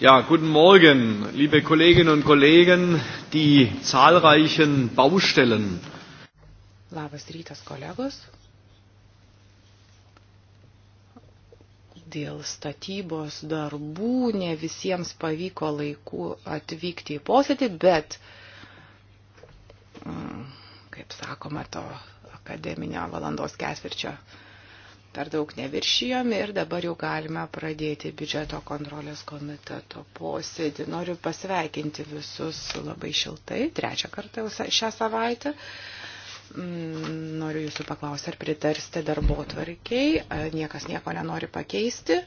Ja, guten Morgen, liebe Kolleginnen und Kollegen, die zahlreichen Baustellen. Labas rytas, kolegos. Dėl statybos darbų ne visiems pavyko laiku atvykti į posėdį, bet, mm, kaip sakoma, to akademinio valandos ketvirčio per daug neviršijom ir dabar jau galime pradėti biudžeto kontrolės komiteto posėdį. Noriu pasveikinti visus labai šiltai, trečią kartą jau šią savaitę. Mm, noriu jūsų paklausti, ar pritarsite darbo tvarkiai, niekas nieko nenori pakeisti.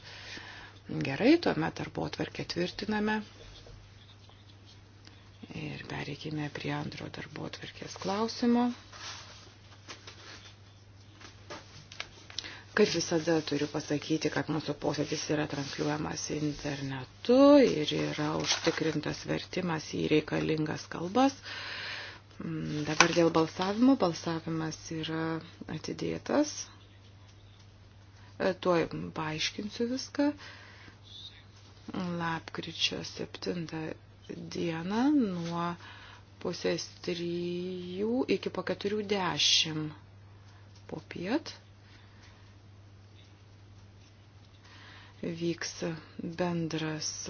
Gerai, tuomet darbo tvarkę tvirtiname. Ir pereikime prie antro darbo tvarkės klausimo. Kaip visada turiu pasakyti, kad mūsų posėdis yra transliuojamas internetu ir yra užtikrintas vertimas į reikalingas kalbas. Mm, dabar dėl balsavimo. Balsavimas yra atidėtas. E, tuoj paaiškinsiu viską. Lapkričio 7 dieną nuo pusės 3 iki po 4.10 po piet. vyks bendras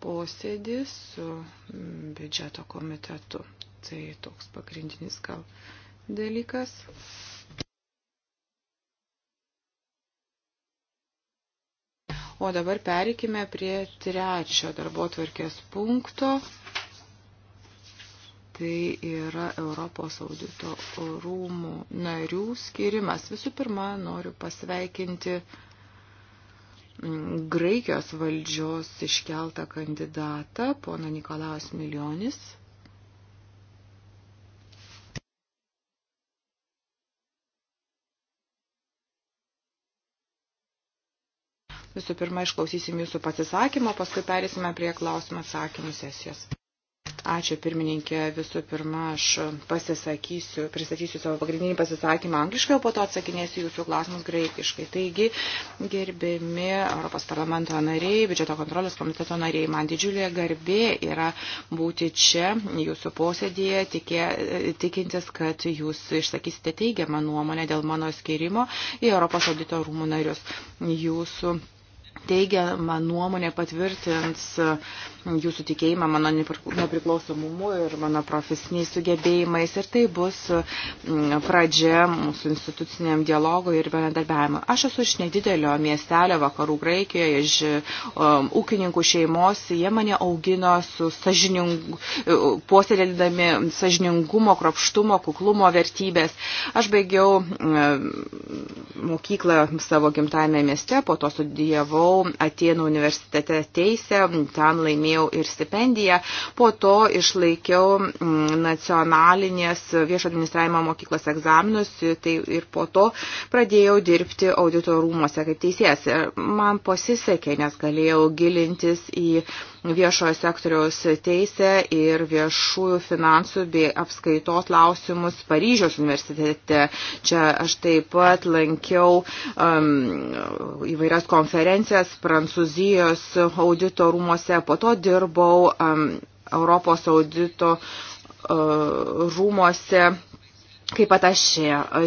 posėdis su biudžeto komitetu. Tai toks pagrindinis gal dalykas. O dabar pereikime prie trečio darbo tvarkės punkto. Tai yra Europos audito rūmų narių skirimas. Visų pirma, noriu pasveikinti uh, Mm, Graikijos valdžios iškeltą kandidatą, poną Nikolaus Milionis. Visų pirma, išklausysim jūsų pasisakymą, paskui perėsime prie klausimą atsakymų sesijos. Ačiū pirmininkė. Visų pirma, aš pasisakysiu, pristatysiu savo pagrindinį pasisakymą angliškai, o po to atsakinėsiu jūsų klausimus graikiškai. Taigi, gerbiami Europos parlamento nariai, biudžeto kontrolės komiteto nariai, man didžiulė garbė yra būti čia jūsų posėdėje, tikė, tikintis, kad jūs išsakysite teigiamą nuomonę dėl mano skirimo į Europos audito rūmų narius. Jūsų teigiamą nuomonę patvirtins jūsų tikėjimą mano nepriklausomumu ir mano profesiniais sugebėjimais ir tai bus pradžia mūsų instituciniam dialogui ir bendradarbiavimui. Aš esu iš nedidelio miestelio vakarų Graikijoje, iš um, ūkininkų šeimos, jie mane augino su sažiningu, e, puoselėdami sažiningumo, kropštumo, kuklumo vertybės. Aš baigiau um, mokyklą savo gimtajame mieste, po to studijavau studijavau Atenų universitete teisę, ten laimėjau ir stipendiją, po to išlaikiau mm, nacionalinės viešo administravimo mokyklos egzaminus tai ir po to pradėjau dirbti audito rūmose kaip teisėjas. Man pasisekė, nes galėjau gilintis į viešojo sektoriaus teisę ir viešųjų finansų bei apskaitos klausimus Paryžiaus universitete. Čia aš taip pat lankiau um, įvairias konferencijas Prancūzijos audito rūmose, po to dirbau um, Europos audito uh, rūmose Kaip pat aš,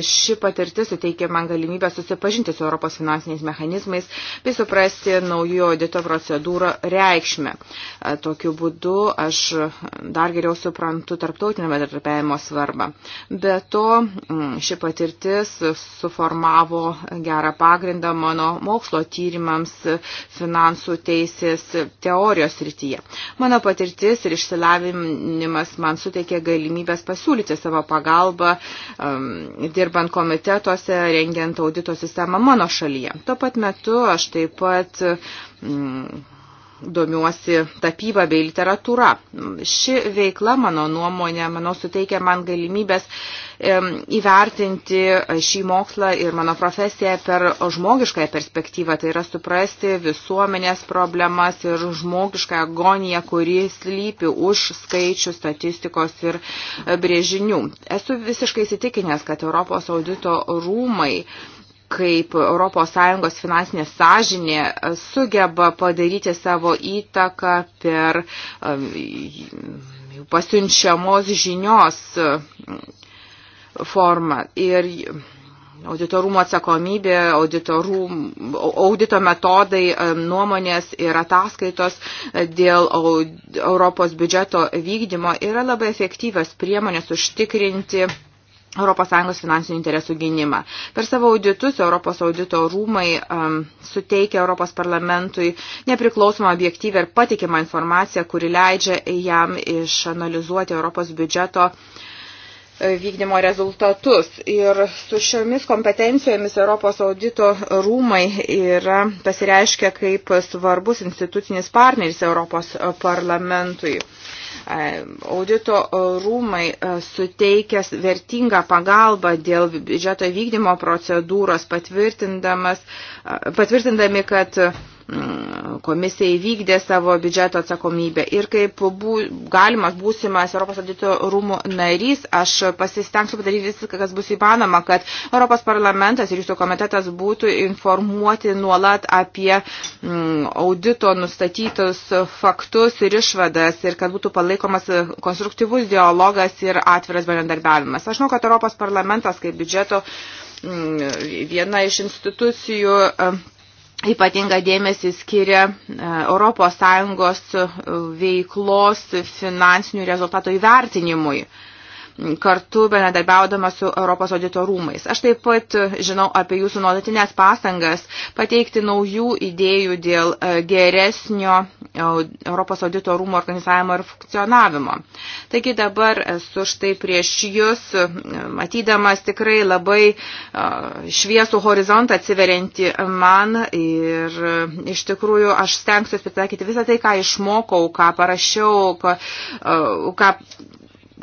ši patirtis suteikė man galimybę susipažinti su Europos finansiniais mechanizmais bei suprasti naujo audito procedūrą reikšmę. E, tokiu būdu aš dar geriau suprantu tarptautinio bendradarbiavimo svarbą. Be to, ši patirtis suformavo gerą pagrindą mano mokslo tyrimams finansų teisės teorijos rytyje. Mano patirtis ir išsilavinimas man suteikė galimybės pasiūlyti savo pagalbą Um, dirbant komitetuose, rengiant audito sistemą mano šalyje. Tuo pat metu aš taip pat um, domiuosi tapyba bei literatūra. Ši veikla, mano nuomonė, mano suteikia man galimybės įvertinti šį mokslą ir mano profesiją per žmogiškąją perspektyvą, tai yra suprasti visuomenės problemas ir žmogišką agoniją, kuri slypi už skaičių, statistikos ir e, brėžinių. Esu visiškai įsitikinęs, kad Europos audito rūmai kaip ES finansinė sąžinė sugeba padaryti savo įtaką per um, pasiunčiamos žinios um, formą. Ir auditorumo atsakomybė, auditorum, audito metodai, um, nuomonės ir ataskaitos dėl Europos biudžeto vykdymo yra labai efektyvios priemonės užtikrinti ES finansinių interesų gynimą. Per savo auditus Europos audito rūmai um, suteikia Europos parlamentui nepriklausomą objektyvę ir patikimą informaciją, kuri leidžia jam išanalizuoti Europos biudžeto e, vykdymo rezultatus. Ir su šiomis kompetencijomis Europos audito rūmai yra pasireiškia kaip svarbus institucinis partneris Europos parlamentui. E, audito rūmai e, suteikęs vertingą pagalbą dėl biudžeto vykdymo procedūros, e, patvirtindami, kad Mm, komisija įvykdė savo biudžeto atsakomybę. Ir kaip bū, galimas būsimas Europos audito rūmų narys, aš pasistengsiu padaryti viską, kas bus įmanoma, kad Europos parlamentas ir jūsų komitetas būtų informuoti nuolat apie m, mm, audito nustatytus faktus ir išvadas ir kad būtų palaikomas konstruktyvus dialogas ir atviras bendradarbiavimas. Aš žinau, kad Europos parlamentas kaip biudžeto m, mm, viena iš institucijų m, e, ypatingą dėmesį skiria ES veiklos finansinių rezultatų įvertinimui kartu bendradarbiaudama su Europos audito rūmais. Aš taip pat žinau apie jūsų nuolatinės pastangas pateikti naujų idėjų dėl e, geresnio e, Europos audito rūmų organizavimo ir funkcionavimo. Taigi dabar esu štai prieš jūs, e, matydamas tikrai labai šviesų horizontą atsiverianti man ir iš tikrųjų aš stengsiuosi pritaikyti visą tai, ką išmokau, ką parašiau, ką, ką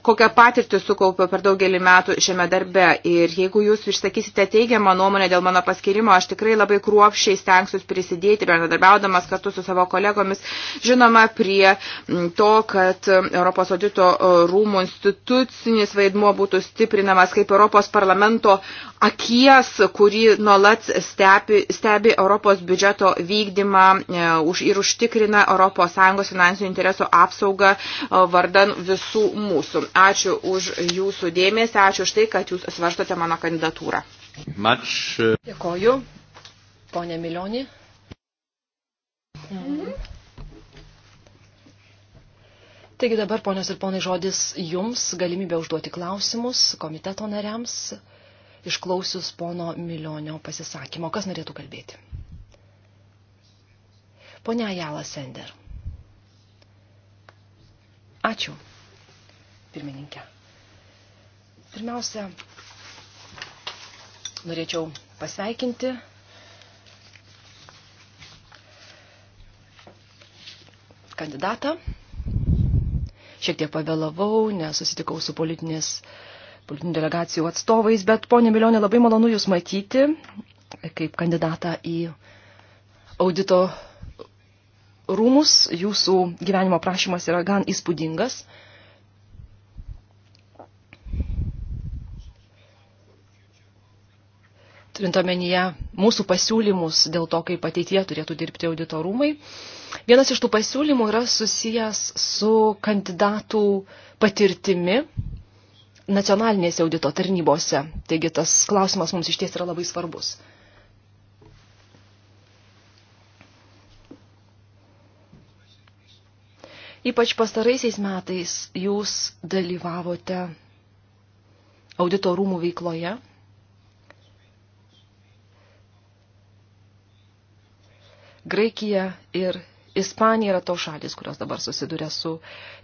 kokią patirtį sukaupiau per daugelį metų šiame darbe. Ir jeigu jūs išsakysite teigiamą nuomonę dėl mano paskirimo, aš tikrai labai kruopšiai stengsiuos prisidėti, bendradarbiaudamas kartu su savo kolegomis, žinoma, prie mm, to, kad Europos audito e, rūmų institucinis vaidmuo būtų stiprinamas kaip Europos parlamento akies, kuri nuolat stebi, stebi Europos biudžeto vykdymą e, ir užtikrina ES finansinių interesų apsaugą e, vardan visų mūsų. Ačiū už jūsų dėmesį, ačiū už tai, kad jūs svarstote mano kandidatūrą. Much. Uh, Dėkoju, ponė Milionį. Mhm. Taigi dabar, ponios ir ponai, žodis jums galimybė užduoti klausimus komiteto nariams, išklausius pono Milionio pasisakymo. Kas norėtų kalbėti? Pone Ajala Sender. Ačiū pirmininkė. Pirmiausia, norėčiau pasveikinti kandidatą. Šiek tiek pavėlavau, nesusitikau su politinės, politinių delegacijų atstovais, bet ponė Milionė, labai malonu Jūs matyti kaip kandidatą į audito rūmus. Jūsų gyvenimo prašymas yra gan įspūdingas. turint omenyje mūsų pasiūlymus dėl to, kaip ateitie turėtų dirbti auditorumai. Vienas iš tų pasiūlymų yra susijęs su kandidatų patirtimi nacionalinėse audito tarnybose. Taigi tas klausimas mums iš ties yra labai svarbus. Ypač pastaraisiais metais jūs dalyvavote audito rūmų veikloje Graikija ir Ispanija yra to šalis, kurios dabar susiduria su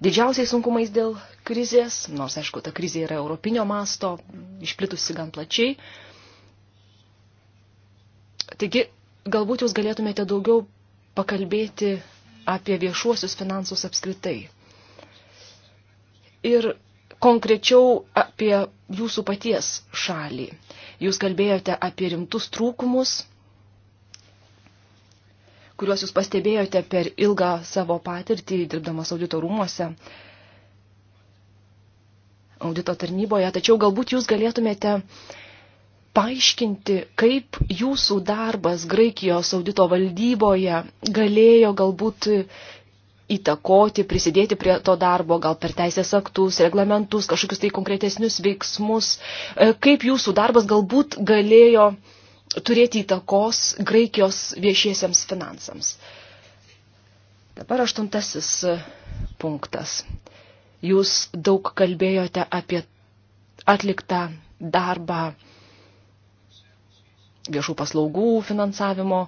didžiausiais sunkumais dėl krizės, nors, aišku, ta krizė yra europinio masto, išplitusi gan plačiai. Taigi, galbūt jūs galėtumėte daugiau pakalbėti apie viešuosius finansus apskritai. Ir konkrečiau apie jūsų paties šalį. Jūs kalbėjote apie rimtus trūkumus kuriuos jūs pastebėjote per ilgą savo patirtį, dirbdamas audito rūmose, audito tarnyboje, tačiau galbūt jūs galėtumėte paaiškinti, kaip jūsų darbas Graikijos audito valdyboje galėjo galbūt įtakoti, prisidėti prie to darbo, gal per teisės aktus, reglamentus, kažkokius tai konkretesnius veiksmus, e, kaip jūsų darbas galbūt galėjo uh, turėti įtakos Graikijos viešiesiems finansams. Dabar aštuntasis e, punktas. Jūs daug kalbėjote apie atliktą darbą viešų paslaugų finansavimo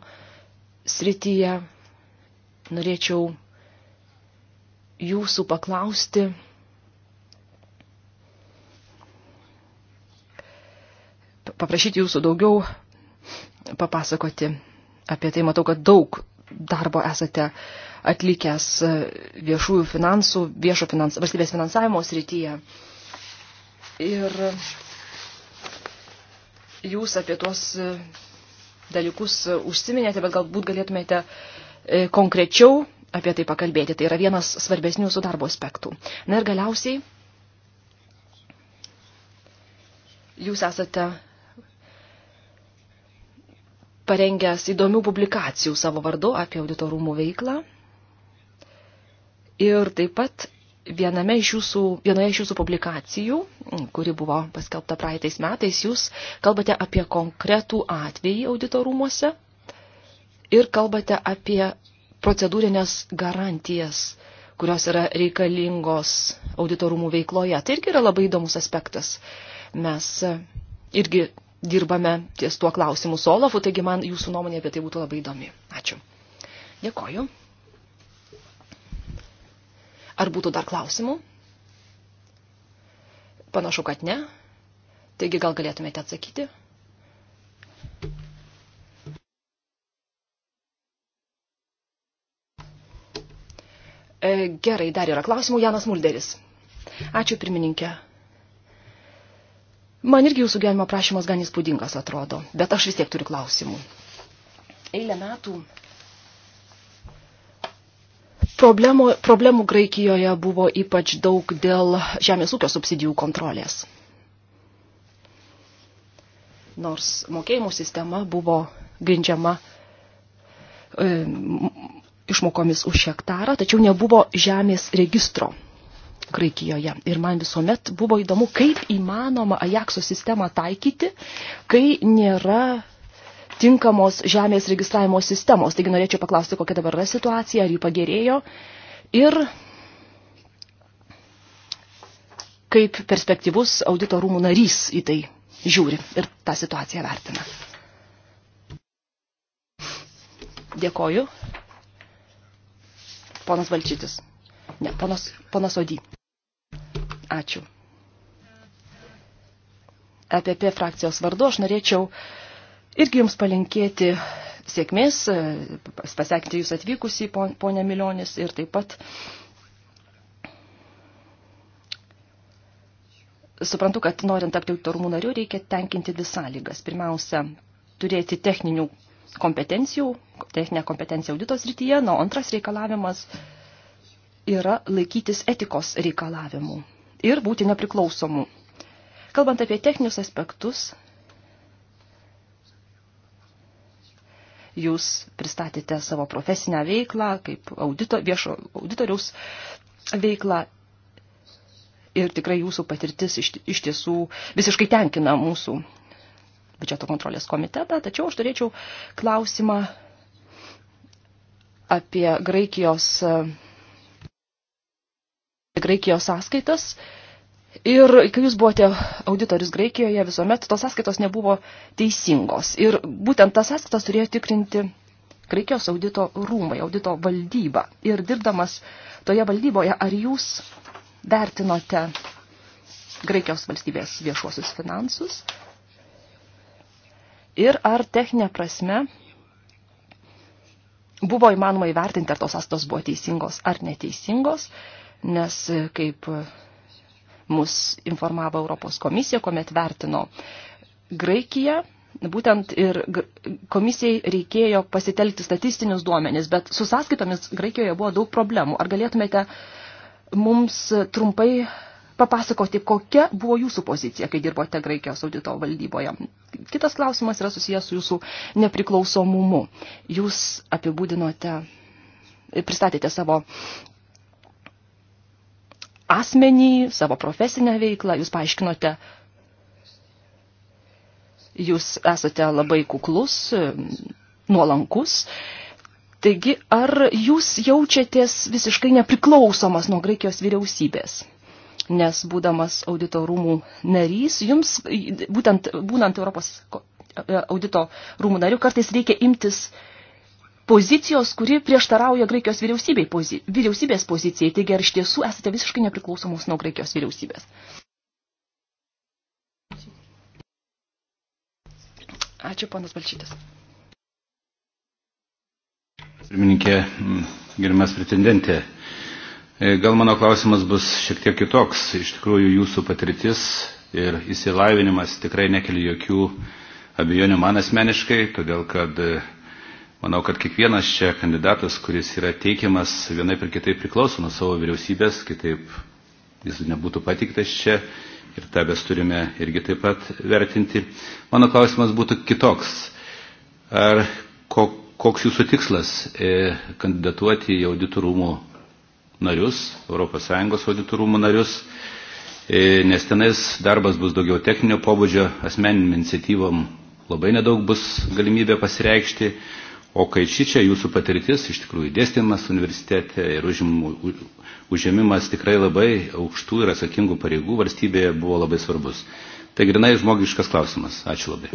srityje. Norėčiau jūsų paklausti, paprašyti jūsų daugiau papasakoti apie tai. Matau, kad daug darbo esate atlikęs e, viešųjų finansų, viešo finans, valstybės finansavimo srityje. Ir jūs apie tuos e, dalykus užsiminėte, bet galbūt galėtumėte e, konkrečiau apie tai pakalbėti. Tai yra vienas svarbesnių jūsų darbo aspektų. Na ir galiausiai jūs esate parengęs įdomių publikacijų savo vardu apie auditorumų veiklą. Ir taip pat viename iš jūsų, vienoje iš jūsų publikacijų, kuri buvo paskelbta praeitais metais, jūs kalbate apie konkretų atvejį auditorumuose ir kalbate apie procedūrinės garantijas, kurios yra reikalingos auditorumų veikloje. Tai irgi yra labai įdomus aspektas. Mes irgi dirbame ties tuo klausimu su Olafu, taigi man jūsų nuomonė apie tai būtų labai įdomi. Ačiū. Dėkoju. Ar būtų dar klausimų? Panašu, kad ne. Taigi gal galėtumėte atsakyti? E, gerai, dar yra klausimų. Janas Mulderis. Ačiū pirmininkė. Man irgi jūsų gyvenimo prašymas gan įspūdingas atrodo, bet aš vis tiek turiu klausimų. Eilę metų problemų, problemų Graikijoje buvo ypač daug dėl žemės ūkio subsidijų kontrolės. Nors mokėjimų sistema buvo grindžiama e, išmokomis už hektarą, tačiau nebuvo žemės registro Graikijoje. Ir man visuomet buvo įdomu, kaip įmanoma Ajakso sistemą taikyti, kai nėra tinkamos žemės registravimo sistemos. Taigi norėčiau paklausti, kokia dabar yra situacija, ar jį pagerėjo ir kaip perspektyvus audito rūmų narys į tai žiūri ir tą situaciją vertina. Dėkoju. Ponas Valčytis. Ne, ponas, ponas Odį. Ačiū. EPP frakcijos vardu aš norėčiau irgi Jums palinkėti sėkmės, pasveikinti Jūs atvykusį, ponė Milionis, ir taip pat suprantu, kad norint tapti autorumų nariu, reikia tenkinti dvi sąlygas. Pirmiausia, turėti techninių kompetencijų, techninę kompetenciją auditos rytyje, na, antras reikalavimas yra laikytis etikos reikalavimų ir būti nepriklausomų. Kalbant apie techninius aspektus, jūs pristatėte savo profesinę veiklą, kaip audito, viešo auditoriaus veiklą. Ir tikrai jūsų patirtis iš, iš tiesų visiškai tenkina mūsų biudžeto kontrolės komitetą. Tačiau aš turėčiau klausimą apie Graikijos Graikijos sąskaitas. Ir kai jūs buvote auditorius Graikijoje, visuomet tos sąskaitos nebuvo teisingos. Ir būtent tas sąskaitas turėjo tikrinti Graikijos audito rūmai, audito valdyba. Ir dirbdamas toje valdyboje, ar jūs vertinote Graikijos valstybės viešuosius finansus? Ir ar techninė prasme buvo įmanoma įvertinti, ar tos sąskaitos buvo teisingos ar neteisingos? nes kaip mus informavo Europos komisija, kuomet vertino Graikiją, būtent ir komisijai reikėjo pasitelkti statistinius duomenis, bet su sąskaitomis Graikijoje buvo daug problemų. Ar galėtumėte mums trumpai papasakoti, kokia buvo jūsų pozicija, kai dirbote Graikijos audito valdyboje. Kitas klausimas yra susijęs su jūsų nepriklausomumu. Jūs apibūdinote, pristatėte savo asmenį, savo profesinę veiklą, jūs paaiškinote, jūs esate labai kuklus, nuolankus. Taigi, ar jūs jaučiatės visiškai nepriklausomas nuo Graikijos vyriausybės? Nes būdamas audito rūmų narys, jums, būtent būnant Europos audito rūmų narių, kartais reikia imtis uh, pozicijos, kuri prieštarauja Graikijos pozi vyriausybės pozicijai. Taigi, ar iš tiesų esate visiškai nepriklausomos nuo Graikijos vyriausybės? Ačiū, ponas Balčytis. Pirmininkė, gerimas pretendentė, e, gal mano klausimas bus šiek tiek kitoks. Iš tikrųjų, jūsų patirtis ir įsilavinimas tikrai nekeli jokių abejonių man asmeniškai, todėl kad e, Manau, kad kiekvienas čia kandidatas, kuris yra teikiamas vienai per kitaip priklauso nuo savo vyriausybės, kitaip jis nebūtų patiktas čia ir tą mes turime irgi taip pat vertinti. Mano klausimas būtų kitoks. Ar koks jūsų tikslas e, kandidatuoti į auditorumų narius, ES auditorumų narius, e, nes tenais darbas bus daugiau techninio pobūdžio, asmeninėm iniciatyvom labai nedaug bus galimybė pasireikšti O kai šičia jūsų patirtis, iš tikrųjų dėstymas universitete ir užėmimas tikrai labai aukštų ir atsakingų pareigų valstybėje buvo labai svarbus. Tai grinai žmogiškas klausimas. Ačiū labai.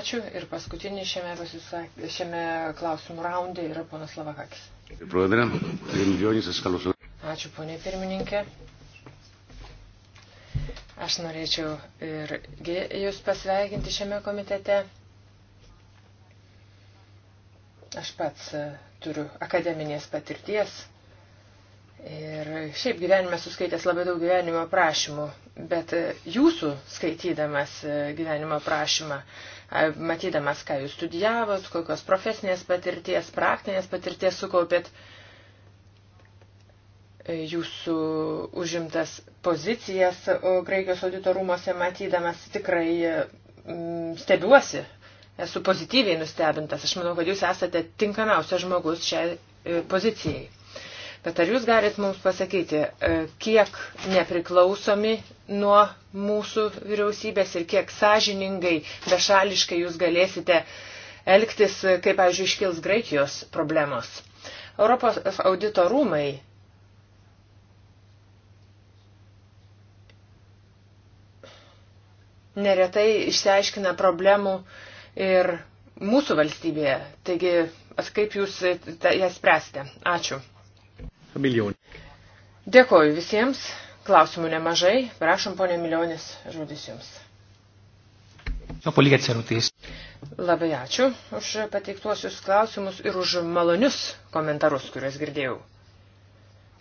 Ačiū ir paskutinis šiame, pasisak... šiame klausimų raunde yra ponas Lavakakis. Ačiū, ponė pirmininkė. Aš norėčiau ir jūs pasveikinti šiame komitete. Aš pats e, turiu akademinės patirties ir šiaip gyvenime suskaitęs labai daug gyvenimo prašymų, bet e, jūsų skaitydamas e, gyvenimo prašymą, matydamas, ką jūs studijavot, kokios profesinės patirties, praktinės patirties sukaupėt, jūsų užimtas pozicijas e, Graikijos audito rūmose matydamas tikrai e, stebiuosi. Esu pozityviai nustebintas. Aš manau, kad jūs esate tinkamiausias žmogus šiai e, pozicijai. Bet ar jūs galit mums pasakyti, kiek nepriklausomi nuo mūsų vyriausybės ir kiek sąžiningai, bešališkai jūs galėsite elgtis, kaip, pavyzdžiui, iškils Graikijos problemos? Europos audito rūmai neretai išsiaiškina problemų ir mūsų valstybėje. Taigi, kaip jūs ją spręsite? Ačiū. Milijonį. Dėkoju visiems. Klausimų nemažai. Prašom, ponė Milionis, žodis jums. Tai Labai ačiū už pateiktuosius klausimus ir už malonius komentarus, kuriuos girdėjau.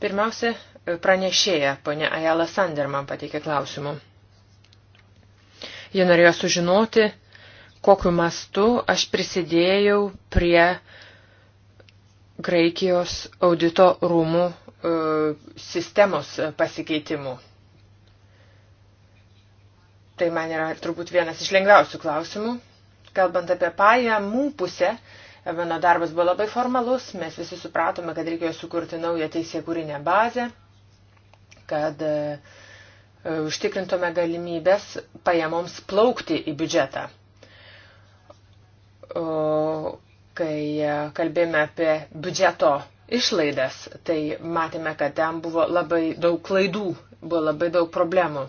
Pirmiausia, pranešėja ponė Ajala Sander man pateikė klausimų. Jie norėjo sužinoti, kokiu mastu aš prisidėjau prie Graikijos audito rūmų e, sistemos pasikeitimų. Tai man yra turbūt vienas iš lengviausių klausimų. Kalbant apie pajamų pusę, mano darbas buvo labai formalus, mes visi supratome, kad reikėjo sukurti naują teisėkūrinę bazę, kad uh, E, užtikrintume galimybės pajamoms plaukti į biudžetą. O kai e, kalbėjome apie biudžeto išlaidas, tai matėme, kad ten buvo labai daug klaidų, buvo labai daug problemų.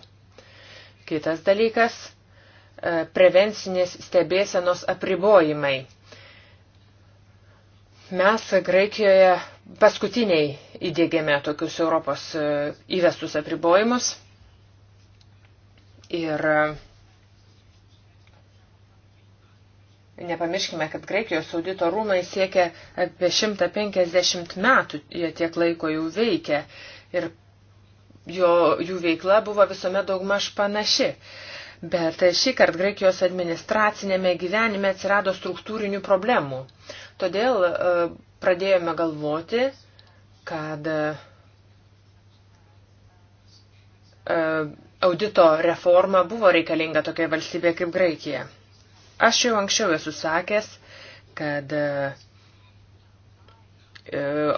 Kitas dalykas - e, prevencinės stebėsenos apribojimai. Mes Graikijoje paskutiniai įdėgėme tokius Europos įvestus apribojimus – Ir nepamirškime, kad Graikijos audito rūmai siekia apie 150 metų, jie tiek laiko jau veikia. Ir jo, jų veikla buvo visuomet daugmaž panaši. Bet šį kartą Graikijos administracinėme gyvenime atsirado struktūrinių problemų. Todėl e, pradėjome galvoti, kad e, audito reforma buvo reikalinga tokia valstybė kaip Graikija. Aš jau anksčiau esu sakęs, kad e,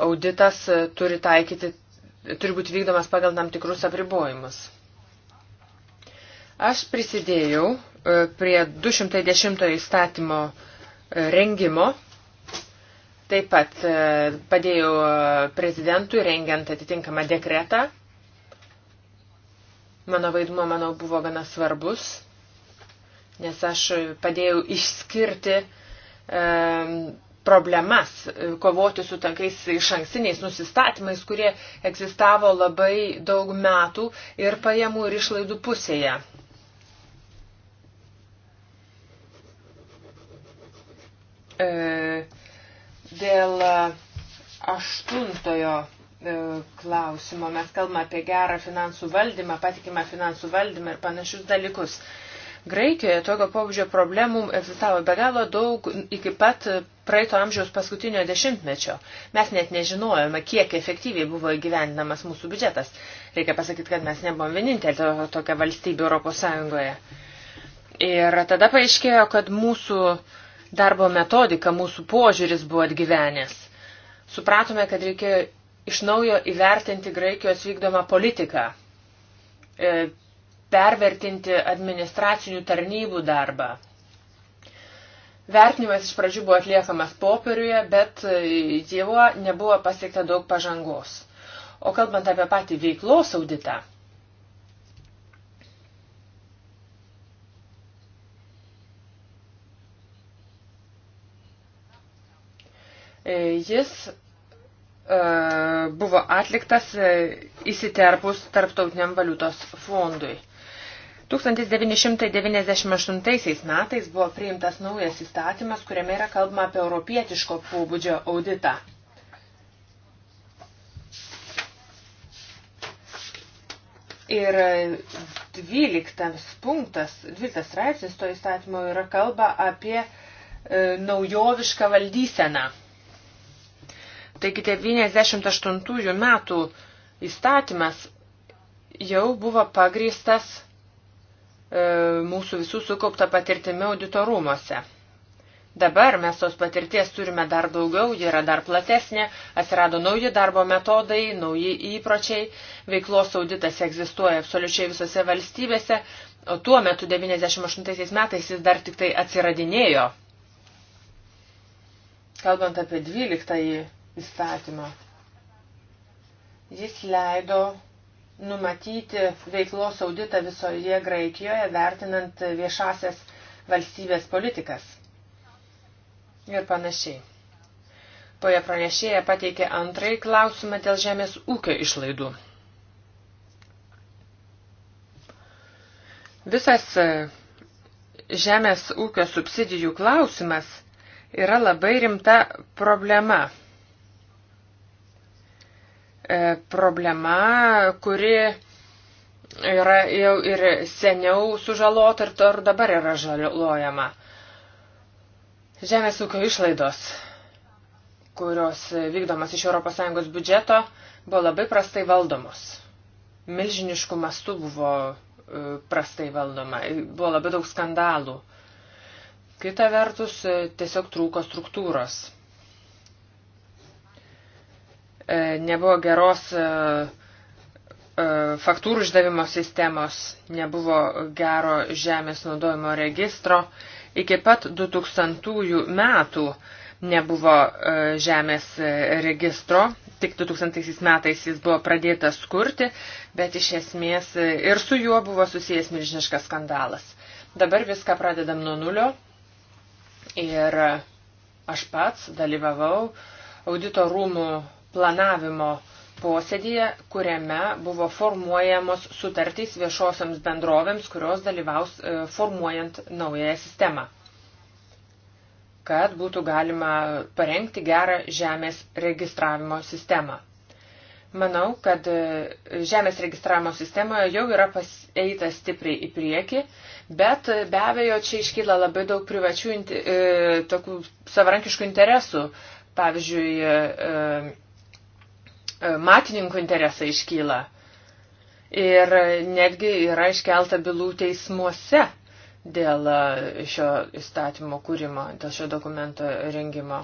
auditas turi taikyti, turi būti vykdomas pagal tam tikrus apribojimus. Aš prisidėjau e, prie 210 įstatymo e, rengimo Taip pat padėjau prezidentui rengiant atitinkamą dekretą Mano vaidmuo, manau, buvo gana svarbus, nes aš padėjau išskirti e, problemas, kovoti su tokiais iš ankstiniais nusistatymais, kurie egzistavo labai daug metų ir pajamų ir išlaidų pusėje. E, dėl aštuntojo E, klausimo. Mes kalbame apie gerą finansų valdymą, patikimą finansų valdymą ir panašius dalykus. Graikijoje tokio pobūdžio problemų egzistavo be galo daug iki pat praeito amžiaus paskutinio dešimtmečio. Mes net nežinojome, kiek efektyviai buvo įgyvendinamas mūsų biudžetas. Reikia pasakyti, kad mes nebuvom vienintelė tokia valstybė Europos Sąjungoje. Ir tada paaiškėjo, kad mūsų darbo metodika, mūsų požiūris buvo atgyvenęs. Supratome, kad reikėjo iš naujo įvertinti Graikijos vykdomą politiką, e, pervertinti administracinių tarnybų darbą. Vertinimas iš pradžių buvo atliekamas popieriuje, bet e, dievo nebuvo pasiekta daug pažangos. O kalbant apie patį veiklos auditą, e, jis E, buvo atliktas e, įsiterpus tarptautiniam valiutos fondui. 1998 metais buvo priimtas naujas įstatymas, kuriame yra kalbama apie europietiško pobūdžio auditą. Ir 12 punktas, 12 straipsnis to įstatymo yra kalba apie e, naujovišką valdyseną. Taigi 98 metų įstatymas jau buvo pagrįstas e, mūsų visų sukaupta patirtimi auditorumuose. Dabar mes tos patirties turime dar daugiau, ji yra dar platesnė, atsirado nauji darbo metodai, nauji įpročiai, veiklos auditas egzistuoja absoliučiai visose valstybėse, o tuo metu 98 metais jis dar tik tai atsiradinėjo. Kalbant apie 12 įstatymą. Jis leido numatyti veiklos auditą visoje Graikijoje, vertinant viešasias valstybės politikas ir panašiai. Poje pranešėja pateikė antrąjį klausimą dėl žemės ūkio išlaidų. Visas e, žemės ūkio subsidijų klausimas yra labai rimta problema E, problema, kuri yra jau ir seniau sužalota ir, ir dabar yra žalojama. Žemės ūkio išlaidos, kurios vykdomas iš ES biudžeto, buvo labai prastai valdomos. Milžiniškų mastų buvo e, prastai valdoma, buvo labai daug skandalų. Kita vertus, e, tiesiog trūko struktūros E, nebuvo geros e, e, faktūrų išdavimo sistemos, nebuvo gero žemės naudojimo registro. Iki pat 2000 metų nebuvo žemės registro, tik 2000 metais jis buvo pradėtas kurti, bet iš esmės ir su juo buvo susijęs milžiniškas skandalas. Dabar viską pradedam nuo nulio ir aš pats dalyvavau audito rūmų planavimo posėdėje, kuriame buvo formuojamos sutartys viešosiams bendrovėms, kurios dalyvaus e, formuojant naująją sistemą, kad būtų galima parengti gerą žemės registravimo sistemą. Manau, kad e, žemės registravimo sistemoje jau yra eita stipriai į priekį, bet e, be abejo čia iškyla labai daug privačių, tokių savarankiškų interesų. Pavyzdžiui, E, matininkų interesai iškyla. Ir netgi yra iškelta bylų teismuose dėl e, šio įstatymo kūrimo, dėl šio dokumento rengimo.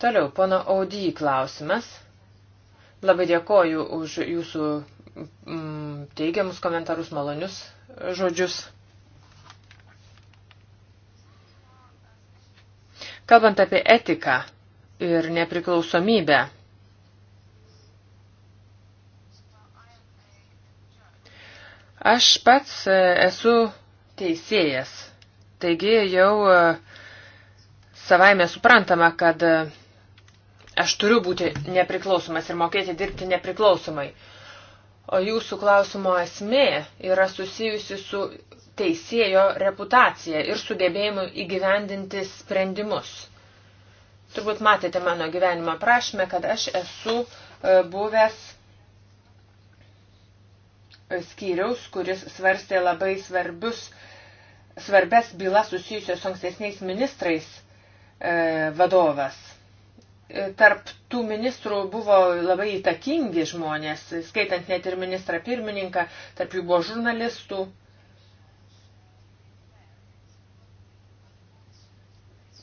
Toliau, pono Audy klausimas. Labai dėkoju už jūsų mm, teigiamus komentarus, malonius žodžius. Kalbant apie etiką ir nepriklausomybę, Aš pats e, esu teisėjas, taigi jau e, savaime suprantama, kad e, aš turiu būti nepriklausomas ir mokėti dirbti nepriklausomai. O jūsų klausimo esmė yra susijusi su teisėjo reputacija ir sugebėjimu įgyvendinti sprendimus. Turbūt matėte mano gyvenimo prašymę, kad aš esu buvęs skyriaus, kuris svarstė labai svarbius, svarbes bylas susijusios su ankstesniais ministrais e, vadovas. E, tarp tų ministrų buvo labai įtakingi žmonės, skaitant net ir ministrą pirmininką, tarp jų buvo žurnalistų,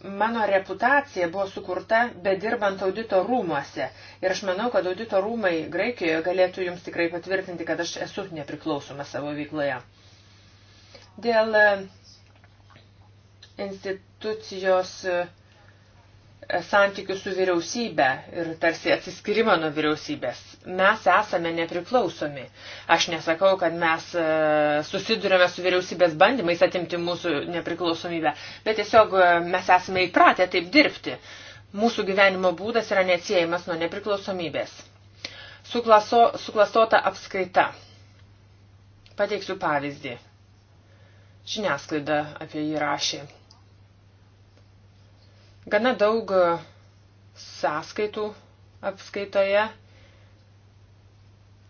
mano reputacija buvo sukurta bedirbant audito rūmuose. Ir aš manau, kad audito rūmai Graikijoje galėtų jums tikrai patvirtinti, kad aš esu nepriklausoma savo veikloje. Dėl e, institucijos e, santykių su vyriausybė ir tarsi atsiskirimo nuo vyriausybės mes esame nepriklausomi. Aš nesakau, kad mes e, susidurėme su vyriausybės bandymais atimti mūsų nepriklausomybę, bet tiesiog e, mes esame įpratę taip dirbti. Mūsų gyvenimo būdas yra neatsiejamas nuo nepriklausomybės. Suklaso, suklastota apskaita. Pateiksiu pavyzdį. Žiniasklaida apie jį rašė. Gana daug e, sąskaitų apskaitoje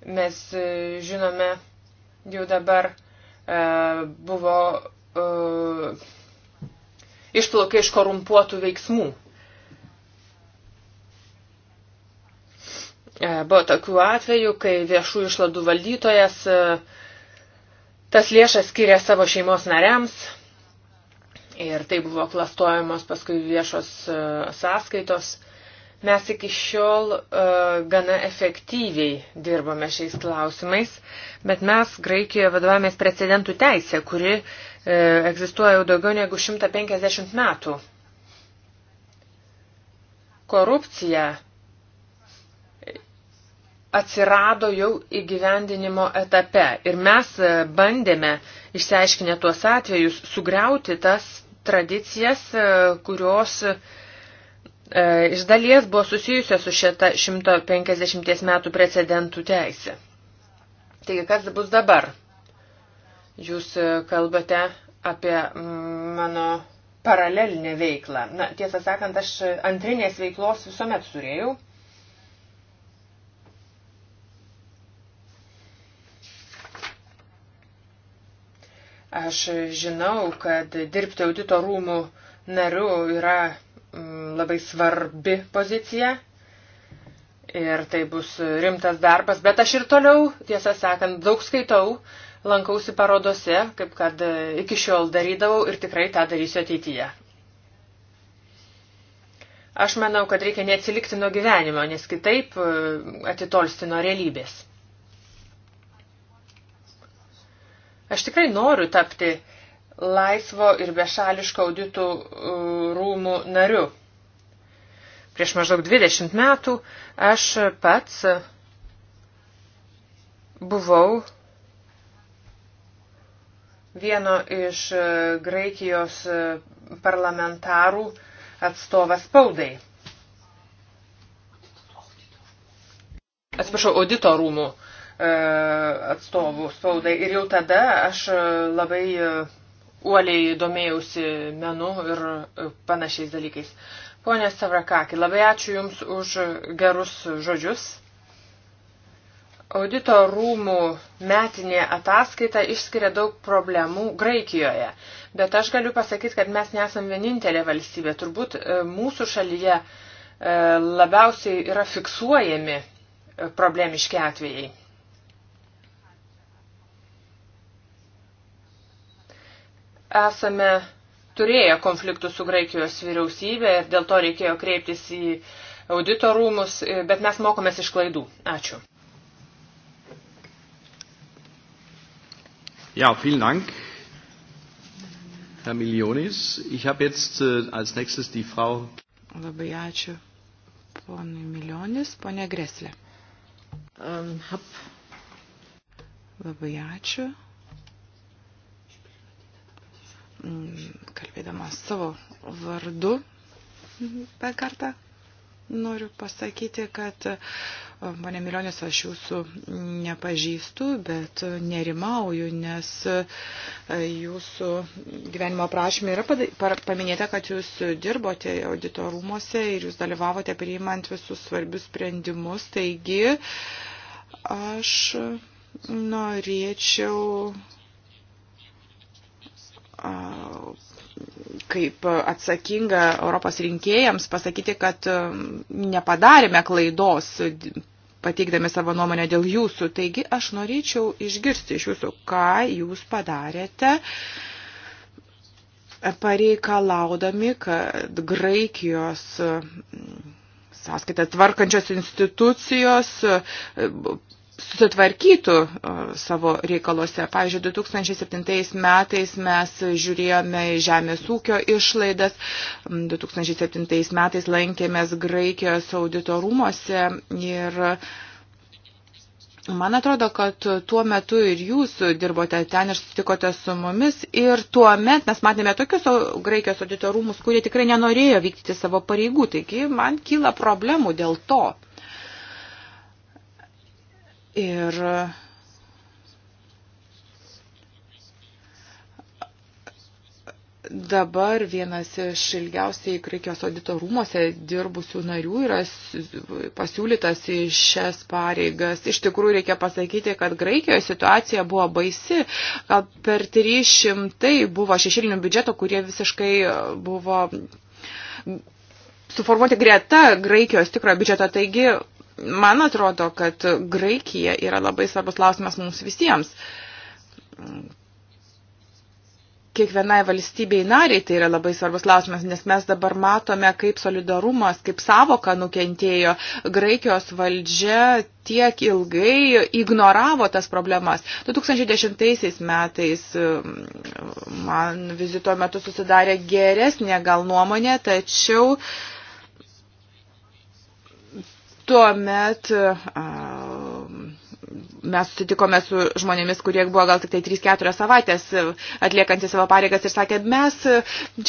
Mes e, žinome, jau dabar e, buvo e, išplaukė iš korumpuotų veiksmų. Buvo tokių atvejų, kai viešų išladų valdytojas tas lėšas skiria savo šeimos nariams ir tai buvo klastojamos paskui viešos sąskaitos. Mes iki šiol uh, gana efektyviai dirbome šiais klausimais, bet mes Graikijoje vadovavomės precedentų teisė, kuri uh, egzistuoja jau daugiau negu 150 metų. Korupcija atsirado jau įgyvendinimo etape ir mes e, bandėme, išsiaiškinę tuos atvejus, sugriauti tas tradicijas, kurios uh, E, iš dalies buvo susijusios su šita 150 metų precedentų teisė. Taigi, kas bus dabar? Jūs e, kalbate apie mano paralelinę veiklą. Na, tiesą sakant, aš antrinės veiklos visuomet turėjau. Aš žinau, kad dirbti audito rūmų nariu yra labai svarbi pozicija ir tai bus rimtas darbas, bet aš ir toliau, tiesą sakant, daug skaitau, lankausi parodose, kaip kad iki šiol darydavau ir tikrai tą darysiu ateityje. Aš manau, kad reikia neatsilikti nuo gyvenimo, nes kitaip e, atitolsti nuo realybės. Aš tikrai noriu tapti uh, laisvo ir bešališko auditų e, rūmų nariu. Prieš maždaug 20 metų aš pats buvau vieno iš e, Graikijos e, parlamentarų atstovas spaudai. Atsiprašau, audito rūmų atstovų spaudai. Ir jau tada aš labai uoliai domėjausi menu ir e, panašiais dalykais. Pone Savrakakį, labai ačiū Jums už gerus žodžius. Audito rūmų metinė ataskaita išskiria daug problemų Graikijoje, bet aš galiu pasakyti, kad mes nesam vienintelė valstybė. Turbūt e, mūsų šalyje e, labiausiai yra fiksuojami problemiški atvejai. esame turėję konfliktų su Graikijos vyriausybė ir dėl to reikėjo kreiptis į audito rūmus, e, bet mes mokomės iš klaidų. Ačiū. Ja, vielen Dank, Herr Milionis. Ich habe jetzt äh, als nächstes die Frau. Labai ačiū, ponai Milionis, ponia Greslė. Um, hab. Labai ačiū. Mm, kalbėdamas savo vardu per kartą, noriu pasakyti, kad mane e, Milionės aš jūsų nepažįstu, bet nerimauju, nes e, jūsų gyvenimo aprašymė yra paminėta, kad jūs dirbote auditorumuose ir jūs dalyvavote priimant visus svarbius sprendimus. Taigi aš norėčiau kaip atsakinga Europos rinkėjams pasakyti, kad nepadarėme klaidos pateikdami savo nuomonę dėl jūsų. Taigi aš norėčiau išgirsti iš jūsų, ką jūs padarėte pareikalaudami, kad Graikijos sąskaitą tvarkančios institucijos susitvarkytų e, savo reikaluose. Pavyzdžiui, 2007 metais mes žiūrėjome žemės ūkio išlaidas, 2007 metais lankėmės Graikijos auditorumuose ir Man atrodo, kad tuo metu ir jūs dirbote ten ir susitikote su mumis ir tuo met mes matėme tokius Graikijos auditorumus, kurie tikrai nenorėjo vykdyti savo pareigų, taigi man kyla problemų dėl to. Ir dabar vienas iš ilgiausiai Graikijos audito rūmose dirbusių narių yra pasiūlytas į šias pareigas. Iš tikrųjų reikia pasakyti, kad Graikijoje situacija buvo baisi. Gal per 300 buvo šešilinių biudžeto, kurie visiškai buvo suformuoti greta Graikijos tikrojo biudžeto. Taigi man atrodo, kad Graikija yra labai svarbus klausimas mums visiems. Kiekvienai valstybei nariai tai yra labai svarbus klausimas, nes mes dabar matome, kaip solidarumas, kaip savoka nukentėjo Graikijos valdžia tiek ilgai ignoravo tas problemas. 2010 metais mm, man vizito metu susidarė geresnė gal nuomonė, tačiau uh, Tuomet mes susitikome su žmonėmis, kurie buvo gal tik tai 3-4 savaitės atliekantys savo pareigas ir sakė, mes,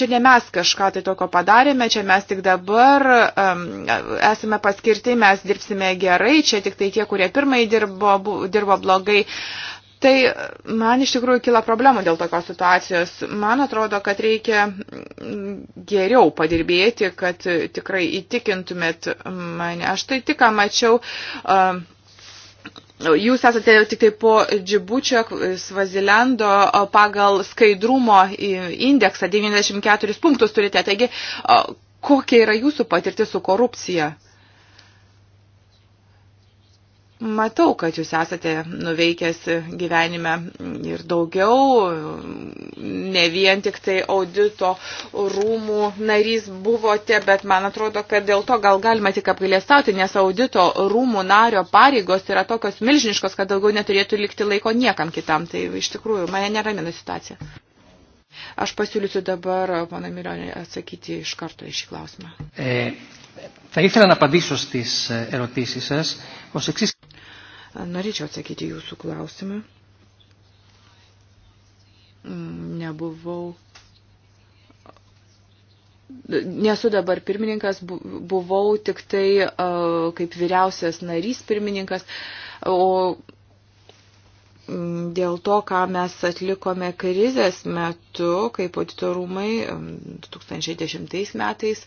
čia ne mes kažką tai tokio padarėme, čia mes tik dabar um, esame paskirti, mes dirbsime gerai, čia tik tai tie, kurie pirmai dirbo, bu, dirbo blogai. Uh, Tai man iš tikrųjų kila problemų dėl tokios situacijos. Man atrodo, kad reikia geriau padirbėti, kad tikrai įtikintumėt mane. Aš tai tik ką mačiau. Uh, Jūs esate tik tai po Džibučio Svazilendo pagal skaidrumo indeksą 94 punktus turite. Taigi, kokia yra jūsų patirtis su korupcija? Matau, kad jūs esate nuveikęs gyvenime ir daugiau, ne vien tik tai audito rūmų narys buvote, bet man atrodo, kad dėl to gal galima tik apgailėstauti, nes audito rūmų nario pareigos yra tokios milžiniškos, kad daugiau neturėtų likti laiko niekam kitam. Tai iš tikrųjų mane neramina situacija. Aš pasiūlysiu dabar, pana Milionė, atsakyti iš karto į šį klausimą. E... Θα ήθελα να απαντήσω στις eh, ερωτήσεις σας ως εξής. Norėčiau atsakyti jūsų klausimą. Nebuvau. Nesu dabar pirmininkas, buvau tik tai kaip vyriausias narys pirmininkas, o dėl to, ką mes atlikome krizės metu, kaip auditorumai 2010 metais,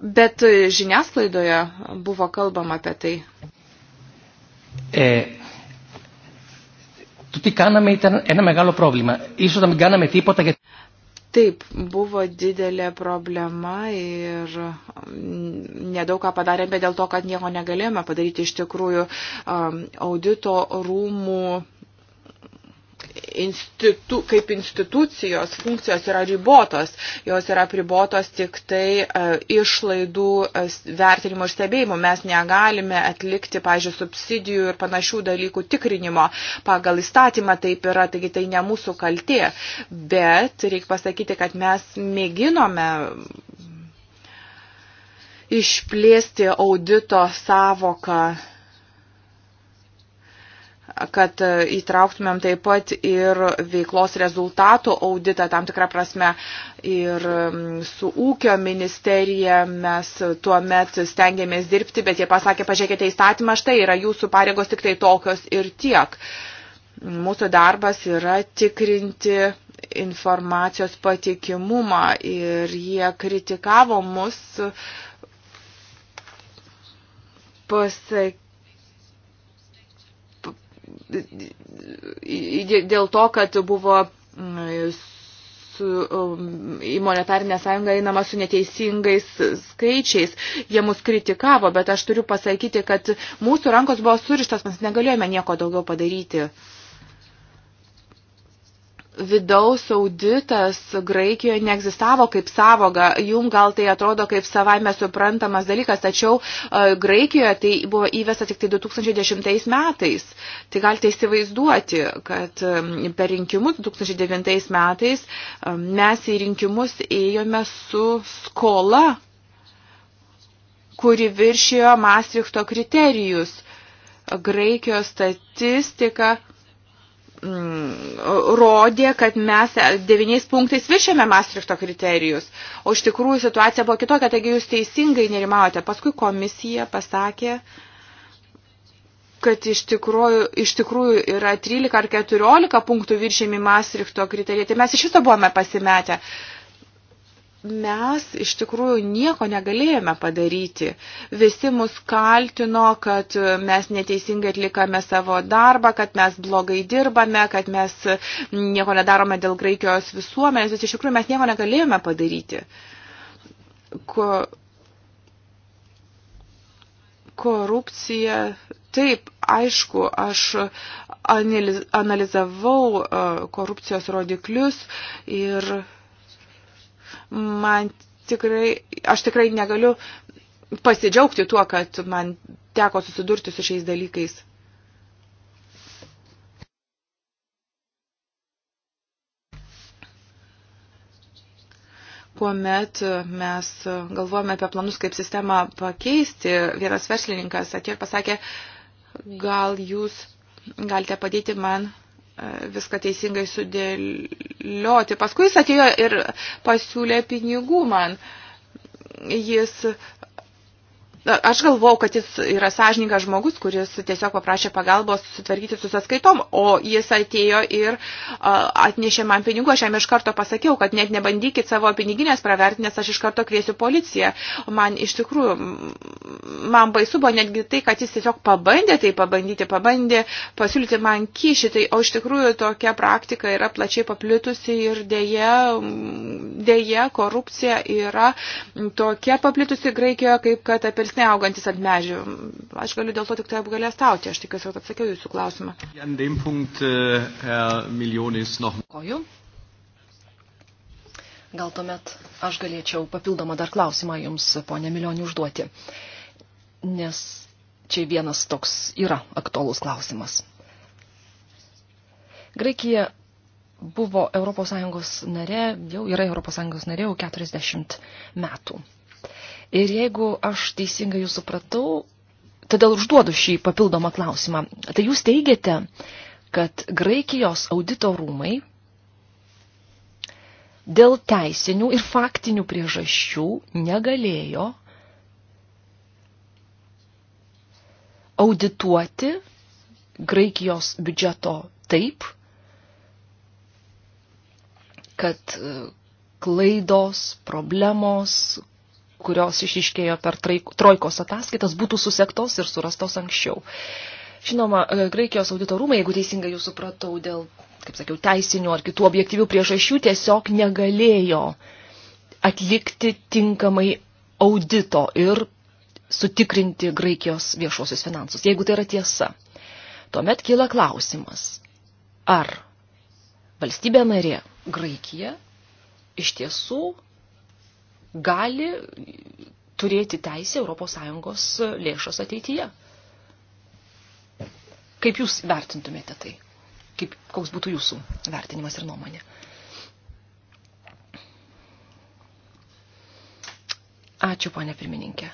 Bet žiniasklaidoje buvo kalbama apie tai. E, tu tik kaname ήταν ένα μεγάλο πρόβλημα. Ίσως να μην κάναμε τίποτα γιατί... Taip, buvo didelė problema ir nedaug ką padarėme dėl to, kad nieko negalėjome padaryti iš tikrųjų audito rūmų institu, kaip institucijos funkcijos yra ribotos. Jos yra pribotos tik tai e, išlaidų e, vertinimo ir stebėjimo. Mes negalime atlikti, pažiūrėjau, subsidijų ir panašių dalykų tikrinimo. Pagal įstatymą taip yra, taigi tai ne mūsų kaltė. Bet reikia pasakyti, kad mes mėginome išplėsti audito savoką kad e, įtrauktumėm taip pat ir veiklos rezultatų auditą tam tikrą prasme. Ir su ūkio ministerija mes tuo met stengiamės dirbti, bet jie pasakė, pažiūrėkite įstatymą, štai yra jūsų pareigos tik tai tokios ir tiek. Mūsų darbas yra tikrinti informacijos patikimumą ir jie kritikavo mus pasak, dėl to, kad buvo mm, su, um, į monetarinę sąjungą einama su neteisingais skaičiais. Jie mus kritikavo, bet aš turiu pasakyti, kad mūsų rankos buvo surištos, mes negalėjome nieko daugiau padaryti. Uh, vidaus auditas Graikijoje neegzistavo kaip savoga. Jum gal tai atrodo kaip savaime suprantamas dalykas, tačiau e, Graikijoje tai buvo įvesta tik tai 2010 metais. Tai galite įsivaizduoti, kad e, per rinkimus 2009 metais e, mes į rinkimus ėjome su skola, kuri viršijo Maastrichto kriterijus. Graikijos statistika Mm, rodė, kad mes devyniais punktais viršėme Maastrichto kriterijus, o iš tikrųjų situacija buvo kitokia, taigi jūs teisingai nerimavote. Paskui komisija pasakė, kad iš tikrųjų, iš tikrųjų yra 13 ar 14 punktų viršėmi Maastrichto kriterijai, tai mes iš viso buvome pasimetę. Uh, mes iš tikrųjų nieko negalėjome padaryti. Visi mus kaltino, kad mes neteisingai atlikame savo darbą, kad mes blogai dirbame, kad mes nieko nedarome dėl Graikijos visuomenės, bet iš tikrųjų mes nieko negalėjome padaryti. Ko... Korupcija. Taip, aišku, aš analizavau e, korupcijos rodiklius ir man tikrai, aš tikrai negaliu pasidžiaugti tuo, kad man teko susidurti su šiais dalykais. kuomet mes galvojame apie planus, kaip sistemą pakeisti, vienas verslininkas atėjo ir pasakė, gal jūs galite padėti man viską teisingai sudėlioti. Paskui jis atėjo ir pasiūlė pinigų man. Jis Aš galvau, kad jis yra sąžininkas žmogus, kuris tiesiog paprašė pagalbos sutvarkyti su sąskaitom, o jis atėjo ir atnešė man pinigų. Aš jam iš karto pasakiau, kad net nebandykit savo piniginės praverti, nes aš iš karto kviesiu policiją. Man iš tikrųjų, man baisu buvo netgi tai, kad jis tiesiog pabandė tai pabandyti, pabandė pasiūlyti man kyšį. Tai, o iš tikrųjų tokia praktika yra plačiai paplitusi ir dėja, dėja korupcija yra tokia paplitusi Graikijoje, kaip kad apie silpnai augantis ant medžių. Aš galiu dėl to tik tai apgalės tauti. Aš tikiuosi, kad atsakiau jūsų klausimą. Äh, Koju? Gal tuomet aš galėčiau papildomą dar klausimą jums, ponė Milionį, užduoti. Nes čia vienas toks yra aktuolus klausimas. Graikija buvo ES narė, jau yra ES narė jau 40 metų. Ir jeigu aš teisingai jūs supratau, todėl užduodu šį papildomą klausimą. Tai jūs teigiate, kad Graikijos audito rūmai dėl teisinių ir faktinių priežasčių negalėjo audituoti Graikijos biudžeto taip, kad e, klaidos, problemos, kurios išiškėjo per trojkos ataskaitas, būtų susektos ir surastos anksčiau. Žinoma, e, Graikijos auditorumai, jeigu teisingai jūs supratau, dėl, kaip sakiau, teisinių ar kitų objektyvių priežasčių tiesiog negalėjo atlikti tinkamai audito ir sutikrinti Graikijos viešuosius finansus. Jeigu tai yra tiesa, tuomet kyla klausimas, ar valstybė narė Graikija iš tiesų gali turėti teisę ES lėšos ateityje. Kaip jūs vertintumėte tai? Kaip, koks būtų jūsų vertinimas ir nuomonė? Ačiū, ponė pirmininkė.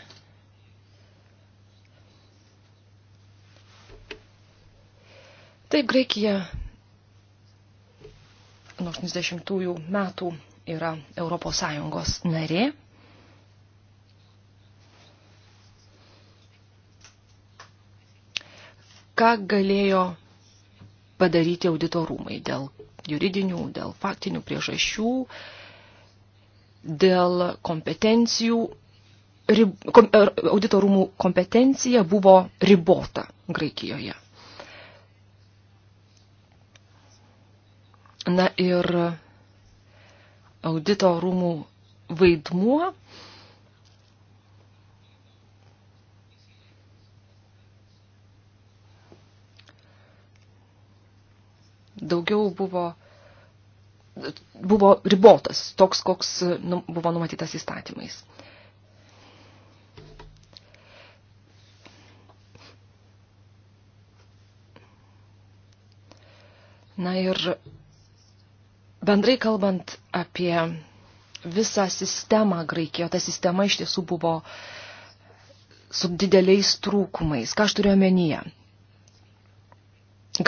Taip, Graikija nuo 80 metų yra ES narė. Ką galėjo padaryti auditorumai dėl juridinių, dėl faktinių priežasčių, dėl kompetencijų. Rib, kom, er, auditorumų kompetencija buvo ribota Graikijoje. Na ir audito rūmų vaidmuo. Daugiau buvo, buvo ribotas, toks, koks nu, buvo numatytas įstatymais. Na ir Bendrai kalbant apie visą sistemą Graikijoje, ta sistema iš tiesų buvo su dideliais trūkumais. Ką aš turiu omenyje?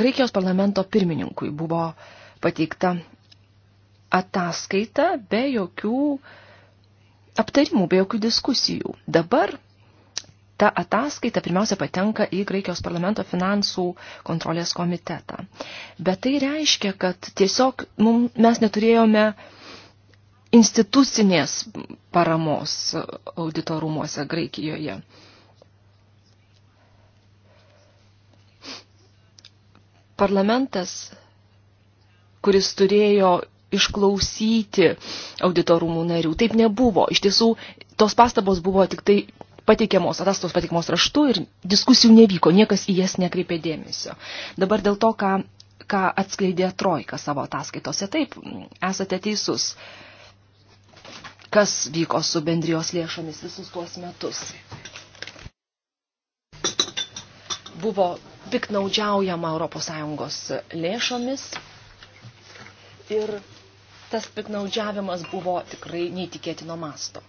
Graikijos parlamento pirmininkui buvo pateikta ataskaita be jokių aptarimų, be jokių diskusijų. Dabar ta ataskaita pirmiausia patenka į Graikijos parlamento finansų kontrolės komitetą. Bet tai reiškia, kad tiesiog mum, mes neturėjome institucinės paramos auditorumuose Graikijoje. Parlamentas, kuris turėjo išklausyti auditorumų narių, taip nebuvo. Iš tiesų, tos pastabos buvo tik tai pateikiamos ataskaitos pateikiamos raštu ir diskusijų nevyko, niekas į jas nekreipė dėmesio. Dabar dėl to, ką, ką atskleidė Trojka savo ataskaitose, taip, esate teisus, kas vyko su bendrijos lėšomis visus tuos metus. Buvo piknaudžiaujama ES lėšomis ir tas piknaudžiavimas buvo tikrai neįtikėtino masto.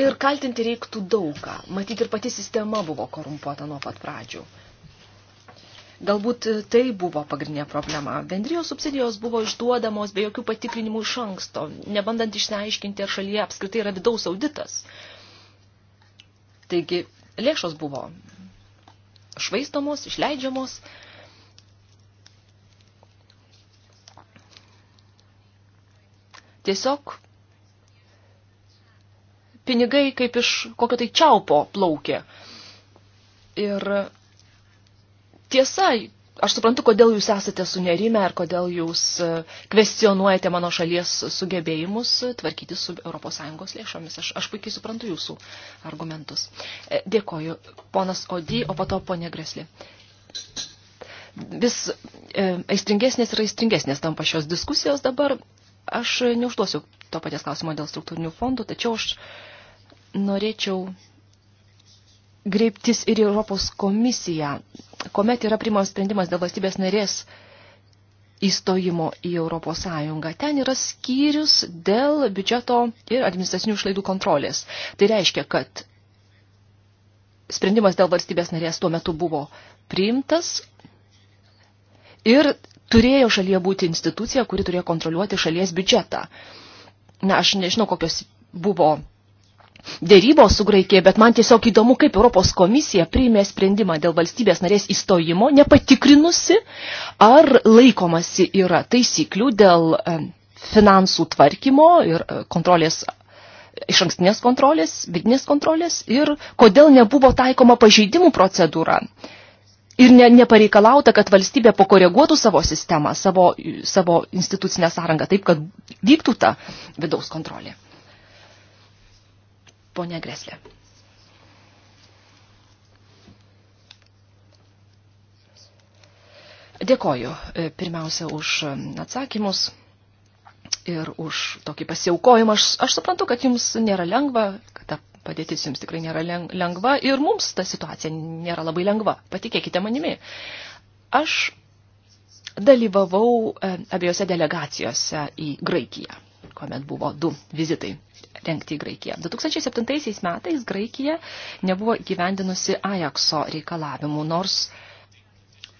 Ir kaltinti reiktų daugą. Matyt, ir pati sistema buvo korumpuota nuo pat pradžių. Galbūt tai buvo pagrindinė problema. Bendrijos subsidijos buvo išduodamos be jokių patikrinimų iš anksto, nebandant išsiaiškinti, ar šalyje apskritai yra vidaus auditas. Taigi, lėšos buvo švaistomos, išleidžiamos. Tiesiog pinigai kaip iš kokio tai čiaupo plaukė. Ir tiesa, aš suprantu, kodėl jūs esate sunerime ir kodėl jūs e, kvestionuojate mano šalies sugebėjimus tvarkyti su ES lėšomis. Aš, aš puikiai suprantu jūsų argumentus. E, dėkoju, ponas Odi, o pato ponė Gresli. Vis e, aistringesnės ir aistringesnės tampa šios diskusijos dabar. Aš neužduosiu to paties klausimo dėl struktūrinių fondų, tačiau aš norėčiau greiptis ir Europos komisiją, kuomet yra primamas sprendimas dėl valstybės narės įstojimo į Europos Sąjungą. Ten yra skyrius dėl biudžeto ir administracinių išlaidų kontrolės. Tai reiškia, kad sprendimas dėl valstybės narės tuo metu buvo priimtas ir turėjo šalyje būti institucija, kuri turėjo kontroliuoti šalies biudžetą. Na, aš nežinau, kokios buvo dėrybos su Graikija, bet man tiesiog įdomu, kaip Europos komisija priimė sprendimą dėl valstybės narės įstojimo, nepatikrinusi, ar laikomasi yra taisyklių dėl e, finansų tvarkymo ir e, kontrolės, iš ankstinės kontrolės, vidinės kontrolės ir kodėl nebuvo taikoma pažeidimų procedūra. Ir ne, nepareikalauta, kad valstybė pakoreguotų savo sistemą, savo, savo institucinę sąrangą taip, kad vyktų ta vidaus kontrolė ponia Greslė. Dėkoju e, pirmiausia už e, atsakymus ir už tokį pasiaukojimą. Aš, aš suprantu, kad jums nėra lengva, kad ta padėtis jums tikrai nėra lengva ir mums ta situacija nėra labai lengva. Patikėkite manimi. Aš dalyvavau e, abiejose delegacijose į Graikiją kuomet buvo du vizitai rengti į Graikiją. 2007 metais Graikija nebuvo gyvendinusi Ajakso reikalavimų, nors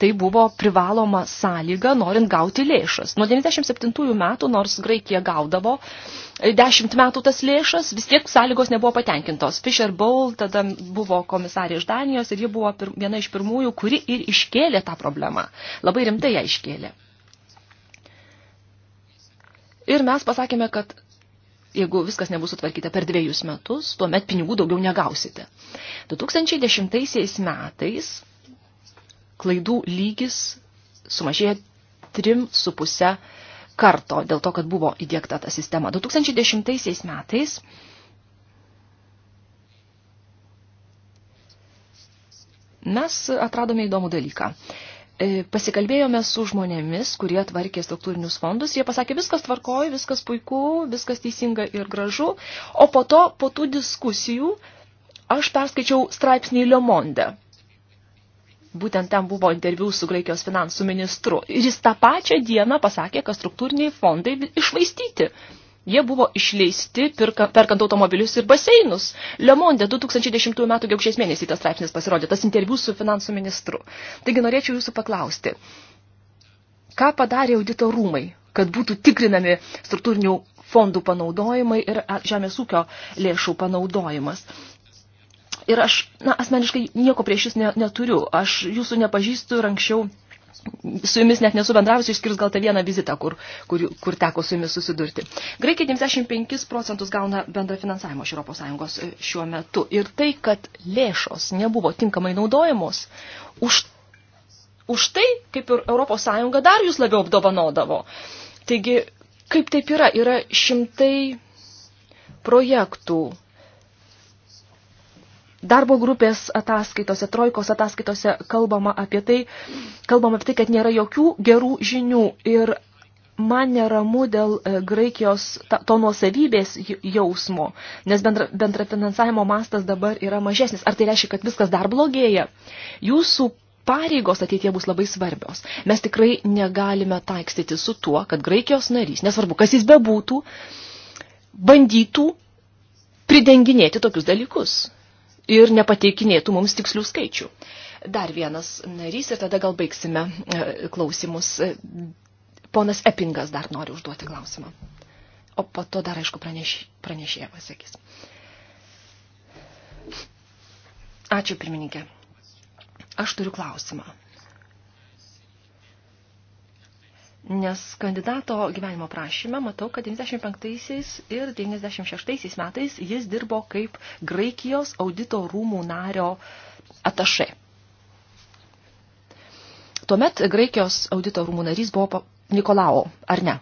tai buvo privaloma sąlyga, norint gauti lėšas. Nuo 97 metų, nors Graikija gaudavo 10 metų tas lėšas, vis tiek sąlygos nebuvo patenkintos. Fisher Bowl tada buvo komisarė iš Danijos ir ji buvo viena iš pirmųjų, kuri ir iškėlė tą problemą. Labai rimtai ją iškėlė. Ir mes pasakėme, kad jeigu viskas nebus sutvarkyta per dviejus metus, tuomet pinigų daugiau negausite. 2010 metais klaidų lygis sumažėjo 3,5 karto dėl to, kad buvo įdėkta ta sistema. 2010 metais mes atradome įdomų dalyką. E, pasikalbėjome su žmonėmis, kurie tvarkė struktūrinius fondus. Jie pasakė, viskas tvarkoju, viskas puiku, viskas teisinga ir gražu. O po to, po tų diskusijų, aš perskaičiau straipsnį Le Monde. Būtent ten buvo interviu su Graikijos finansų ministru. Ir jis tą pačią dieną pasakė, kad struktūriniai fondai išvaistyti. Jie buvo išleisti pirka, perkant automobilius ir baseinus. Le Monde 2010 m. gegužės mėnesį tas straipsnis pasirodė, tas interviu su finansų ministru. Taigi norėčiau jūsų paklausti, ką padarė audito rūmai, kad būtų tikrinami struktūrinių fondų panaudojimai ir žemės ūkio lėšų panaudojimas. Ir aš, na, asmeniškai nieko prieš jūs ne, neturiu. Aš jūsų nepažįstu ir anksčiau su jumis net nesu bendravusi, išskyrus gal tą vieną vizitą, kur, kur, kur teko su jumis susidurti. Graikija 95 procentus gauna bendrą finansavimą iš ES e, šiuo metu. Ir tai, kad lėšos nebuvo tinkamai naudojamos, už, už tai, kaip ir ES dar jūs labiau apdovanodavo. Taigi, kaip taip yra? Yra šimtai projektų Darbo grupės ataskaitose, trojkos ataskaitose kalbama apie tai, kalbama apie tai, kad nėra jokių gerų žinių ir man neramu dėl e, Graikijos to nuosavybės jausmo, nes bendra, bendrafinansavimo mastas dabar yra mažesnis. Ar tai reiškia, kad viskas dar blogėja? Jūsų pareigos ateitie bus labai svarbios. Mes tikrai negalime taikstyti su tuo, kad Graikijos narys, nesvarbu, kas jis bebūtų, bandytų pridenginėti tokius dalykus ir nepateikinėtų mums tikslių skaičių. Dar vienas narys ir tada gal baigsime e, klausimus. E, ponas Epingas dar nori užduoti klausimą. O po to dar, aišku, praneš, pranešėja pasakys. Ačiū, pirmininkė. Aš turiu klausimą Nes kandidato gyvenimo prašyme matau, kad 95 ir 96 metais jis dirbo kaip Graikijos audito rūmų nario atašė. Tuomet Graikijos audito rūmų narys buvo Nikolao, ar ne?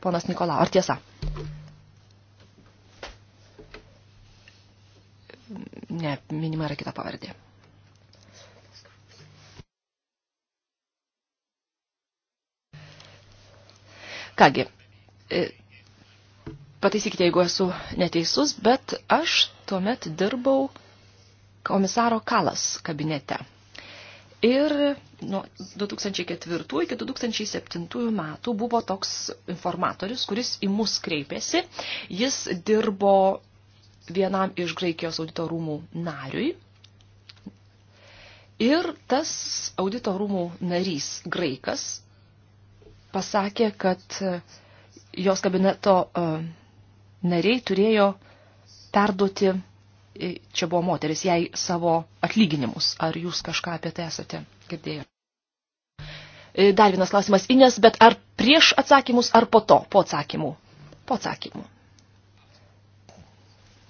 Ponas Nikolao, ar tiesa? Ne, minima yra kita pavardė. Kągi, e, pataisykite, jeigu esu neteisus, bet aš tuomet dirbau komisaro Kalas kabinete. Ir nuo 2004 iki 2007 metų buvo toks informatorius, kuris į mus kreipėsi. Jis dirbo vienam iš Graikijos audito rūmų nariui. Ir tas audito rūmų narys graikas pasakė, kad e, jos kabineto e, nariai turėjo perduoti, e, čia buvo moteris, jai savo atlyginimus. Ar jūs kažką apie tai esate girdėję? Dar vienas klausimas, Ines, bet ar prieš atsakymus, ar po to, po atsakymų? Po atsakymų.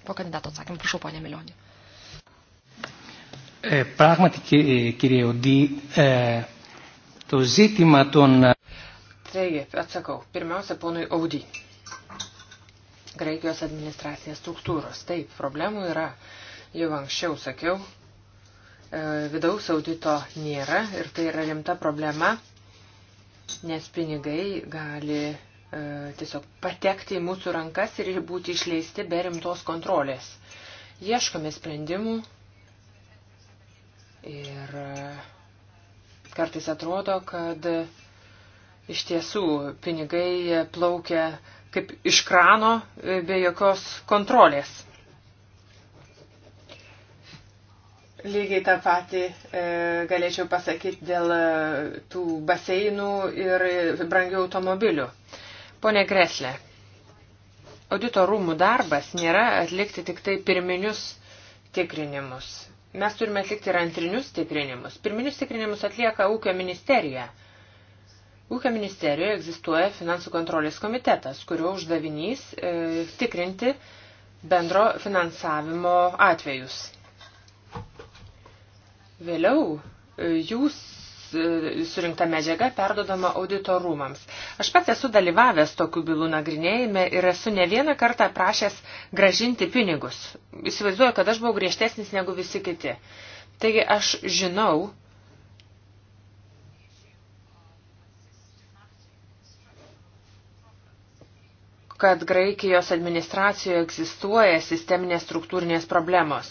Po kandidato atsakymų, prašau, ponė Milionė. Ε, πράγματι, κύριε Οντή, ε, το ζήτημα των... Taigi, atsakau. Pirmiausia, ponui Audy. Graikijos administracinės struktūros. Taip, problemų yra. Jau anksčiau sakiau, e, vidaus audito nėra ir tai yra rimta problema, nes pinigai gali e, tiesiog patekti į mūsų rankas ir būti išleisti be rimtos kontrolės. Ieškome sprendimų ir e, kartais atrodo, kad Iš tiesų, pinigai plaukia kaip iš krano e, be jokios kontrolės. Lygiai tą patį e, galėčiau pasakyti dėl e, tų baseinų ir e, brangių automobilių. Pone Greslė, audito rūmų darbas nėra atlikti tik tai pirminius tikrinimus. Mes turime atlikti ir antrinius tikrinimus. Pirminius tikrinimus atlieka ūkio ministerija. Ūkio ministerijoje egzistuoja finansų kontrolės komitetas, kurio uždavinys e, tikrinti bendro finansavimo atvejus. Vėliau e, jūs e, surinkta medžiaga perdodama auditorumams. Aš pats esu dalyvavęs tokių bylų nagrinėjime ir esu ne vieną kartą prašęs gražinti pinigus. Įsivaizduoju, kad aš buvau griežtesnis negu visi kiti. Taigi aš žinau, kad Graikijos administracijoje egzistuoja sisteminės struktūrinės problemos.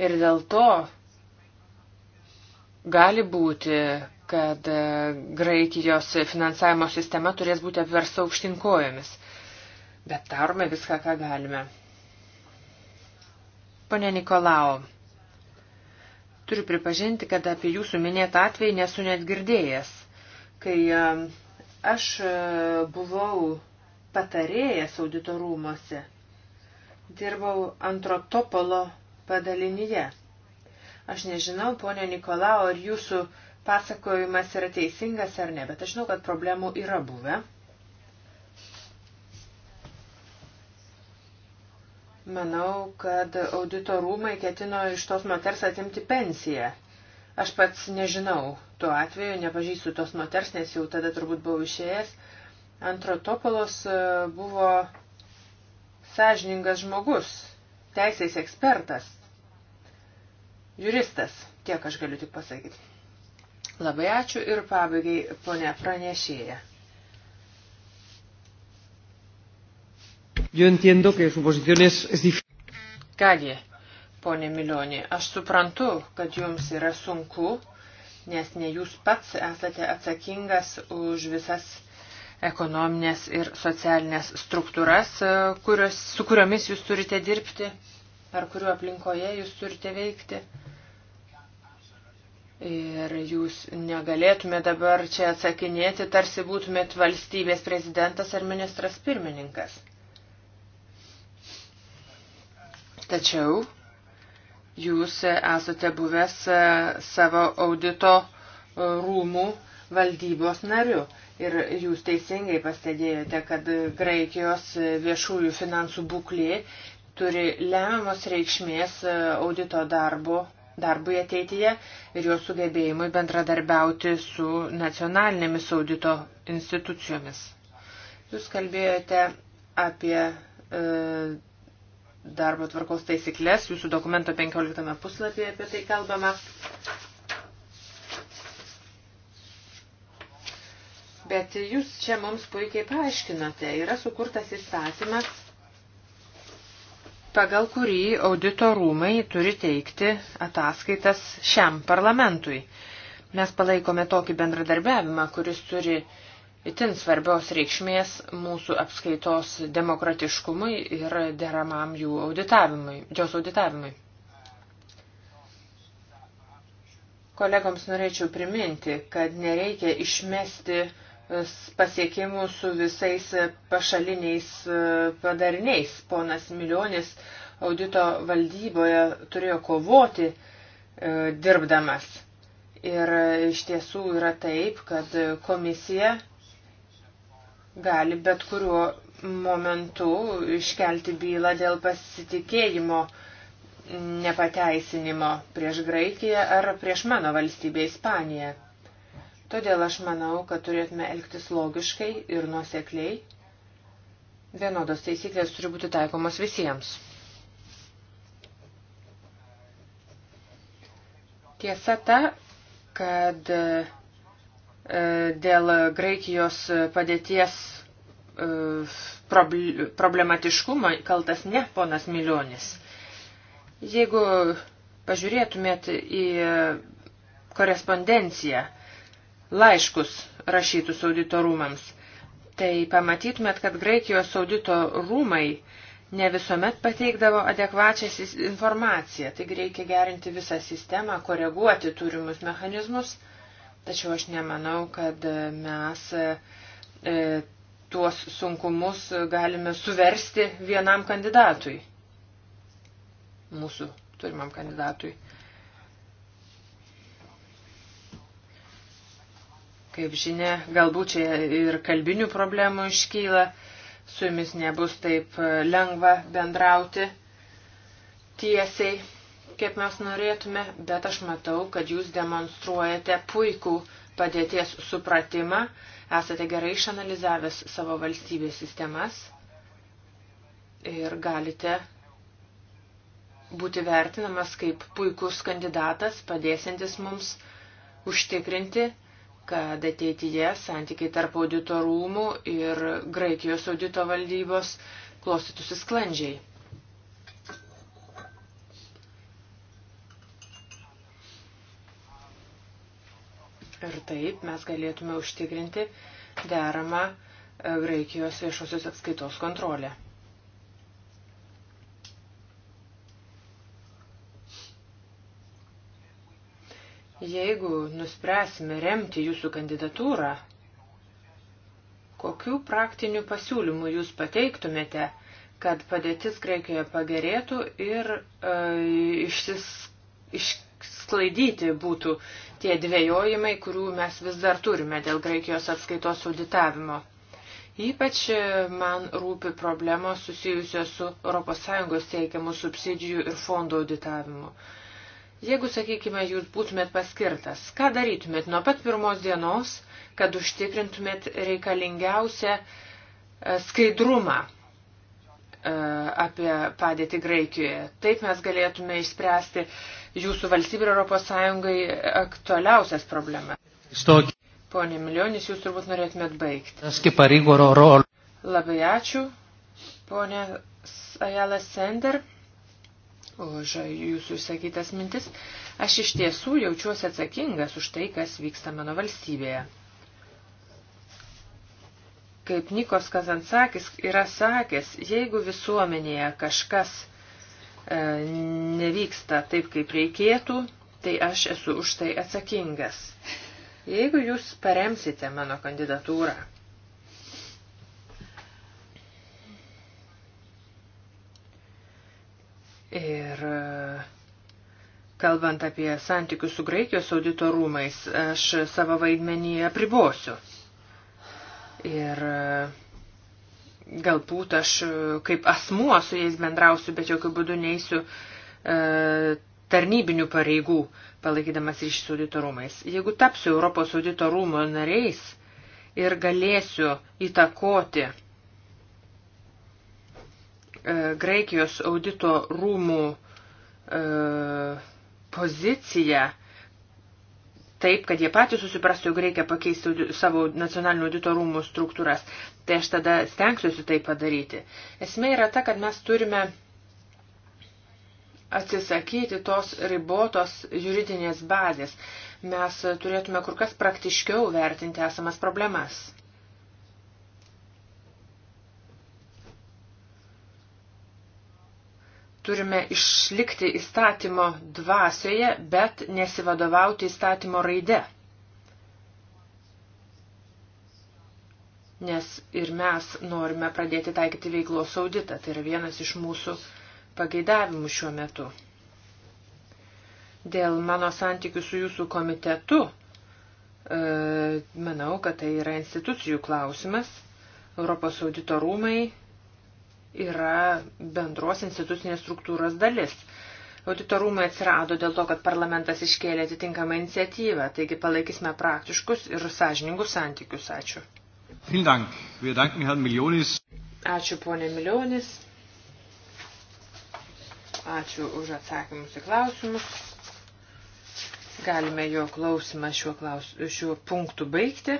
Ir dėl to gali būti, kad e, Graikijos finansavimo sistema turės būti apversta aukštinkojomis. Bet darome viską, ką galime. Pone Nikolau, turiu pripažinti, kad apie jūsų minėtą atvejį nesu net girdėjęs, kai e, Aš e, buvau patarėjas auditorumuose. Dirbau antropopolo padalinyje. Aš nežinau, ponė Nikolau, ar jūsų pasakojimas yra teisingas ar ne, bet aš žinau, kad problemų yra buvę. Manau, kad audito rūmai ketino iš tos moters atimti pensiją. Aš pats nežinau tuo atveju, nepažįstu tos moters, nes jau tada turbūt buvau išėjęs. Antrotopolos e, buvo sąžiningas žmogus, teisės ekspertas, juristas, tiek aš galiu tik pasakyti. Labai ačiū ir pabaigai ponė pranešėja. Yo entiendo que su posición es, es difícil. Calle ponė Milionė. Aš suprantu, kad jums yra sunku, nes ne jūs pats esate atsakingas už visas ekonominės ir socialinės struktūras, e, kurios, su kuriomis jūs turite dirbti ar kuriuo aplinkoje jūs turite veikti. Ir jūs negalėtume dabar čia atsakinėti, tarsi būtumėt valstybės prezidentas ar ministras pirmininkas. Tačiau Jūs esate buvęs e, savo audito e, rūmų valdybos nariu. Ir jūs teisingai pastebėjote, kad Graikijos e, viešųjų finansų būklė turi lemiamos reikšmės audito darbo, darbui ateityje ir jo sugebėjimui bendradarbiauti su nacionalinėmis audito institucijomis. Jūs kalbėjote apie e, darbo tvarkos taisyklės. Jūsų dokumento 15 puslapyje apie tai kalbama. Bet jūs čia mums puikiai paaiškinote, yra sukurtas įstatymas, pagal kurį audito rūmai turi teikti ataskaitas šiam parlamentui. Mes palaikome tokį bendradarbiavimą, kuris turi uh, itin svarbios reikšmės mūsų apskaitos demokratiškumui ir deramam jų auditavimui, jos auditavimui. Kolegoms norėčiau priminti, kad nereikia išmesti pasiekimų su visais pašaliniais e, padariniais. Ponas Milionis audito valdyboje turėjo kovoti e, dirbdamas. Ir e, iš tiesų yra taip, kad komisija gali bet kuriuo momentu iškelti bylą dėl pasitikėjimo nepateisinimo prieš Graikiją ar prieš mano valstybę Ispaniją. Todėl aš manau, kad turėtume elgtis logiškai ir nuosekliai. Vienodos taisyklės turi būti taikomos visiems. Tiesa ta, kad E, dėl Graikijos padėties e, problematiškumo kaltas ne ponas Milionis. Jeigu pažiūrėtumėt į korespondenciją, laiškus rašytus audito rūmams, tai pamatytumėt, kad Graikijos audito rūmai ne visuomet pateikdavo adekvačią informaciją, taigi reikia gerinti visą sistemą, koreguoti turimus mechanizmus. Tačiau aš nemanau, kad mes e, tuos sunkumus galime suversti vienam kandidatui. Mūsų turimam kandidatui. Kaip žinia, galbūt čia ir kalbinių problemų iškyla, su jumis nebus taip lengva bendrauti tiesiai kiek mes norėtume, bet aš matau, kad jūs demonstruojate puikų padėties supratimą, esate gerai išanalizavęs savo valstybės sistemas ir galite būti vertinamas kaip puikus kandidatas, padėsintis mums užtikrinti, kad ateityje santykiai tarp audito rūmų ir Graikijos audito valdybos klostytųsi sklandžiai. Ir taip mes galėtume užtikrinti deramą e, Graikijos viešosios apskaitos kontrolę. Jeigu nuspręsime remti jūsų kandidatūrą, kokių praktinių pasiūlymų jūs pateiktumėte, kad padėtis Graikijoje pagerėtų ir e, išsis, išsklaidyti būtų tie dvėjojimai, kurių mes vis dar turime dėl Graikijos atskaitos auditavimo. Ypač e, man rūpi problemos susijusios su ES teikiamų subsidijų ir fondo auditavimu. Jeigu, sakykime, jūs būtumėt paskirtas, ką darytumėt nuo pat pirmos dienos, kad užtikrintumėt reikalingiausią e, skaidrumą E, apie padėtį Graikijoje. Taip mes galėtume išspręsti jūsų valstybė Europos Sąjungai aktualiausias problemas. Stokį. Pone Milionis, jūs turbūt norėtumėt baigti. Labai ačiū, ponė Ajala Sender, už jūsų išsakytas mintis. Aš iš tiesų jaučiuosi atsakingas už tai, kas vyksta mano valstybėje kaip Nikos Kazansakis yra sakęs, jeigu visuomenėje kažkas e, nevyksta taip, kaip reikėtų, tai aš esu už tai atsakingas. Jeigu jūs paremsite mano kandidatūrą. Ir e, kalbant apie santykius su Graikijos auditorumais, aš savo vaidmenį apribosiu. Ir e, galbūt aš e, kaip asmuo su jais bendrausiu, bet jokių būdų neįsiu e, tarnybinių pareigų, palaikydamas ryšį su auditorumais. Jeigu tapsiu Europos auditorumo nariais ir galėsiu įtakoti e, Graikijos audito rūmų e, poziciją, e, taip, kad jie patys susiprastų, jog reikia pakeisti savo nacionalinių auditorumų struktūras. Tai aš tada stengsiuosi tai padaryti. Esmė yra ta, kad mes turime atsisakyti tos ribotos juridinės bazės. Mes turėtume kur kas praktiškiau vertinti esamas problemas. turime išlikti įstatymo dvasioje, bet nesivadovauti įstatymo raide. Nes ir mes norime pradėti taikyti veiklos auditą, tai yra vienas iš mūsų pageidavimų šiuo metu. Dėl mano santykių su jūsų komitetu, e, manau, kad tai yra institucijų klausimas. Europos audito rūmai yra bendros institucinės struktūros dalis. Auditorumai atsirado dėl to, kad parlamentas iškėlė atitinkamą iniciatyvą, taigi palaikysime praktiškus ir sąžiningus santykius. Ačiū. Ačiū ponė Milionis. Ačiū už atsakymus į klausimus. Galime jo klausimą šiuo, klaus... šiuo punktu baigti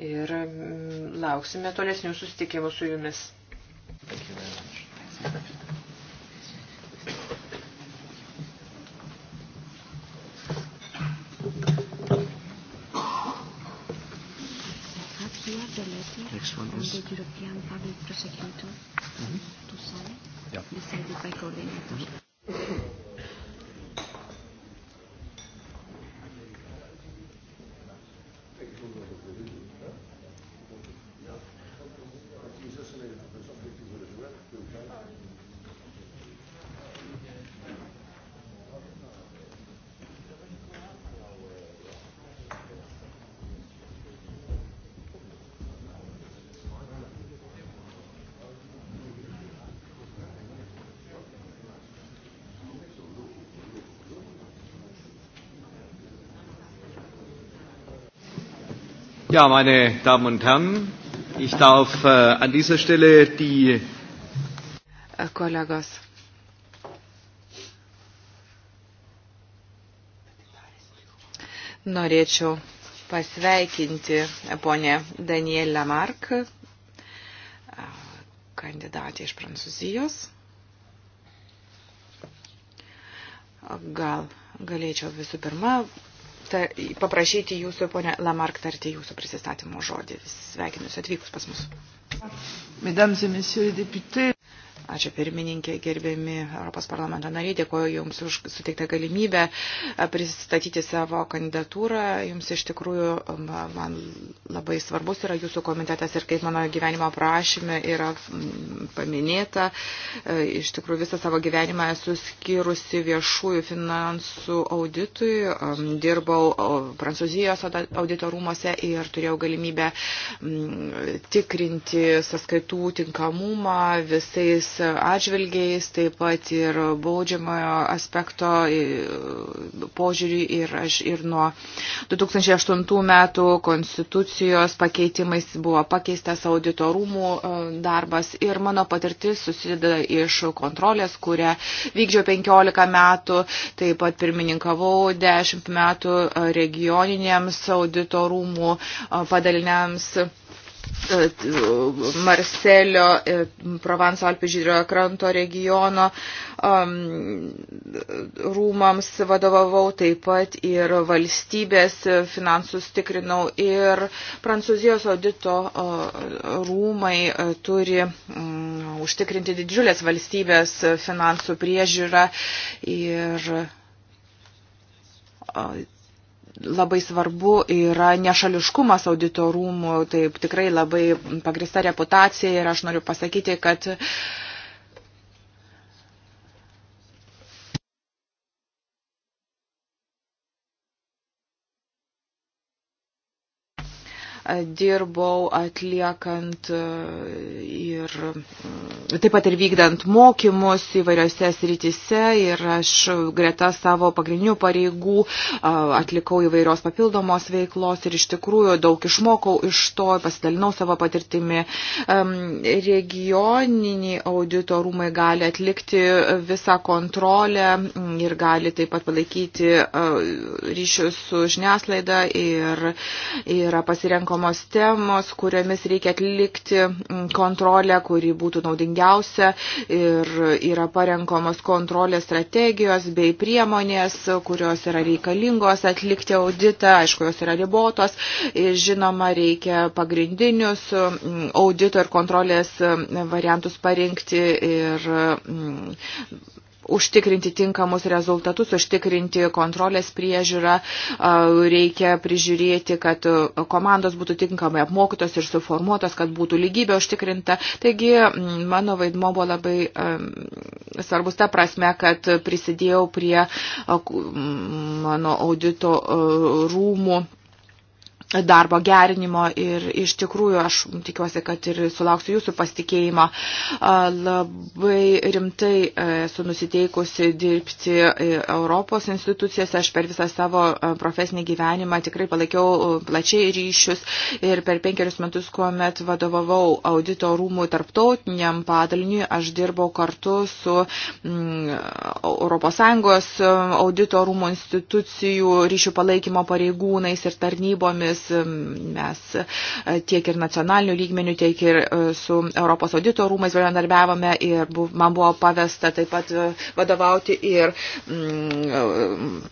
ir mm, lauksime tolesnių susitikimų su jumis. Next one is the European Public Prosecutor mm -hmm. to sign, yeah. decided by coordinators. Mm -hmm. Ja, meine Damen und Herren, ich darf äh, an dieser Stelle die äh, Kollegos. Norėčiau pasveikinti ponę Danielę Lamark, kandidatę iš Prancūzijos. Gal galėčiau visų pirma ta, paprašyti jūsų, ponė Lamark, tarti jūsų prisistatymo žodį. Sveikinu jūs atvykus pas mus. Mesdames et messieurs les députés, Ačiū pirmininkė, gerbiami Europos parlamento nariai, dėkuoju Jums už suteiktą galimybę pristatyti savo kandidatūrą. Jums iš tikrųjų man labai svarbus yra Jūsų komitetas ir kaip mano gyvenimo prašymė yra paminėta. Iš tikrųjų visą savo gyvenimą esu skyrusi viešųjų finansų auditui, dirbau Prancūzijos audito rūmose ir turėjau galimybę tikrinti sąskaitų tinkamumą visais atžvilgiais, taip pat ir baudžiamojo aspekto požiūrį ir, aš, ir nuo 2008 metų konstitucijos pakeitimais buvo pakeistas auditorumų e, darbas ir mano patirtis susideda iš kontrolės, kurią vykdžiau 15 metų, taip pat pirmininkavau 10 metų regioninėms auditorumų e, padaliniams E, Marselio, e, Provanso Alpių žydriojo kranto regiono rūmams vadovavau, taip pat ir valstybės finansus tikrinau ir Prancūzijos audito e, rūmai turi mm, užtikrinti didžiulės valstybės finansų priežiūrą ir labai svarbu yra nešališkumas auditorumų, taip tikrai labai pagrista reputacija ir aš noriu pasakyti, kad dirbau atliekant e, ir e, taip pat ir vykdant mokymus įvairiose srityse ir aš greta savo pagrindinių pareigų e, atlikau įvairios papildomos veiklos ir iš tikrųjų daug išmokau iš to, pasidalinau savo patirtimi. Regioniniai audito rūmai gali atlikti visą kontrolę ir gali taip pat palaikyti ryšius su žiniaslaida ir yra pasirenkama svarstomos temos, kuriomis reikia atlikti mm, kontrolę, kuri būtų naudingiausia ir yra parenkomos kontrolės strategijos bei priemonės, kurios yra reikalingos atlikti auditą, aišku, jos yra ribotos ir žinoma reikia pagrindinius mm, audito ir kontrolės mm, variantus parinkti ir užtikrinti tinkamus rezultatus, užtikrinti kontrolės priežiūrą, reikia prižiūrėti, kad komandos būtų tinkamai apmokytos ir suformuotos, kad būtų lygybė užtikrinta. Taigi mano vaidmo buvo labai svarbus ta prasme, kad prisidėjau prie mano audito rūmų darbo gerinimo ir iš tikrųjų aš tikiuosi, kad ir sulauksiu jūsų pasitikėjimo. Labai rimtai e, esu nusiteikusi dirbti e, Europos institucijose. Aš per visą savo e, profesinį gyvenimą tikrai palaikiau plačiai ryšius ir per penkerius metus, kuomet vadovavau audito rūmų tarptautiniam padaliniui, aš dirbau kartu su ES audito rūmų institucijų ryšių palaikymo pareigūnais ir tarnybomis klausimus. Mes e, tiek ir nacionalinių lygmenių, tiek ir e, su Europos audito rūmais bendradarbiavome ir man buvo pavesta taip pat e, vadovauti ir. Mm,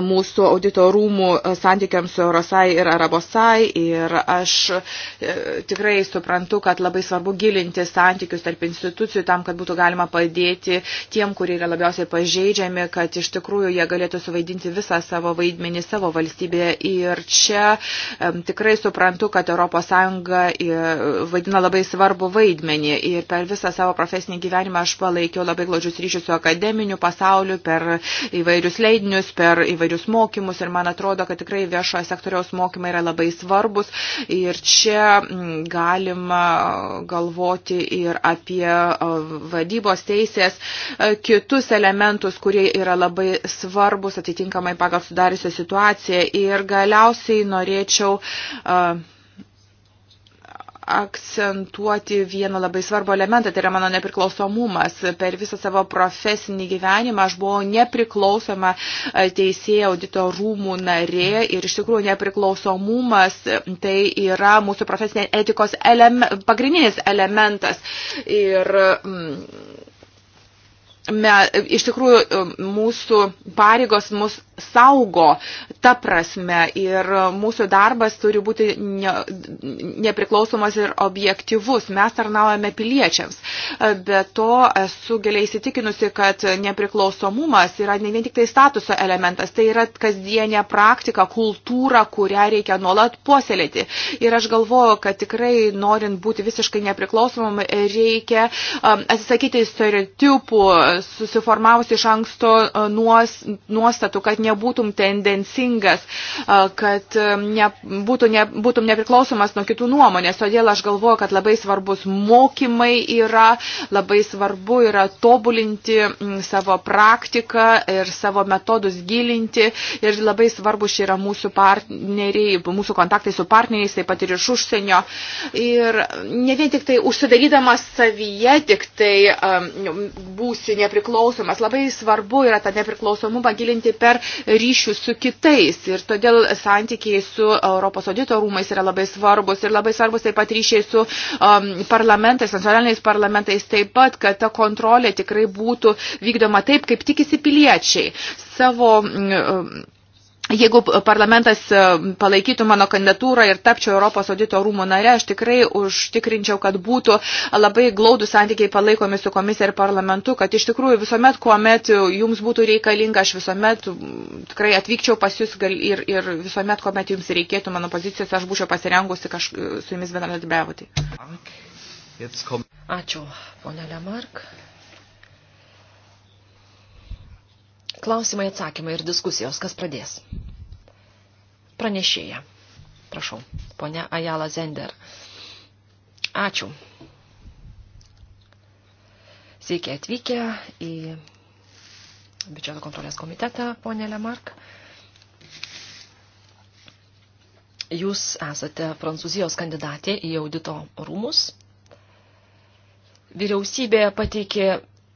mūsų auditorumų e, santykiams su Eurosai ir Arabosai ir aš e, tikrai suprantu, kad labai svarbu gilinti santykius tarp institucijų tam, kad būtų galima padėti tiem, kurie yra labiausiai pažeidžiami, kad iš tikrųjų jie galėtų suvaidinti visą savo vaidmenį savo valstybėje ir čia e, tikrai suprantu, kad ES vaidina labai svarbu vaidmenį ir per visą savo profesinį gyvenimą aš palaikiau labai glaudžius ryšius su akademiniu pasauliu, per įvairius leidinius, per įvairius įvairius mokymus ir man atrodo, kad tikrai viešojo sektoriaus mokymai yra labai svarbus ir čia mm, galima uh, galvoti ir apie uh, vadybos teisės uh, kitus elementus, kurie yra labai svarbus atitinkamai pagal sudariusią situaciją ir galiausiai norėčiau uh, akcentuoti vieną labai svarbų elementą, tai yra mano nepriklausomumas. Per visą savo profesinį gyvenimą aš buvau nepriklausoma e, teisėja audito rūmų narė ir iš tikrųjų nepriklausomumas tai yra mūsų profesinė etikos eleme, pagrindinis elementas. Ir, mm, me, iš tikrųjų mūsų pareigos mus saugo ta prasme ir mūsų darbas turi būti ne, nepriklausomas ir objektivus. Mes tarnaujame piliečiams. Be to esu giliai įsitikinusi, kad nepriklausomumas yra ne vien tik tai statuso elementas, tai yra kasdienė praktika, kultūra, kurią reikia nuolat puoselėti. Ir aš galvoju, kad tikrai norint būti visiškai nepriklausomam, reikia um, atsisakyti stereotipų, susiformavusi iš anksto nuos, nuostatų, kad ne nebūtum tendencingas, kad ne, būtų, ne, būtum nepriklausomas nuo kitų nuomonės. Todėl aš galvoju, kad labai svarbus mokymai yra, labai svarbu yra tobulinti savo praktiką ir savo metodus gilinti ir labai svarbu šie yra mūsų partneriai, mūsų kontaktai su partneriais, taip pat ir iš užsienio. Ir ne vien tik tai užsidarydamas savyje, tik tai um, būsi nepriklausomas. Labai svarbu yra tą nepriklausomumą gilinti per ryšių su kitais. Ir todėl santykiai su Europos audito rūmais yra labai svarbus. Ir labai svarbus taip pat ryšiai su um, parlamentais, nacionaliniais parlamentais taip pat, kad ta kontrolė tikrai būtų vykdoma taip, kaip tikisi piliečiai. Savo mm, um, Jeigu parlamentas e, palaikytų mano kandidatūrą ir tapčiau Europos audito rūmų nare, aš tikrai užtikrinčiau, kad būtų labai glaudų santykiai palaikomi su komisija ir parlamentu, kad iš tikrųjų visuomet, kuomet jums būtų reikalinga, aš visuomet tikrai atvykčiau pas jūs ir, ir visuomet, kuomet jums reikėtų mano pozicijos, aš būčiau pasirengusi kaž, su jumis bendradarbiauti. Ačiū, ponė Lemark. Klausimai, atsakymai ir diskusijos. Kas pradės? Pranešėja. Prašau, ponia Ajala Zender. Ačiū. Sveiki atvykę į biudžeto kontrolės komitetą, ponė Lemark. Jūs esate Prancūzijos kandidatė į audito rūmus. Vyriausybė pateikė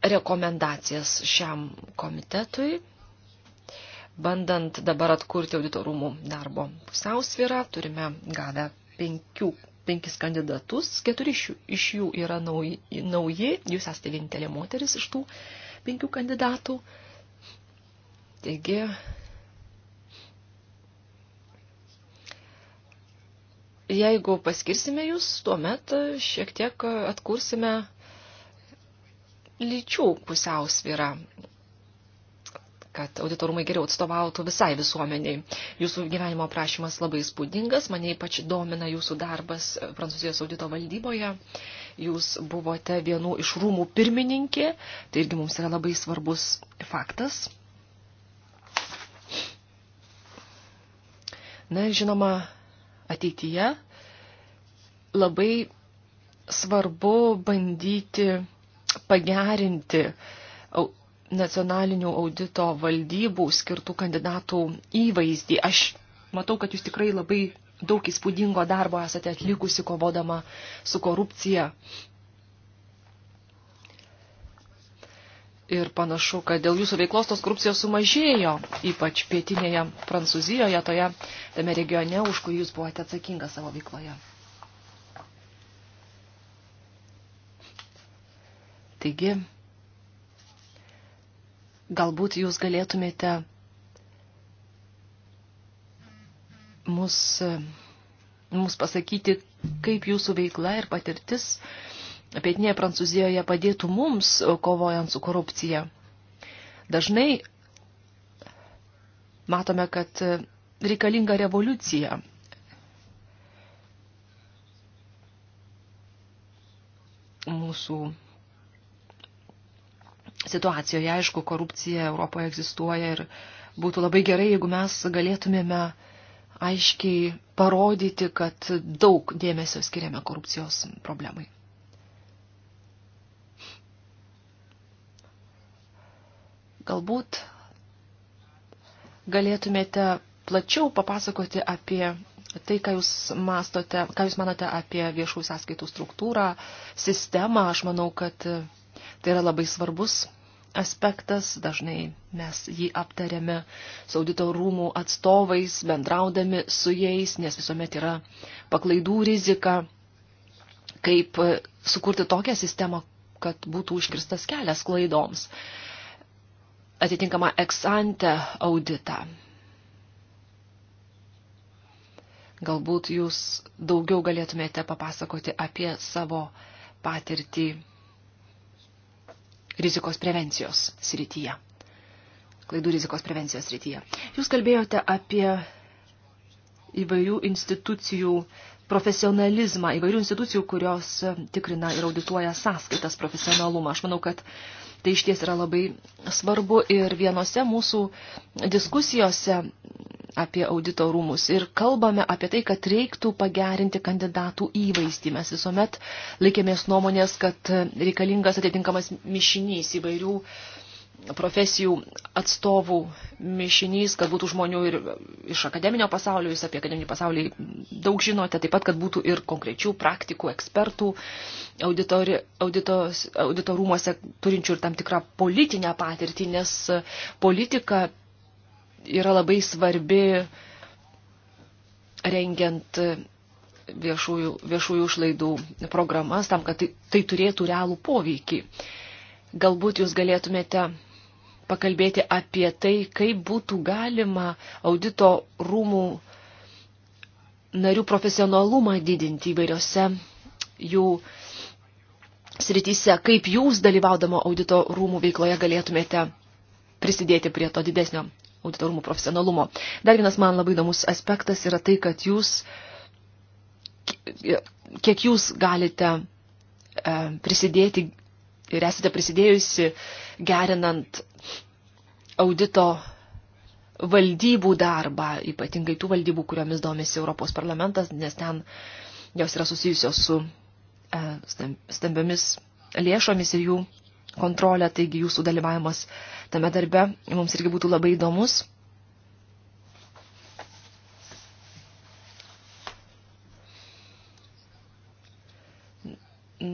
rekomendacijas šiam komitetui, bandant dabar atkurti auditorumų darbo pusiausvyrą. Turime gavę penkių, penkis kandidatus, keturi iš, iš jų yra nauji, nauji, jūs esate vienintelė moteris iš tų penkių kandidatų. Taigi, jeigu paskirsime jūs, tuomet šiek tiek atkursime lyčių pusiausvyrą kad auditorumai geriau atstovautų visai visuomeniai. Jūsų gyvenimo aprašymas labai spūdingas, mane ypač domina jūsų darbas Prancūzijos audito valdyboje. Jūs buvote vienų iš rūmų pirmininkė, tai irgi mums yra labai svarbus faktas. Na ir žinoma, ateityje labai svarbu bandyti pagerinti nacionalinių audito valdybų skirtų kandidatų įvaizdį. Aš matau, kad jūs tikrai labai daug įspūdingo darbo esate atlikusi kovodama su korupcija. Ir panašu, kad dėl jūsų veiklos tos korupcijos sumažėjo, ypač pietinėje Prancūzijoje, toje tame regione, už kurį jūs buvote atsakinga savo veikloje. Taigi, galbūt jūs galėtumėte mus, mus pasakyti, kaip jūsų veikla ir patirtis pietinėje Prancūzijoje padėtų mums kovojant su korupcija. Dažnai matome, kad reikalinga revoliucija. Mūsų situacijoje. Aišku, korupcija Europoje egzistuoja ir būtų labai gerai, jeigu mes galėtumėme aiškiai parodyti, kad daug dėmesio skiriame korupcijos problemai. Galbūt galėtumėte plačiau papasakoti apie tai, ką jūs, mastote, ką jūs manote apie viešų sąskaitų struktūrą, sistemą. Aš manau, kad tai yra labai svarbus aspektas, dažnai mes jį aptariame su audito rūmų atstovais, bendraudami su jais, nes visuomet yra paklaidų rizika, kaip sukurti tokią sistemą, kad būtų užkirstas kelias klaidoms. Atitinkama eksante auditą. Galbūt jūs daugiau galėtumėte papasakoti apie savo patirtį rizikos prevencijos srityje. Klaidų rizikos prevencijos srityje. Jūs kalbėjote apie įvairių institucijų profesionalizmą, įvairių institucijų, kurios e, tikrina ir audituoja sąskaitas profesionalumą. Aš manau, kad tai iš ties yra labai svarbu ir vienose mūsų diskusijose apie audito rūmus ir kalbame apie tai, kad reiktų pagerinti kandidatų įvaizdį. Mes visuomet laikėmės nuomonės, kad reikalingas atitinkamas mišinys įvairių profesijų atstovų mišinys, kad būtų žmonių ir iš akademinio pasaulio, jūs apie akademinį pasaulį daug žinote, taip pat, kad būtų ir konkrečių praktikų, ekspertų auditori, auditos, auditorumuose turinčių ir tam tikrą politinę patirtį, nes politika yra labai svarbi rengiant viešųjų, viešųjų išlaidų programas, tam, kad tai, tai turėtų realų poveikį. Galbūt jūs galėtumėte pakalbėti apie tai, kaip būtų galima audito rūmų narių profesionalumą didinti įvairiose jų srityse, kaip jūs dalyvaudama audito rūmų veikloje galėtumėte prisidėti prie to didesnio auditorumų profesionalumo. Dar vienas man labai įdomus aspektas yra tai, kad jūs, kiek jūs galite e, prisidėti ir esate prisidėjusi gerinant audito valdybų darbą, ypatingai tų valdybų, kuriomis domisi Europos parlamentas, nes ten jos yra susijusios su e, stambiomis lėšomis ir jų kontrolę, taigi jūsų dalyvavimas tame darbe mums irgi būtų labai įdomus.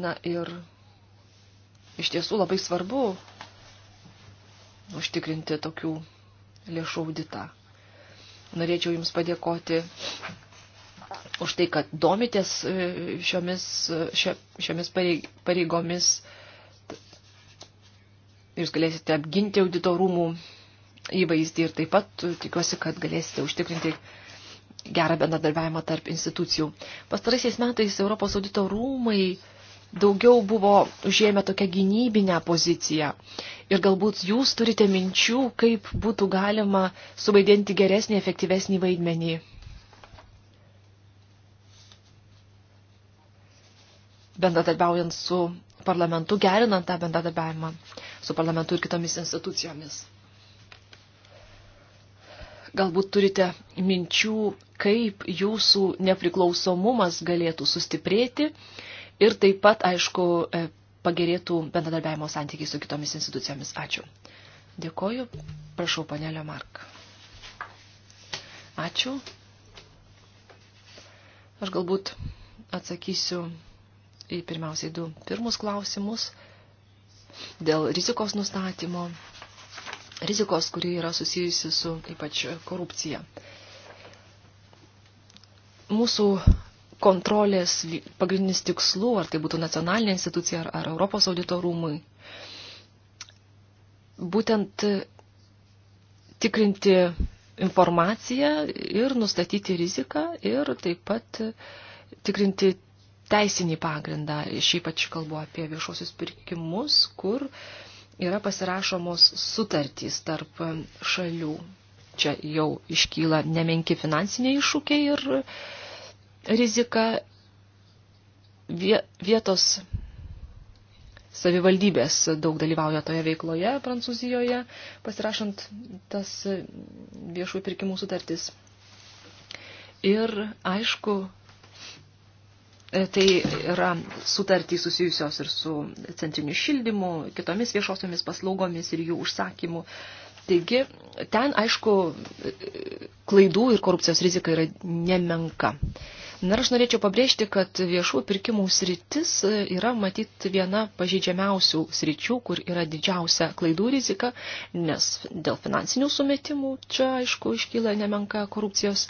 Na ir iš tiesų labai svarbu užtikrinti tokių lėšų auditą. Norėčiau Jums padėkoti už tai, kad domitės e, šiomis, e, šiomis pareigomis jūs galėsite apginti auditorumų įvaizdį ir taip pat tikiuosi, kad galėsite užtikrinti gerą bendradarbiavimą tarp institucijų. Pastaraisiais metais Europos audito rūmai daugiau buvo užėmę tokią gynybinę poziciją. Ir galbūt jūs turite minčių, kaip būtų galima suvaidinti geresnį, efektyvesnį vaidmenį. Bendradarbiaujant su parlamentu, gerinant tą bendradarbiavimą su parlamentu ir kitomis institucijomis. Galbūt turite minčių, kaip jūsų nepriklausomumas galėtų sustiprėti ir taip pat, aišku, e, pagerėtų bendradarbiavimo santykiai su kitomis institucijomis. Ačiū. Dėkoju. Prašau, panelio Mark. Ačiū. Aš galbūt atsakysiu į pirmiausiai du pirmus klausimus dėl rizikos nustatymo, rizikos, kuri yra susijusi su ypač korupcija. Mūsų kontrolės pagrindinis tikslų, ar tai būtų nacionalinė institucija ar, ar Europos audito rūmai, būtent tikrinti informaciją ir nustatyti riziką ir taip pat tikrinti teisinį pagrindą. Šiaip pač kalbu apie viešuosius pirkimus, kur yra pasirašomos sutartys tarp šalių. Čia jau iškyla nemenki finansiniai iššūkiai ir rizika vietos savivaldybės daug dalyvauja toje veikloje Prancūzijoje, pasirašant tas viešųjų pirkimų sutartis. Ir aišku, E, tai yra sutartys susijusios ir su centriniu šildymu, kitomis viešosiomis paslaugomis ir jų užsakymu. Taigi, ten, aišku, e, klaidų ir korupcijos rizika yra nemenka. Na, aš norėčiau pabrėžti, kad viešų pirkimų sritis e, yra matyt viena pažeidžiamiausių sričių, kur yra didžiausia klaidų rizika, nes dėl finansinių sumetimų čia, aišku, iškyla nemenka korupcijos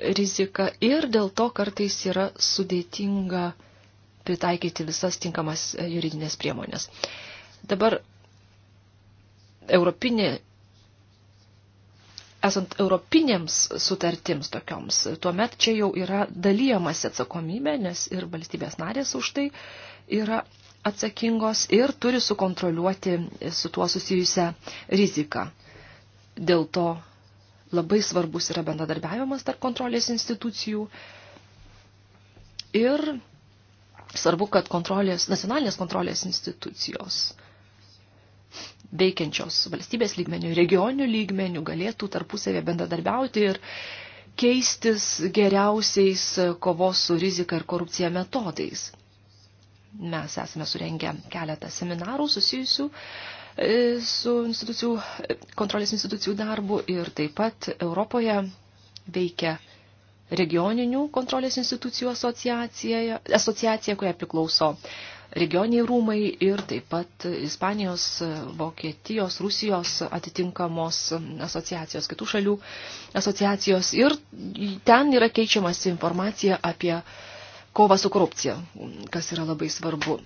rizika ir dėl to kartais yra sudėtinga pritaikyti visas tinkamas e, juridinės priemonės. Dabar europinė, esant europinėms sutartims tokioms, tuomet čia jau yra dalyjamas atsakomybė, nes ir valstybės narės už tai yra atsakingos ir turi sukontroliuoti su tuo susijusią riziką. Dėl to Labai svarbus yra bendradarbiavimas tarp kontrolės institucijų. Ir svarbu, kad kontrolės, nacionalinės kontrolės institucijos veikiančios valstybės lygmenių, regioninių lygmenių galėtų tarpusavėje bendradarbiauti ir keistis geriausiais kovos su rizika ir korupcija metodais. Mes esame surengę keletą seminarų susijusių su institucijų, kontrolės institucijų darbu ir taip pat Europoje veikia regioninių kontrolės institucijų asociacija, asociacija kuria priklauso regioniai rūmai ir taip pat Ispanijos, Vokietijos, Rusijos atitinkamos asociacijos, kitų šalių asociacijos. Ir ten yra keičiamasi informacija apie kovą su korupcija, kas yra labai svarbu.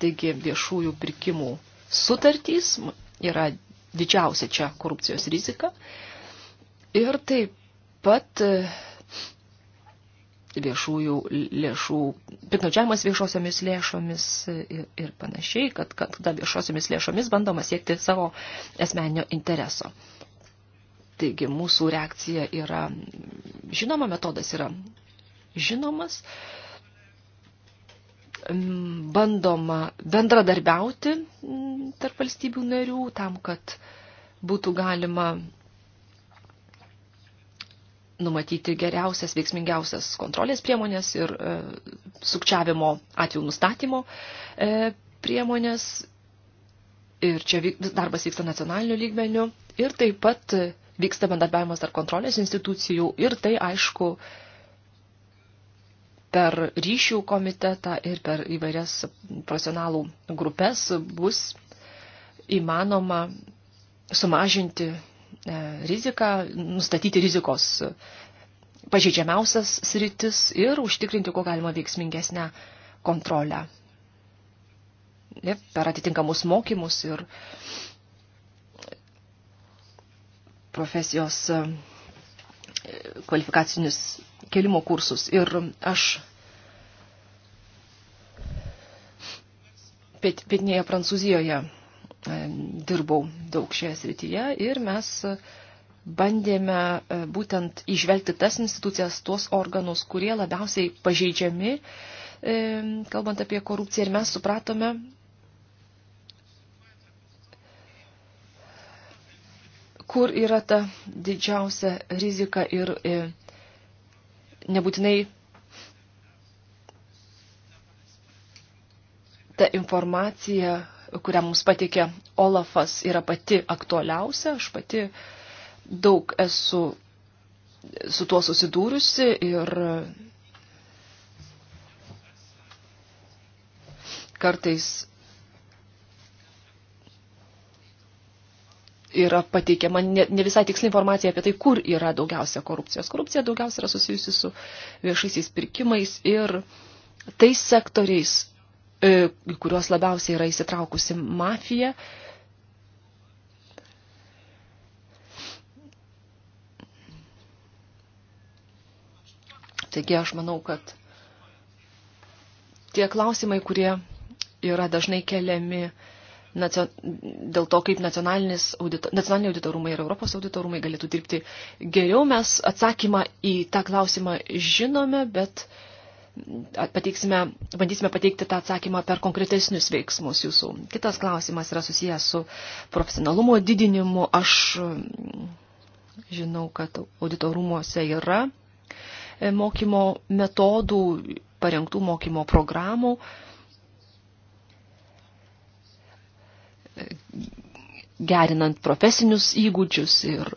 Taigi viešųjų pirkimų sutartys yra didžiausia čia korupcijos rizika. Ir taip pat e, viešųjų lėšų, piknaudžiavimas viešosiomis lėšomis ir, ir panašiai, kad, kad tada viešosiomis lėšomis bandoma siekti savo asmeninio intereso. Taigi mūsų reakcija yra žinoma, metodas yra žinomas. Uh, bandoma bendradarbiauti tarp valstybių narių tam, kad būtų galima numatyti geriausias, veiksmingiausias kontrolės priemonės ir e, sukčiavimo atvejų nustatymo e, priemonės. Ir čia vyk, darbas vyksta nacionaliniu lygmeniu ir taip pat vyksta bendarbiavimas tarp kontrolės institucijų ir tai, aišku, e, per ryšių komitetą ir per įvairias profesionalų grupės bus įmanoma sumažinti e, riziką, nustatyti rizikos pažeidžiamiausias sritis ir užtikrinti, kuo galima veiksmingesnę kontrolę per atitinkamus mokymus ir profesijos e, kvalifikacinius kelimo kursus. Ir aš pietinėje Prancūzijoje e, dirbau daug šioje srityje ir mes bandėme e, būtent išvelgti tas institucijas, tuos organus, kurie labiausiai pažeidžiami, e, kalbant apie korupciją. Ir mes supratome, kur yra ta didžiausia rizika ir nebūtinai ta informacija, kurią mums patikė Olafas, yra pati aktualiausia. Aš pati daug esu su tuo susidūrusi ir kartais yra pateikiama ne, ne visai tiksli informacija apie tai, kur yra daugiausia korupcijos. Korupcija daugiausia yra susijusi su viešaisiais pirkimais ir tais sektoriais, e, kuriuos labiausiai yra įsitraukusi mafija. Taigi aš manau, kad tie klausimai, kurie yra dažnai keliami, e, dėl to, kaip audito, nacionaliniai auditorumai ir Europos auditorumai galėtų dirbti geriau. Mes atsakymą į tą klausimą žinome, bet pateiksime, bandysime pateikti tą atsakymą per konkretesnius veiksmus jūsų. Kitas klausimas yra susijęs su profesionalumo didinimu. Aš mm, žinau, kad auditorumuose yra e, mokymo metodų, parengtų mokymo programų. Uh, gerinant profesinius įgūdžius ir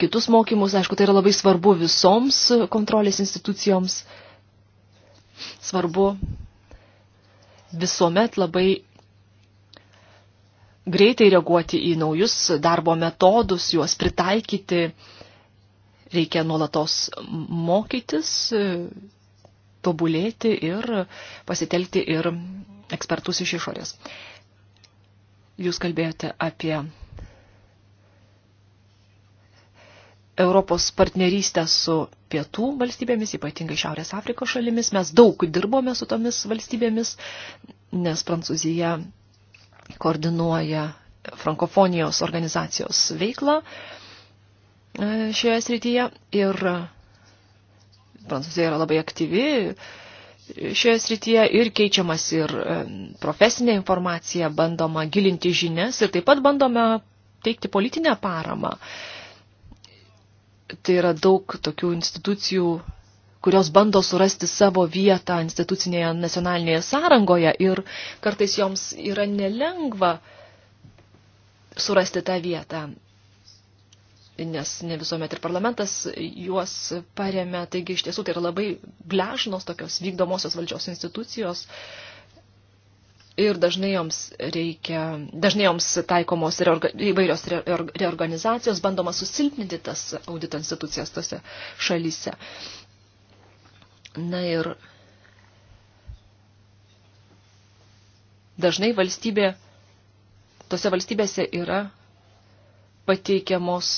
kitus mokymus. Aišku, tai yra labai svarbu visoms kontrolės institucijoms. Svarbu visuomet labai greitai reaguoti į naujus darbo metodus, juos pritaikyti. Reikia nuolatos mokytis, tobulėti ir pasitelkti ir ekspertus iš išorės. Jūs kalbėjote apie Europos partnerystę su pietų valstybėmis, ypatingai Šiaurės Afrikos šalimis. Mes daug dirbome su tomis valstybėmis, nes Prancūzija koordinuoja frankofonijos organizacijos veiklą e, šioje srityje ir Prancūzija yra labai aktyvi šioje srityje ir keičiamas ir e, profesinė informacija, bandoma gilinti žinias ir taip pat bandome teikti politinę paramą. Tai yra daug tokių institucijų, kurios bando surasti savo vietą institucinėje nacionalinėje sąrangoje ir kartais joms yra nelengva surasti tą vietą nes ne visuomet ir parlamentas juos paremia. Taigi iš tiesų tai yra labai gležnos tokios vykdomosios valdžios institucijos ir dažnai joms reikia, dažnai joms taikomos ir orga, įvairios reorganizacijos, bandoma susilpninti tas audito institucijas tose šalyse. Na ir dažnai valstybė, tose valstybėse yra pateikiamos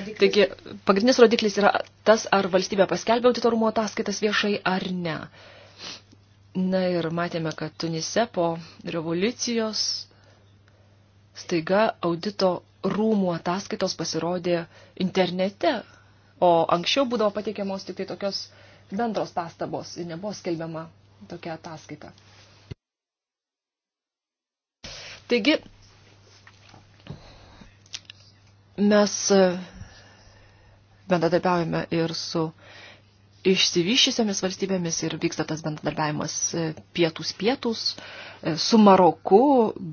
rodiklis. Taigi, pagrindinis rodiklis yra tas, ar valstybė paskelbė auditorumo ataskaitas viešai ar ne. Na ir matėme, kad Tunise po revoliucijos staiga audito rūmų ataskaitos pasirodė internete, o anksčiau būdavo pateikiamos tik tai tokios bendros pastabos ir nebuvo skelbiama tokia ataskaita. Taigi, mes bendradarbiaujame ir su išsivyščiusiamis valstybėmis ir vyksta tas bendradarbiavimas e, pietus pietus, e, su Maroku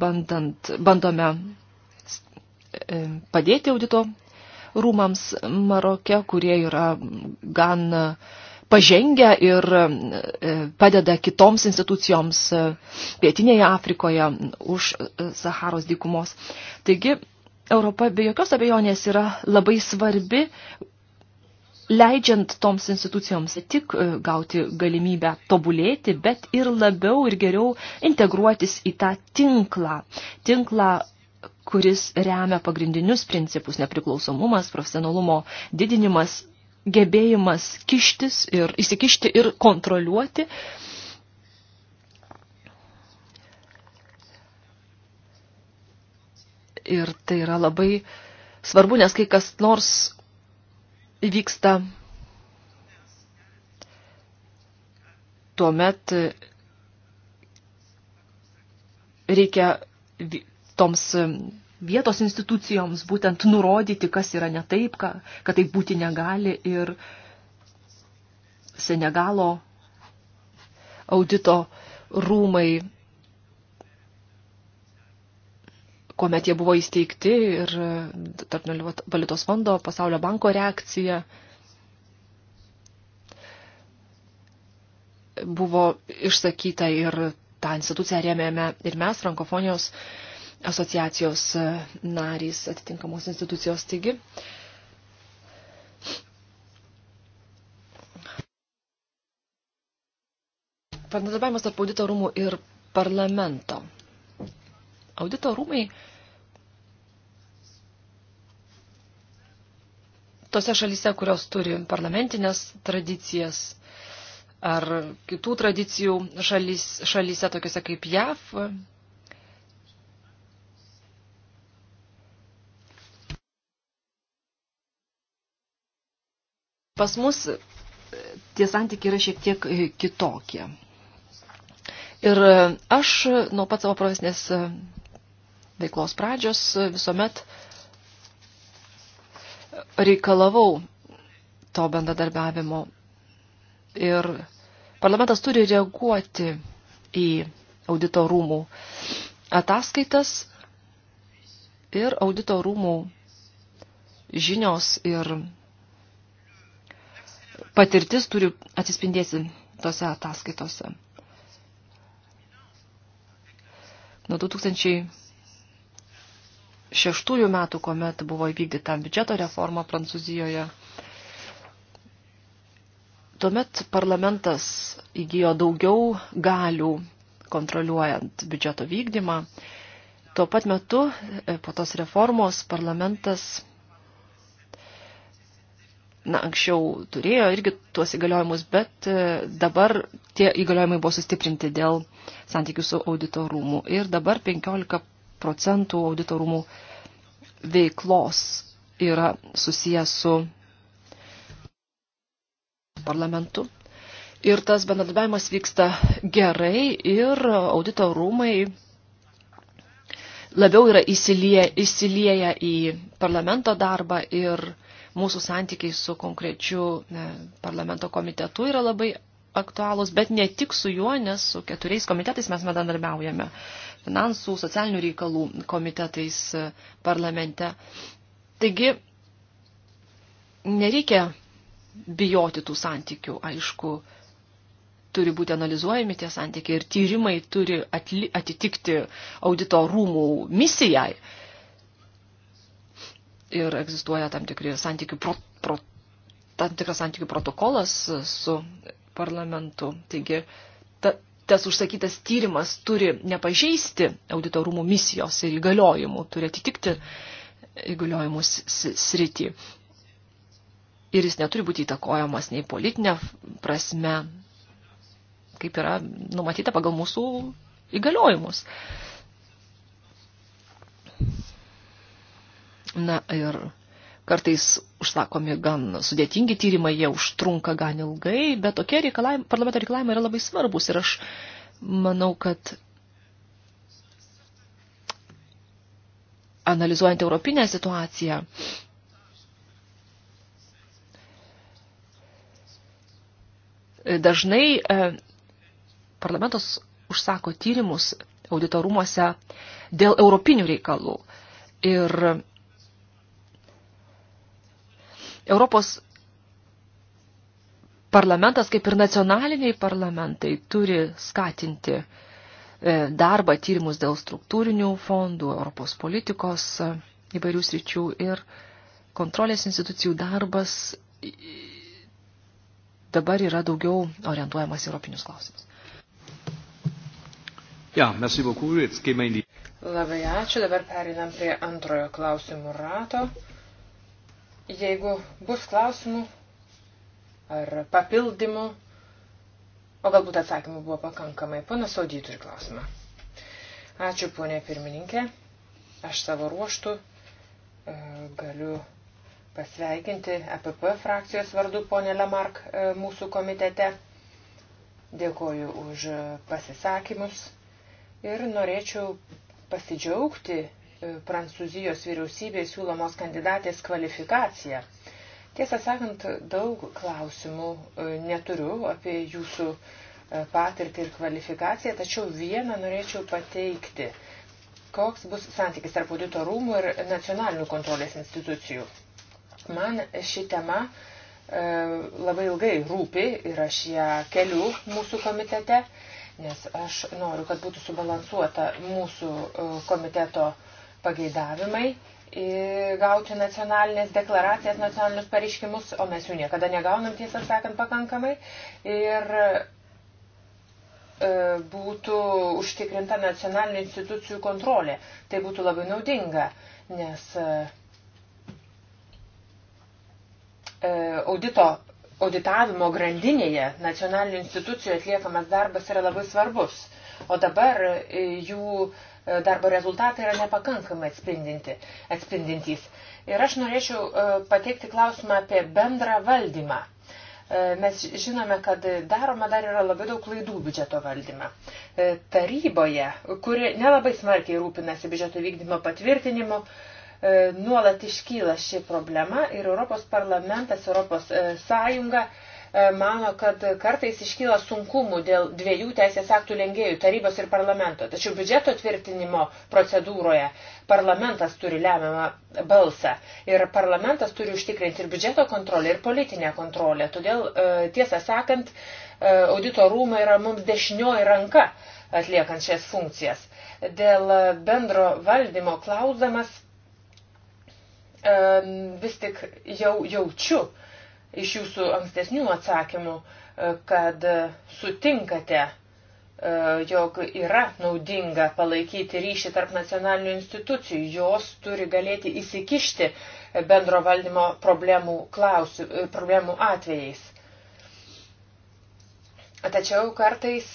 bandant, bandome e, padėti audito rūmams Maroke, kurie yra gan pažengę ir padeda kitoms institucijoms pietinėje Afrikoje už Saharos dykumos. Taigi, Europa be jokios abejonės yra labai svarbi leidžiant toms institucijoms tik e, gauti galimybę tobulėti, bet ir labiau ir geriau integruotis į tą tinklą. Tinklą, kuris remia pagrindinius principus - nepriklausomumas, profesionalumo didinimas, gebėjimas kištis ir įsikišti ir kontroliuoti. Ir tai yra labai svarbu, nes kai kas nors įvyksta tuomet reikia toms vietos institucijoms būtent nurodyti, kas yra ne taip, kad tai būti negali ir Senegalo audito rūmai kuomet jie buvo įsteigti ir e, tarpinio valiutos fondo, pasaulio banko reakcija buvo išsakyta ir tą instituciją rėmėme ir mes, Frankofonijos asociacijos e, narys atitinkamos institucijos. Taigi, Bendradarbiavimas tarp audito rūmų ir parlamento Audito rūmai tose šalyse, kurios turi parlamentinės tradicijas ar kitų tradicijų šalys, šalyse, tokiuose kaip JAV. Pas mus e, tie santykiai yra šiek tiek e, kitokie. Ir e, aš nuo pat savo profesinės veiklos pradžios visuomet reikalavau to bendradarbiavimo. Ir parlamentas turi reaguoti į audito rūmų ataskaitas ir audito rūmų žinios ir patirtis turi atsispindėti tose ataskaitose. Nuo 2000 šeštųjų metų, kuomet buvo įvykdyta biudžeto reforma Prancūzijoje. Tuomet parlamentas įgyjo daugiau galių kontroliuojant biudžeto vykdymą. Tuo pat metu e, po tos reformos parlamentas na, anksčiau turėjo irgi tuos įgaliojimus, bet e, dabar tie įgaliojimai buvo sustiprinti dėl santykių su audito rūmų. Ir dabar 15 procentų auditorumų veiklos yra susijęs su parlamentu. Ir tas bendradarbiavimas vyksta gerai ir auditorumai labiau yra įsilie, įsilieja į parlamento darbą ir mūsų santykiai su konkrečiu ne, parlamento komitetu yra labai aktualūs, bet ne tik su juo, nes su keturiais komitetais mes bendradarbiaujame - finansų, socialinių reikalų komitetais e, parlamente. Taigi, nereikia bijoti tų santykių, aišku, turi būti analizuojami tie santykiai ir tyrimai turi atli, atitikti audito rūmų misijai. Ir egzistuoja tam, tikri santykių pro, pro, tam tikras santykių protokolas su parlamentu. Taigi ta, tas užsakytas tyrimas turi nepažeisti auditorumų misijos ir įgaliojimų, turi atitikti įgaliojimus sritį. Ir jis neturi būti įtakojamas nei politinė prasme, kaip yra numatyta pagal mūsų įgaliojimus. Na ir kartais užsakomi gan sudėtingi tyrimai, jie užtrunka gan ilgai, bet tokie reikalavimai, parlamento reikalavimai yra labai svarbus ir aš manau, kad analizuojant europinę situaciją, dažnai e, parlamentos užsako tyrimus auditorumuose dėl europinių reikalų. Ir Europos parlamentas, kaip ir nacionaliniai parlamentai, turi skatinti e, darbą tyrimus dėl struktūrinių fondų, Europos politikos e, įvairių sričių ir kontrolės institucijų darbas dabar yra daugiau orientuojamas į europinius klausimus. Ja, merci beaucoup. Jetzt gehen wir in die... Labai ačiū. Dabar perinam prie antrojo klausimų rato. Jeigu bus klausimų ar papildymų, o galbūt atsakymų buvo pakankamai, panas Saudy turi klausimą. Ačiū, ponė pirmininkė. Aš savo ruoštų e, galiu pasveikinti APP e frakcijos vardu ponė Lamark e, mūsų komitete. Dėkoju už pasisakymus ir norėčiau pasidžiaugti E, Prancūzijos vyriausybės siūlomos kandidatės kvalifikaciją. Tiesą sakant, daug klausimų e, neturiu apie jūsų e, patirtį ir kvalifikaciją, tačiau vieną norėčiau pateikti. Koks bus santykis tarp audito rūmų ir nacionalinių kontrolės institucijų? Man ši tema e, labai ilgai rūpi ir aš ją keliu mūsų komitete, nes aš noriu, kad būtų subalansuota mūsų komiteto e, pageidavimai gauti nacionalinės deklaracijas, nacionalinius pareiškimus, o mes jų niekada negaunam, tiesą sakant, pakankamai. Ir e, būtų užtikrinta nacionalinių institucijų kontrolė. Tai būtų labai naudinga, nes e, e, audito, auditavimo grandinėje nacionalinių institucijų atliekamas darbas yra labai svarbus. O dabar jų uh, darbo rezultatai yra nepakankamai atspindintys. Ir aš norėčiau e, pateikti klausimą apie bendrą valdymą. E, mes žinome, kad daroma dar yra labai daug klaidų biudžeto valdyme. E, taryboje, kuri nelabai smarkiai rūpinasi biudžeto vykdymo patvirtinimu, nuolat iškyla ši problema ir Europos parlamentas, Europos sąjunga E, mano, kad kartais iškyla sunkumų dėl dviejų teisės aktų lengėjų - tarybos ir parlamento. Tačiau biudžeto tvirtinimo procedūroje parlamentas turi lemiamą balsą ir parlamentas turi užtikrinti ir biudžeto kontrolę, ir politinę kontrolę. Todėl, e, tiesą sakant, e, audito rūmai yra mums dešinioji ranka atliekant šias funkcijas. Dėl bendro valdymo klausdamas vis tik jau jaučiu, iš jūsų ankstesnių atsakymų, e, kad e, sutinkate, e, jog yra naudinga palaikyti ryšį tarp nacionalinių institucijų. Jos turi galėti įsikišti bendro valdymo problemų, klausim, problemų atvejais. Tačiau kartais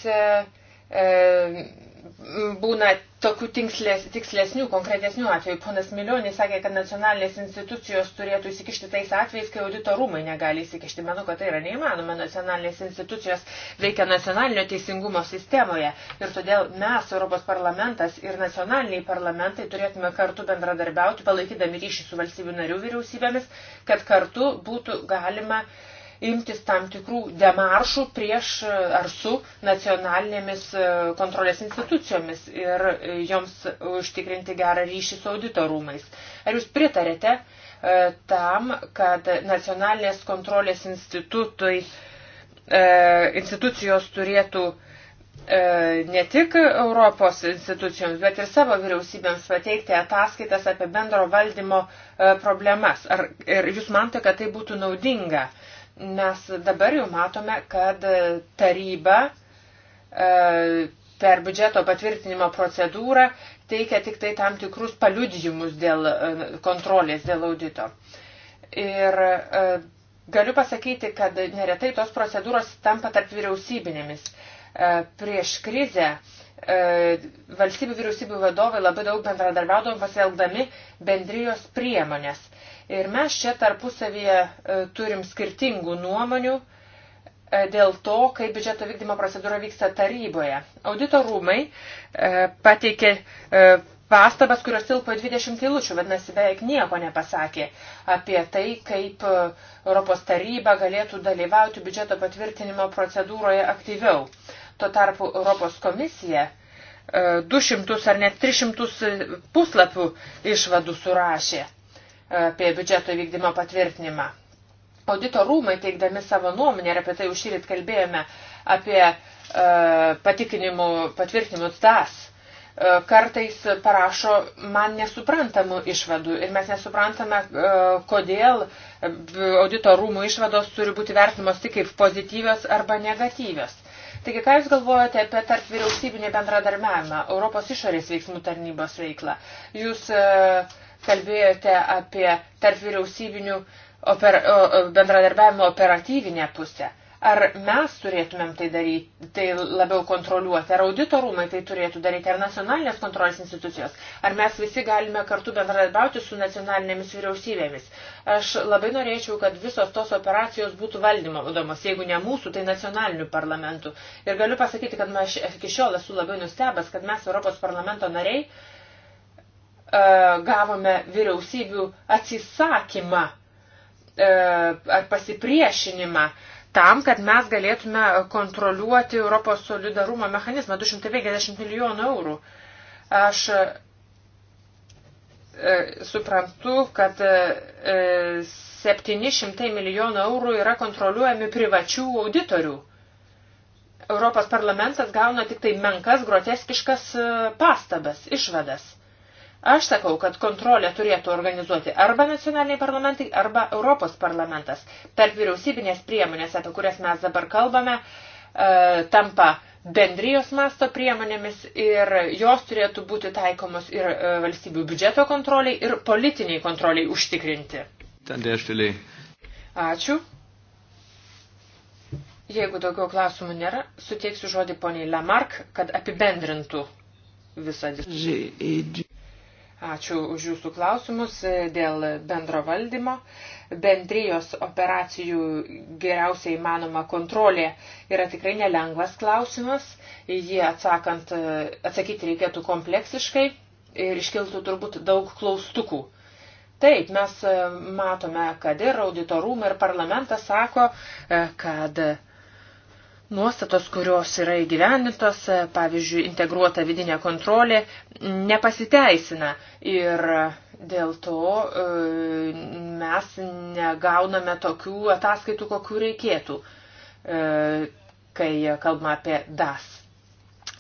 būna tokių tinkslės, tikslesnių, konkretesnių atvejų. Ponas Milionis sakė, kad nacionalinės institucijos turėtų įsikišti tais atvejais, kai audito rūmai negali įsikišti. Manau, kad tai yra neįmanoma. Nacionalinės institucijos veikia nacionalinio teisingumo sistemoje. Ir todėl mes, Europos parlamentas ir nacionaliniai parlamentai, turėtume kartu bendradarbiauti, palaikydami ryšį su valstybių narių vyriausybėmis, kad kartu būtų galima uh, imtis tam tikrų demaršų prieš e, ar su nacionalinėmis e, kontrolės institucijomis ir e, joms užtikrinti gerą ryšį su auditorumais. Ar jūs pritarėte tam, kad nacionalinės kontrolės institutui, institucijos turėtų ne tik Europos institucijoms, bet ir savo vyriausybėms pateikti ataskaitas apie bendro valdymo problemas. Ar, ir jūs manote, kad tai būtų naudinga? Mes dabar jau matome, kad taryba e, per biudžeto patvirtinimo procedūrą teikia tik tai tam tikrus paliudijimus dėl e, kontrolės, dėl audito. Ir e, galiu pasakyti, kad neretai tos procedūros tampa tarp vyriausybinėmis. Prieš krizę valstybių vyriausybių vadovai labai daug bendradarbiaudom pasielgdami bendrijos priemonės. Ir mes čia tarpusavyje e, turim skirtingų nuomonių e, dėl to, kaip biudžeto vykdymo procedūra vyksta taryboje. Audito rūmai e, pateikė pastabas, kurios tilpo 20 eilučių, vadinasi, beveik nieko nepasakė apie tai, kaip Europos taryba galėtų dalyvauti biudžeto patvirtinimo procedūroje aktyviau. Tuo tarpu Europos komisija 200 ar net 300 puslapių išvadų surašė apie biudžeto vykdymo patvirtinimą. Audito rūmai teikdami savo nuomonę ir apie tai užsirit kalbėjome apie e, patikinimų patvirtinimus DAS. E, kartais parašo man nesuprantamų išvadų ir mes nesuprantame, e, kodėl e, audito rūmų išvados turi būti vertinamos tik kaip pozityvios arba negatyvios. Taigi, ką Jūs galvojate apie tarp vyriausybinį bendradarbiavimą, Europos išorės veiksmų tarnybos veiklą? Jūs uh, kalbėjote apie tarp vyriausybinių oper, bendradarbiavimo operatyvinę pusę. Ar mes turėtumėm tai daryti, tai labiau kontroliuoti, ar auditorumai tai turėtų daryti, ar nacionalinės kontrolės institucijos, ar mes visi galime kartu bendradarbiauti su nacionalinėmis vyriausybėmis. Aš labai norėčiau, kad visos tos operacijos būtų valdymo vadomos, jeigu ne mūsų, tai nacionalinių parlamentų. Ir galiu pasakyti, kad aš iki šiol esu labai nustebęs, kad mes Europos parlamento nariai E, gavome vyriausybių atsisakymą e, ar pasipriešinimą tam, kad mes galėtume kontroliuoti Europos solidarumo mechanizmą 250 milijonų eurų. Aš e, suprantu, kad 700 milijonų eurų yra kontroliuojami privačių auditorių. Europos parlamentas gauna tik tai menkas groteskiškas pastabas, išvadas. Aš sakau, kad kontrolę turėtų organizuoti arba nacionaliniai parlamentai, arba Europos parlamentas. Tarp vyriausybinės priemonės, apie kurias mes dabar kalbame, e, tampa bendrijos masto priemonėmis ir jos turėtų būti taikomos ir e, valstybių biudžeto kontroliai, ir politiniai kontroliai užtikrinti. Ačiū. Jeigu daugiau klausimų nėra, suteiksiu žodį poniai Lamark, kad apibendrintų visą diskusiją. Ačiū už Jūsų klausimus e, dėl bendro valdymo. Bendrijos operacijų geriausiai manoma kontrolė yra tikrai nelengvas klausimas. Jį atsakant, e, atsakyti reikėtų kompleksiškai ir iškiltų turbūt daug klaustukų. Taip, mes e, matome, kad ir auditorumai, ir parlamentas sako, kad nuostatos, kurios yra įgyvendintos, pavyzdžiui, integruota vidinė kontrolė, nepasiteisina ir dėl to e, mes negauname tokių ataskaitų, kokių reikėtų, e, kai kalbame apie DAS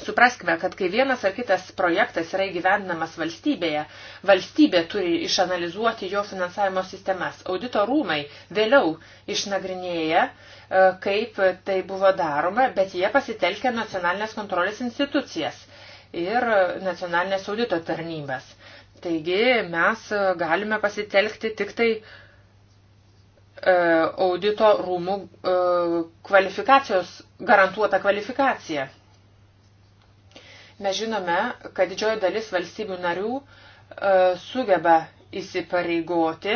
Supraskime, kad kai vienas ar kitas projektas yra įgyvendinamas valstybėje, valstybė turi išanalizuoti jo finansavimo sistemas. Audito rūmai vėliau išnagrinėja, e, kaip tai buvo daroma, bet jie pasitelkia nacionalinės kontrolės institucijas ir nacionalinės audito tarnybas. Taigi mes galime pasitelkti tik tai e, audito rūmų e, kvalifikacijos, garantuotą kvalifikaciją. Mes žinome, kad didžioji dalis valstybių narių e, sugeba įsipareigoti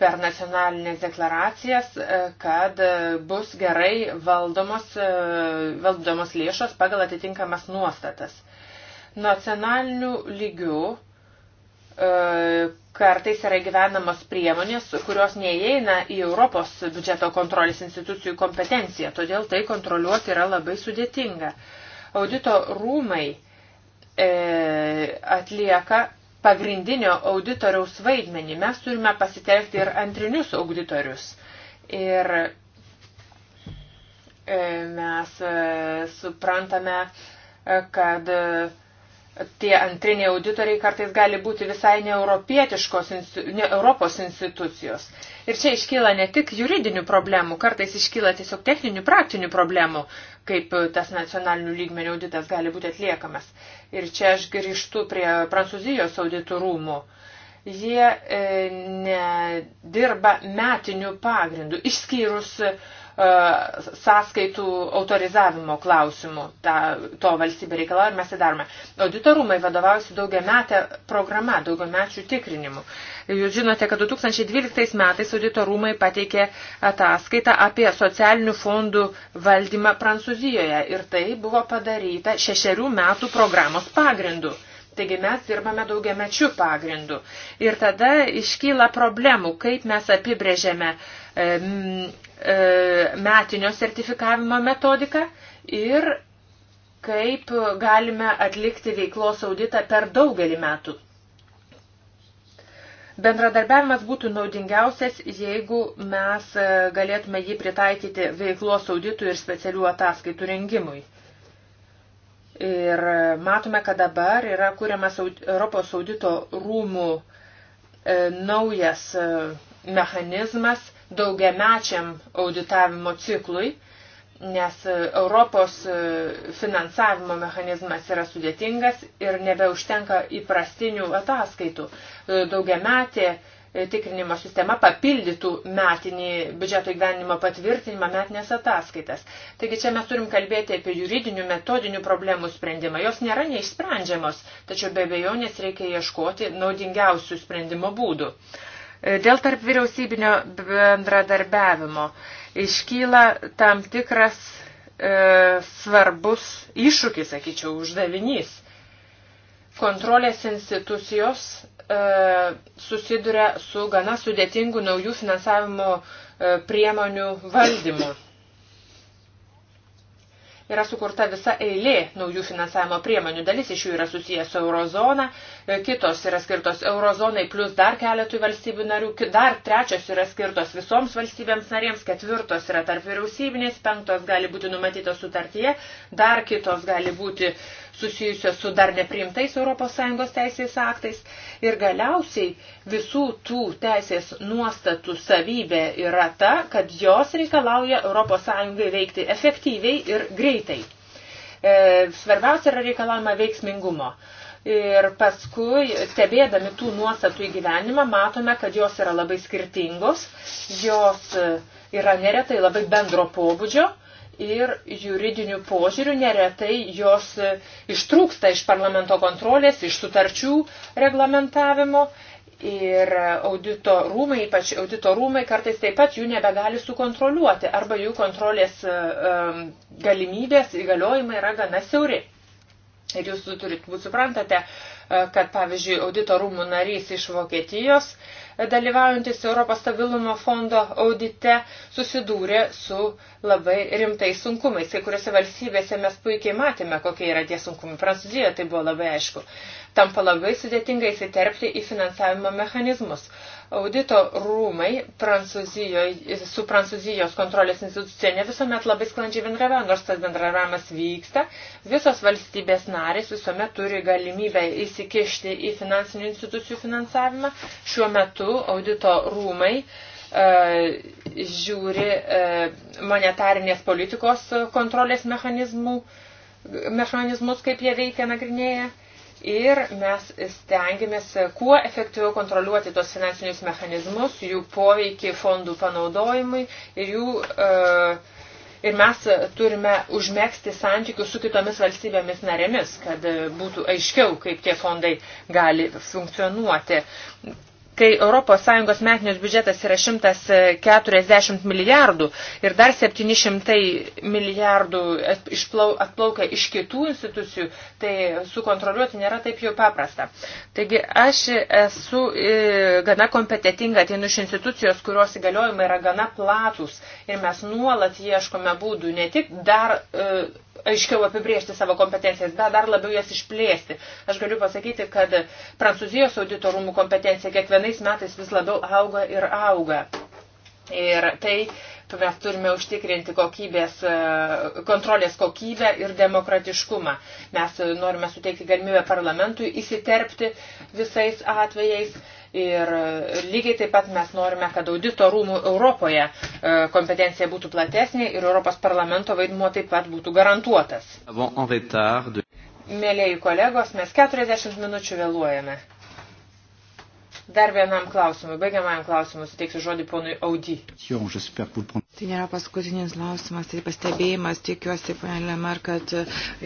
per nacionalinės deklaracijas, e, kad e, bus gerai valdomos, valdomos lėšos pagal atitinkamas nuostatas. Nacionalinių lygių kartais yra gyvenamos priemonės, kurios neįeina į Europos biudžeto kontrolės institucijų kompetenciją, todėl tai kontroliuoti yra labai sudėtinga. Audito rūmai e, atlieka pagrindinio auditoriaus vaidmenį. Mes turime pasitelkti ir antrinius auditorius. Ir e, mes e, suprantame, e, kad e, tie antriniai auditoriai kartais gali būti visai ne, ne Europos institucijos. Ir čia iškyla ne tik juridinių problemų, kartais iškyla tiesiog techninių, praktinių problemų, kaip tas nacionalinių lygmenių auditas gali būti atliekamas. Ir čia aš grįžtu prie Prancūzijos auditų rūmų. Jie e, nedirba metinių pagrindų, išskyrus e, sąskaitų autorizavimo klausimų. Ta, to valstybė reikalauja ir mes tai darome. Auditorumai vadovaujasi daugia metę programą, daugia mečių tikrinimu. E, Jūs žinote, kad 2012 metais audito rūmai pateikė ataskaitą apie socialinių fondų valdymą Prancūzijoje ir tai buvo padaryta šešerių metų programos pagrindu. Taigi mes dirbame daugiamečių pagrindų. Ir tada iškyla problemų, kaip mes apibrėžiame e, e, metinio sertifikavimo metodiką ir kaip galime atlikti veiklos auditą per daugelį metų. Bendradarbiavimas būtų naudingiausias, jeigu mes e, galėtume jį pritaikyti veiklos auditų ir specialių ataskaitų rengimui. Ir e, matome, kad dabar yra kuriamas Europos audito rūmų e, naujas mechanizmas daugiamečiam auditavimo ciklui nes e, Europos e, finansavimo mechanizmas yra sudėtingas ir nebeužtenka įprastinių ataskaitų. E, daugiametė tikrinimo sistema papildytų metinį biudžeto įgyvenimo patvirtinimą metinės ataskaitas. Taigi čia mes turim kalbėti apie juridinių, metodinių problemų sprendimą. Jos nėra neišsprendžiamos, tačiau be abejonės reikia ieškoti naudingiausių sprendimo būdų. Dėl tarp vyriausybinio bendradarbiavimo iškyla tam tikras e, svarbus iššūkis, sakyčiau, uždavinys. Kontrolės institucijos e, susiduria su gana sudėtingu naujų finansavimo e, priemonių valdymu yra sukurta visa eilė naujų finansavimo priemonių. Dalis iš jų yra susijęs su eurozona, e, kitos yra skirtos eurozonai plus dar keletui valstybių narių, dar trečios yra skirtos visoms valstybėms narėms, ketvirtos yra tarp vyriausybinės, penktos gali būti numatytos sutartyje, dar kitos gali būti uh, susijusios su dar nepriimtais ES teisės aktais ir galiausiai visų tų teisės nuostatų savybė yra ta, kad jos reikalauja ES veikti efektyviai ir greitai. E, svarbiausia yra reikalavimą veiksmingumo. Ir paskui, stebėdami tų nuostatų įgyvenimą, matome, kad jos yra labai skirtingos, jos e, yra neretai labai bendro pobūdžio ir juridinių požiūrių neretai jos e, ištrūksta iš parlamento kontrolės, iš sutarčių reglamentavimo ir audito rūmai, ypač audito rūmai kartais taip pat jų nebegali sukontroliuoti arba jų kontrolės e, e, galimybės įgaliojimai yra gana siauri. Ir jūs turit būti suprantate, kad pavyzdžiui audito rūmų narys iš Vokietijos uh, dalyvaujantis Europos stabilumo fondo audite, susidūrė su labai rimtais sunkumais. Kai kuriuose valstybėse mes puikiai matėme, kokie yra tie sunkumai. Prancūzijoje tai buvo labai aišku. Tampa labai sudėtinga įsiterpti į finansavimo mechanizmus. Audito rūmai Prancūzijoje, su Prancūzijos kontrolės institucija ne visuomet labai sklandžiai bendravė, nors tas bendravimas vyksta. Visos valstybės narės visuomet turi galimybę įsikišti į finansinių institucijų finansavimą. Šiuo metu audito rūmai e, žiūri e, monetarinės politikos kontrolės mechanizmus, kaip jie veikia nagrinėję ir mes stengiamės kuo efektyviau kontroliuoti tos finansinius mechanizmus, jų poveikį fondų panaudojimui ir jų. E, ir mes turime užmėgsti santykius su kitomis valstybėmis narėmis, kad būtų aiškiau, kaip tie fondai gali funkcionuoti kai ES metinės biudžetas yra 140 milijardų ir dar 700 milijardų atplaukia iš kitų institucijų, tai sukontroliuoti nėra taip jau paprasta. Taigi aš esu e, gana kompetitinga, ateinu iš institucijos, kurios įgaliojimai yra gana platus ir mes nuolat ieškome būdų ne tik dar e, aiškiau apibriežti savo kompetencijas, bet dar labiau jas išplėsti. Aš galiu pasakyti, kad Prancūzijos auditorumų kompetencija kiekvienais metais vis labiau auga ir auga. Ir tai mes turime užtikrinti kokybės, e, kontrolės kokybę ir demokratiškumą. Mes norime suteikti galimybę parlamentui įsiterpti visais atvejais Ir lygiai taip pat mes norime, kad audito rūmų Europoje e, kompetencija būtų platesnė ir Europos parlamento vaidmuo taip pat būtų garantuotas. Mėlėjai kolegos, mes 40 minučių vėluojame. Dar vienam klausimui, baigiamajam klausimui, suteiksiu žodį ponui Audy. Tai nėra paskutinis klausimas, tai pastebėjimas, tikiuosi, ponė Lemar, kad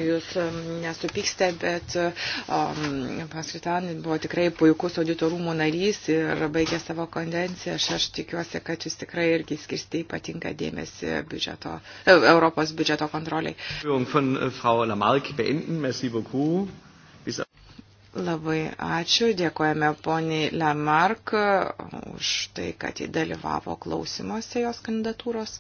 jūs um, nesupykste, bet um, paskritan buvo tikrai puikus auditorumų narys ir baigė savo kondenciją. Aš, aš tikiuosi, kad jūs tikrai irgi skirsti ypatingą dėmesį biudžeto, Europos biudžeto kontroliai. Äh, Labai ačiū, dėkojame poniai Lemark už tai, kad jį dalyvavo klausimuose jos kandidatūros.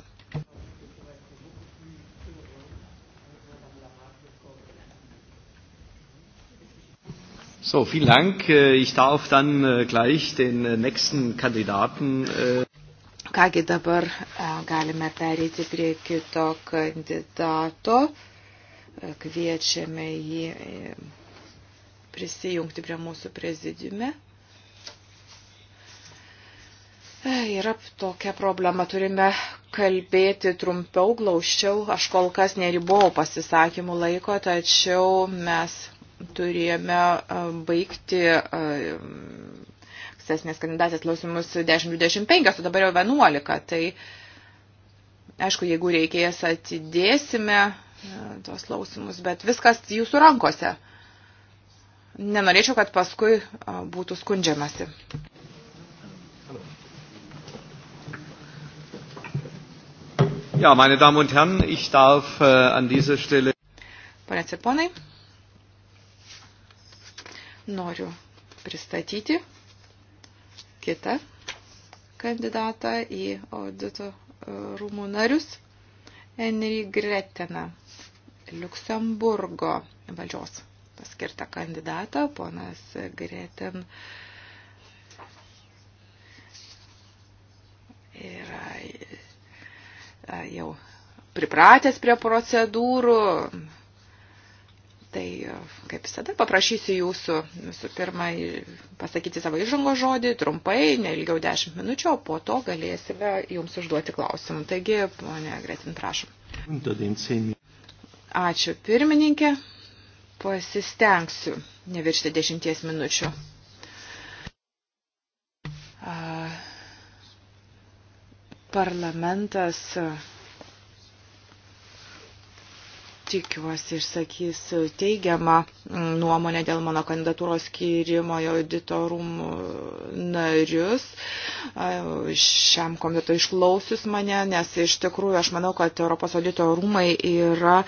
So, vielen Dank. Ich darf dann äh, gleich den äh, nächsten Kandidaten. Äh, Kągi dabar galime pereiti prie kito kandidato. Kviečiame jį prisijungti prie mūsų prezidiume. E, yra tokia problema, turime kalbėti trumpiau, glaušiau. Aš kol kas neribau pasisakymų laiko, tačiau mes turėjome e, baigti e, ankstesnės kandidatės klausimus 10.25, o dabar jau 11. Tai aišku, jeigu reikės atidėsime tos klausimus, bet viskas jūsų rankose nenorėčiau, kad paskui būtų skundžiamasi. Ja, meine Damen und Herren, ich darf äh, an dieser Stelle. Ponas ir ponai, noriu pristatyti kitą kandidatą į audito e, rūmų narius, Henry Greteną, Luxemburgo valdžios paskirtą kandidatą, ponas Greten. Yra jau pripratęs prie procedūrų, Tai, kaip visada, paprašysiu jūsų visų pirma pasakyti savo įžango žodį trumpai, neilgiau 10 minučių, o po to galėsime jums užduoti klausimų. Taigi, ponė Gretin, prašom. Ačiū, pirmininkė. Pasistengsiu neviršti dešimties minučių. Parlamentas tikiuosi išsakys teigiamą mm, nuomonę dėl mano kandidatūros skirimo į auditorumų narius. Šiam komitetui išklausius mane, nes iš tikrųjų aš manau, kad Europos auditorumai yra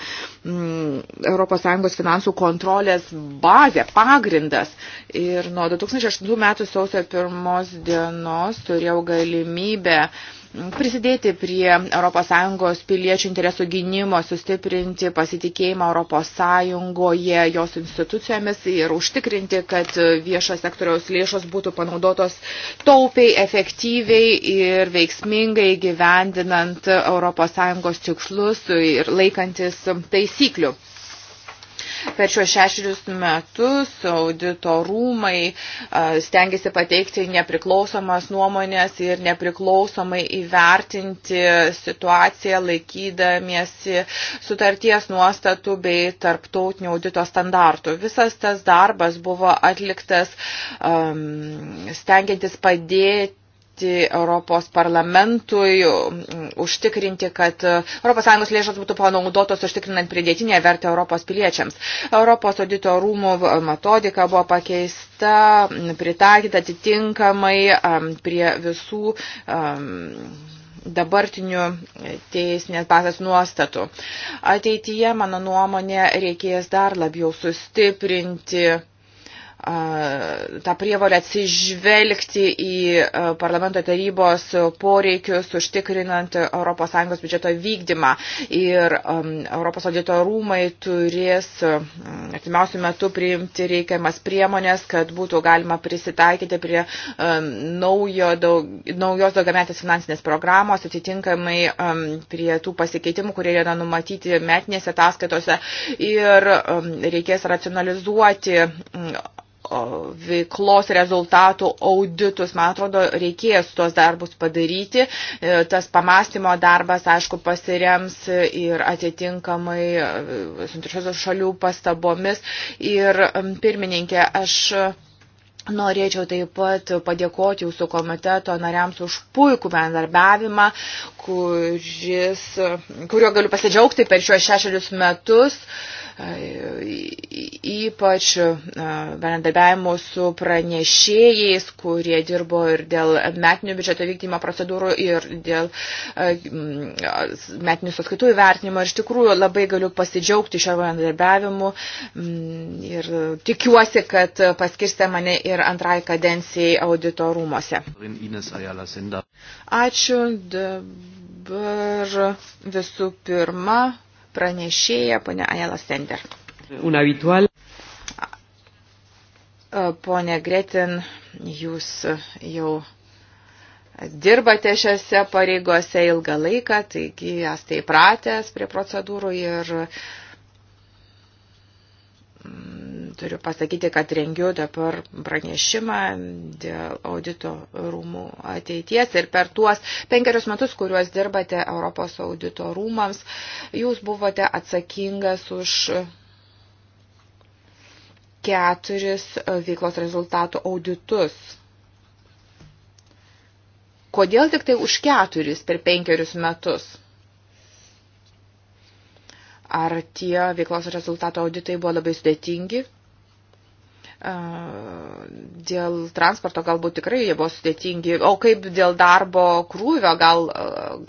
mm, ES finansų kontrolės bazė, pagrindas. Ir nuo 2008 metų sausio pirmos dienos turėjau galimybę prisidėti prie ES piliečių interesų gynimo, sustiprinti pasitikėjimą ES, jos institucijomis ir užtikrinti, kad viešo sektoriaus lėšos būtų panaudotos taupiai, efektyviai ir veiksmingai gyvendinant ES tikslus ir laikantis taisyklių. Per šiuos šešerius metus audito rūmai stengiasi pateikti nepriklausomas nuomonės ir nepriklausomai įvertinti situaciją laikydamiesi sutarties nuostatų bei tarptautinio audito standartų. Visas tas darbas buvo atliktas um, stengiantis padėti padėti Europos parlamentui užtikrinti, kad ES lėšos būtų panaudotos užtikrinant pridėtinę vertę Europos piliečiams. Europos audito rūmų metodika buvo pakeista, pritaikyta atitinkamai prie visų dabartinių teisinės bazės nuostatų. Ateityje, mano nuomonė, reikės dar labiau sustiprinti tą prievalę atsižvelgti į parlamento tarybos poreikius, užtikrinant ES biudžeto vykdymą. Ir um, Europos audito rūmai turės um, artimiausių metų priimti reikiamas priemonės, kad būtų galima prisitaikyti prie um, naujo, daug, naujos daugiametės finansinės programos, atitinkamai prie tų pasikeitimų, kurie yra numatyti metinėse ataskaitose. Ir reikės racionalizuoti veiklos rezultatų auditus. Man atrodo, reikės tuos darbus padaryti. E, tas pamastymo darbas, aišku, pasirems ir atitinkamai e, suinteresuotos šalių pastabomis. Ir pirmininkė, aš. Norėčiau taip pat padėkoti jūsų komiteto nariams už puikų bendarbiavimą, kuris, kuriuo galiu pasidžiaugti per šiuos šešerius metus, ypač e, bendradarbiavimu su pranešėjais, kurie dirbo ir dėl metinių biudžeto vykdymo procedūrų, ir dėl e, metinių sąskaitų įvertinimo. Ir iš tikrųjų labai galiu pasidžiaugti šio bendradarbiavimu ir tikiuosi, kad paskirstė mane ir antrai kadencijai auditorumuose. Ačiū. Dabar Dabar visų pirma pranešėja ponia Anela Sender. Unavitual. Pone Gretin, jūs jau dirbate šiose pareigose ilgą laiką, taigi esate įpratęs prie procedūrų ir uh, turiu pasakyti, kad rengiu dabar pranešimą dėl audito rūmų ateities ir per tuos penkerius metus, kuriuos dirbate Europos audito rūmams, jūs buvote atsakingas už keturis veiklos rezultatų auditus. Kodėl tik tai už keturis per penkerius metus? Ar tie veiklos rezultato auditai buvo labai sudėtingi? Dėl transporto galbūt tikrai jie buvo sudėtingi, o kaip dėl darbo krūvio, gal,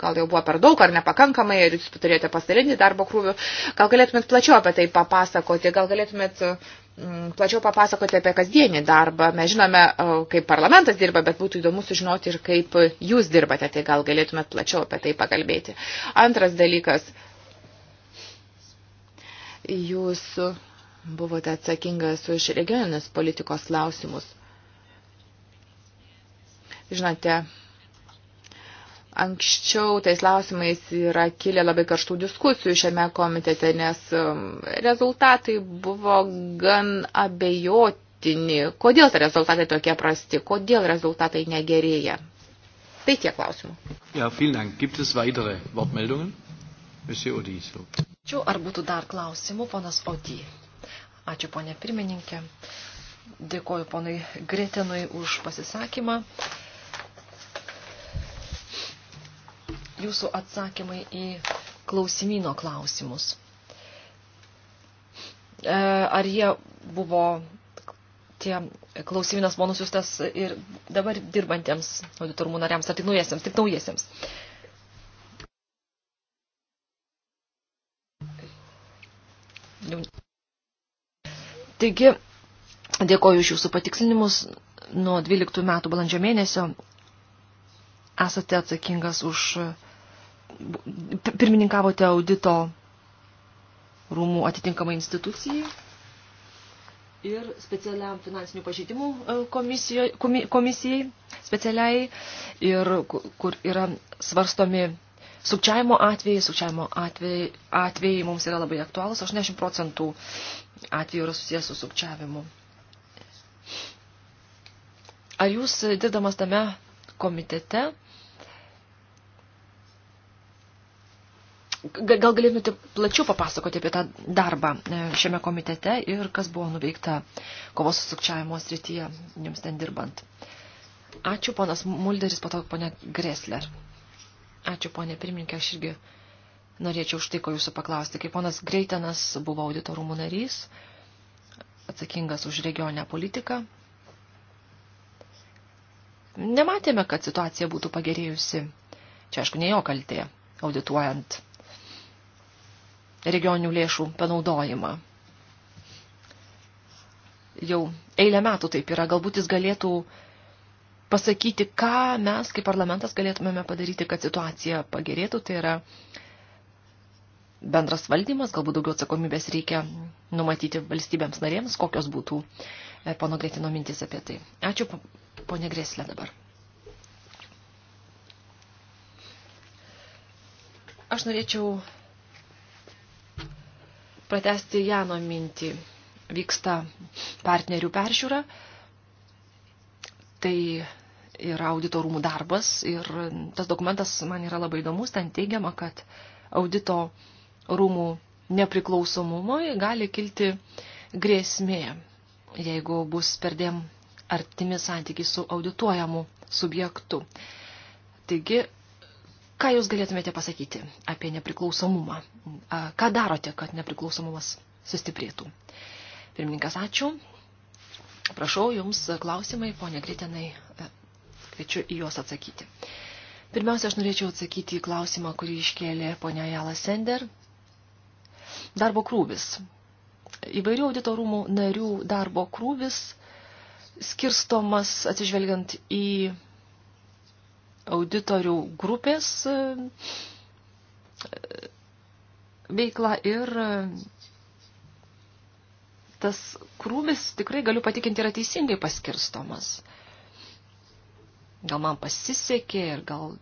gal jau buvo per daug ar nepakankamai, ir jūs turėjote pasidalinti darbo krūvių, gal galėtumėt plačiau apie tai papasakoti, gal galėtumėt mm, plačiau papasakoti apie kasdienį darbą. Mes žinome, kaip parlamentas dirba, bet būtų įdomu sužinoti ir kaip jūs dirbate, tai gal galėtumėt plačiau apie tai pakalbėti. Antras dalykas – Jūs buvote atsakingas už regioninės politikos klausimus. Žinote, anksčiau tais klausimais yra kilę labai karštų diskusijų šiame komitete, nes um, rezultatai buvo gan abejotini. Kodėl rezultatai tokie prasti, kodėl rezultatai negerėja? Tai tiek klausimų. Ja, vielen Dank. Gibt es weitere Wortmeldungen? Monsieur Odi, so. Ačiū, ar būtų dar klausimų, ponas Odį. Ačiū, ponė pirmininkė. Dėkoju ponui Gretenui už pasisakymą. Jūsų atsakymai į klausimino klausimus. E, ar jie buvo tie klausimynas buvo nusiustas ir dabar dirbantiems auditorumų nariams, ar tik naujiesiems, tik naujiesiems. Taigi, dėkoju iš jūsų patikslinimus. Nuo 12 metų balandžio mėnesio esate atsakingas už, pirmininkavote audito rūmų atitinkamai institucijai ir specialiam finansinių pažeidimų e, komisijai, specialiai, ir kur yra svarstomi Sukčiavimo atvejai, sukčiavimo atvejai, atvejai mums yra labai aktualūs, 80 procentų atvejų yra susijęs su sukčiavimu. Ar jūs, dirbdamas tame komitete, gal galėtumėte plačiau papasakoti apie tą darbą e, šiame komitete ir kas buvo nuveikta kovos su sukčiavimo srityje jums ten dirbant. Ačiū, ponas Mulderis, po to ponė Gresler. Ačiū, ponė pirmininkė, aš irgi norėčiau štai ko jūsų paklausti. Kai ponas Greitenas buvo auditorumų narys, atsakingas už regionę politiką, nematėme, kad situacija būtų pagerėjusi. Čia, aišku, ne jo kaltė, audituojant regioninių lėšų panaudojimą. Jau eilę metų taip yra, galbūt jis galėtų uh, pasakyti, ką mes kaip parlamentas galėtumėme padaryti, kad situacija pagerėtų. Tai yra bendras valdymas, galbūt daugiau atsakomybės reikia numatyti valstybėms narėms, kokios būtų e, pono Gretino mintis apie tai. Ačiū, ponė Greslė dabar. Aš norėčiau pratesti Jano mintį. Vyksta partnerių peržiūra. Tai yra audito rūmų darbas ir tas dokumentas man yra labai įdomus, ten teigiama, kad audito rūmų nepriklausomumui gali kilti grėsmė, jeigu bus perdėm artimi santykiai su audituojamu subjektu. Taigi, ką Jūs galėtumėte pasakyti apie nepriklausomumą? Ką darote, kad nepriklausomumas sustiprėtų? Pirmininkas, ačiū. Prašau, jums klausimai, ponė Gritenai, e, kviečiu į juos atsakyti. Pirmiausia, aš norėčiau atsakyti į klausimą, kurį iškėlė ponia Jala Sender. Darbo krūvis. Įvairių auditorumų narių darbo krūvis skirstomas atsižvelgiant į auditorių grupės e, veiklą ir tas krūvis, tikrai galiu patikinti, yra teisingai paskirstomas. Gal man pasisekė ir gal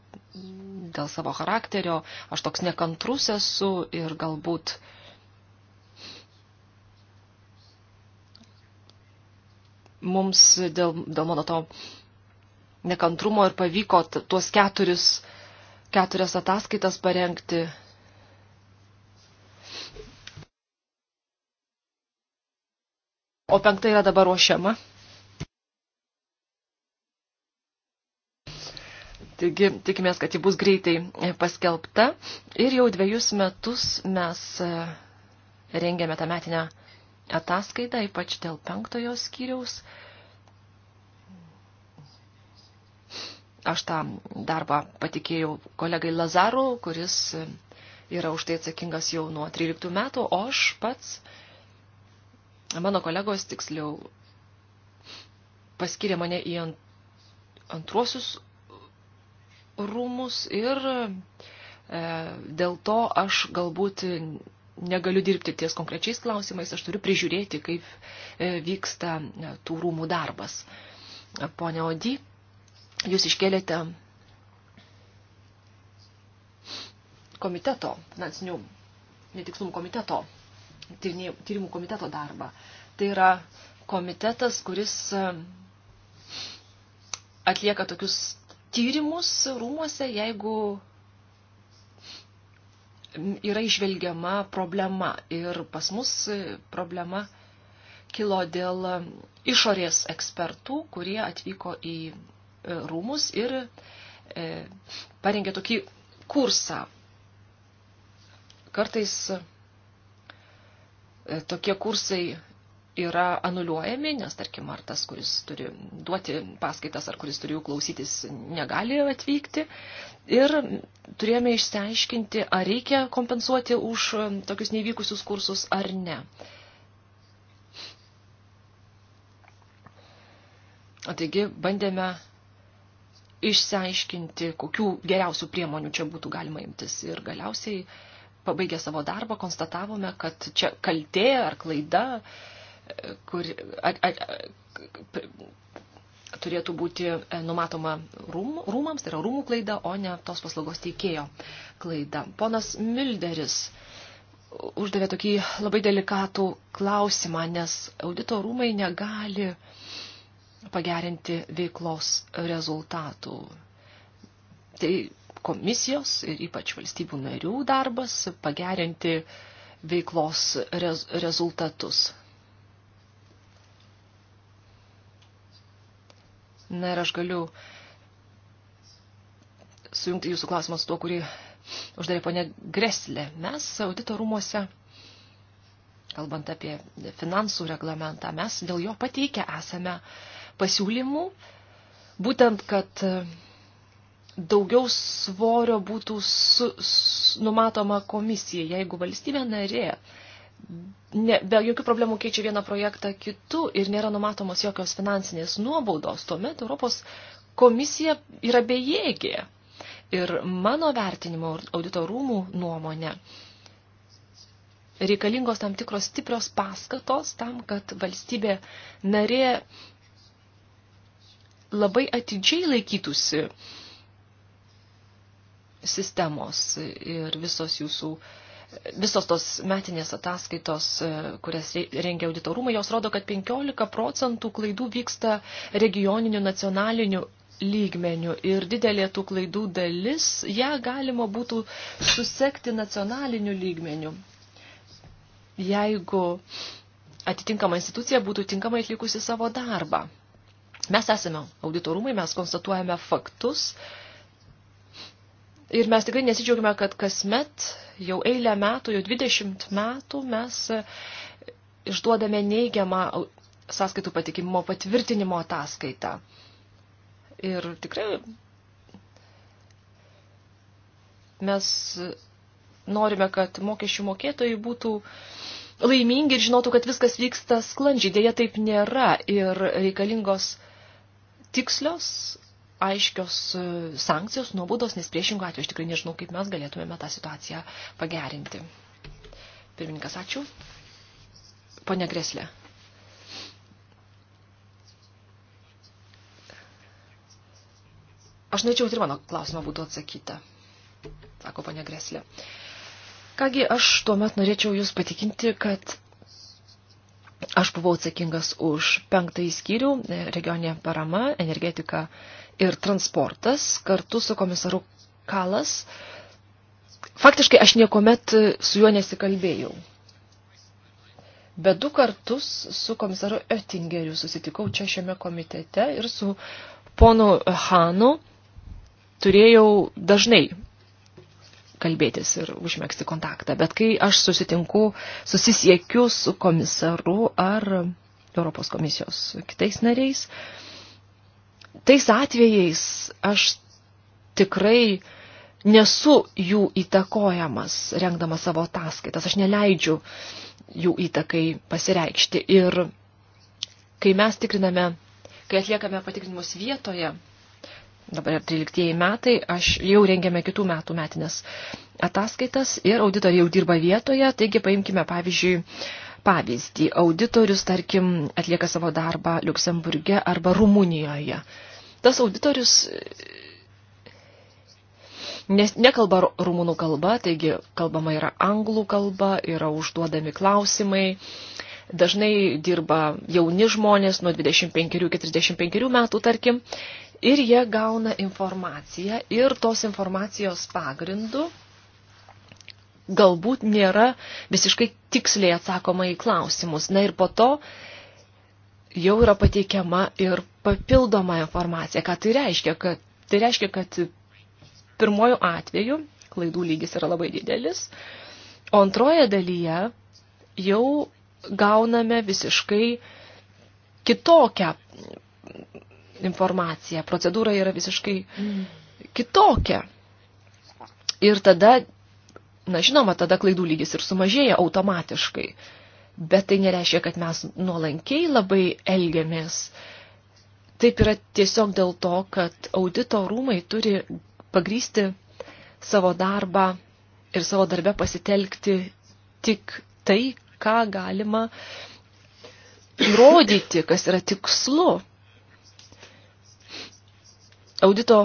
dėl savo charakterio aš toks nekantrus esu ir galbūt mums dėl, dėl mano to nekantrumo ir pavyko tuos keturis, keturias ataskaitas parengti o penkta yra dabar ruošiama. Taigi tikimės, kad ji bus greitai paskelbta ir jau dviejus metus mes e, rengėme tą metinę ataskaitą, ypač dėl penktojo skyriaus. Aš tą darbą patikėjau kolegai Lazaru, kuris yra už tai atsakingas jau nuo 13 metų, o aš pats mano kolegos tiksliau paskyrė mane į antruosius rūmus ir e, dėl to aš galbūt negaliu dirbti ties konkrečiais klausimais, aš turiu prižiūrėti, kaip e, vyksta e, tų rūmų darbas. Pone Odi, jūs iškėlėte komiteto, finansinių netikslumų komiteto tyrimų komiteto darbą. Tai yra komitetas, kuris e, atlieka tokius tyrimus rūmose, jeigu yra išvelgiama problema. Ir pas mus e, problema kilo dėl e, išorės ekspertų, kurie atvyko į rūmus ir parengė tokį kursą. Kartais E, tokie kursai yra anuliuojami, nes tarkim, ar tas, kuris turi duoti paskaitas, ar kuris turi jų klausytis, negali atvykti. Ir turėjome išsiaiškinti, ar reikia kompensuoti už e, tokius nevykusius kursus ar ne. O taigi bandėme išsiaiškinti, kokių geriausių priemonių čia būtų galima imtis. Ir galiausiai uh, pabaigę savo darbą, konstatavome, kad čia kaltė ar klaida, e, kur ar, ar, turėtų būti e, numatoma rūm, rūmams, tai yra rūmų klaida, o ne tos paslaugos teikėjo klaida. Ponas Milderis uždavė tokį labai delikatų klausimą, nes audito rūmai negali pagerinti veiklos rezultatų. Tai komisijos ir ypač valstybių narių darbas pagerinti veiklos rez rezultatus. Na ir aš galiu sujungti jūsų klausimą su tuo, kurį uždarė ponė Greslė. Mes audito rūmose, kalbant apie finansų reglamentą, mes dėl jo pateikę esame pasiūlymų, būtent, kad daugiau svorio būtų su, su, numatoma komisija, jeigu valstybė narė ne, be jokių problemų keičia vieną projektą kitu ir nėra numatomos jokios finansinės nuobaudos, tuomet Europos komisija yra bejėgė. Ir mano vertinimo auditorumų nuomonė reikalingos tam tikros stiprios paskatos tam, kad valstybė narė labai atidžiai laikytųsi uh, sistemos ir visos jūsų Visos tos metinės ataskaitos, e, kurias rengia auditorumai, jos rodo, kad 15 procentų klaidų vyksta regioniniu, nacionaliniu lygmenių ir didelė tų klaidų dalis, ją galima būtų susekti nacionaliniu lygmeniu. Jeigu atitinkama institucija būtų tinkamai atlikusi savo darbą. Mes esame auditorumai, mes konstatuojame faktus, uh, Ir mes tikrai nesidžiaugime, kad kasmet jau eilę metų, jau 20 metų mes e, išduodame neigiamą sąskaitų patikimimo patvirtinimo ataskaitą. Ir tikrai mes norime, kad mokesčių mokėtojai būtų laimingi ir žinotų, kad viskas vyksta sklandžiai. Dėja taip nėra ir reikalingos tikslios aiškios e, sankcijos, nuobodos, nes priešingų atveju aš tikrai nežinau, kaip mes galėtumėme tą situaciją pagerinti. Pirmininkas, ačiū. Pone Greslė. Aš norėčiau, kad ir mano klausimą būtų atsakyta, sako ponia Greslė. Kągi, aš tuomet norėčiau Jūs patikinti, kad Aš buvau atsakingas už penktąjį skyrių e, - regioninė parama, energetika ir transportas kartu su komisaru Kalas. Faktiškai aš niekuomet e, su juo nesikalbėjau. Bet du kartus su komisaru Oettingeriu susitikau čia šiame komitete ir su ponu Hanu turėjau dažnai kalbėtis ir užmėgsti kontaktą. Bet kai aš susitinku, susisiekiu su komisaru ar Europos komisijos kitais nariais, tais atvejais aš tikrai nesu jų įtakojamas, rengdamas savo ataskaitas. Aš neleidžiu jų įtakai pasireikšti. Ir kai mes tikriname, kai atliekame patikrinimus vietoje, dabar 13 metai, aš jau rengėme kitų metų metinės ataskaitas ir auditoriai jau dirba vietoje, taigi paimkime pavyzdžiui pavyzdį. Auditorius, tarkim, atlieka savo darbą Luksemburge arba Rumunijoje. Tas auditorius e, nes nekalba rumunų kalba, taigi kalbama yra anglų kalba, yra užduodami klausimai. Dažnai dirba jauni žmonės nuo 25 iki 35 metų, tarkim, ir jie gauna informaciją ir tos informacijos pagrindu galbūt nėra visiškai tiksliai atsakoma į klausimus. Na ir po to jau yra pateikiama ir papildoma informacija. Ką tai reiškia? Kad, tai reiškia, kad pirmojų atveju klaidų lygis yra labai didelis, o antroje dalyje jau gauname visiškai kitokią informaciją. Procedūra yra visiškai mm. kitokia. Ir tada, na žinoma, tada klaidų lygis ir sumažėja automatiškai. Bet tai nereiškia, kad mes nuolankiai labai elgiamės. Taip yra tiesiog dėl to, kad audito rūmai turi pagrysti savo darbą ir savo darbę pasitelkti tik tai, ką galima įrodyti, kas yra tikslu audito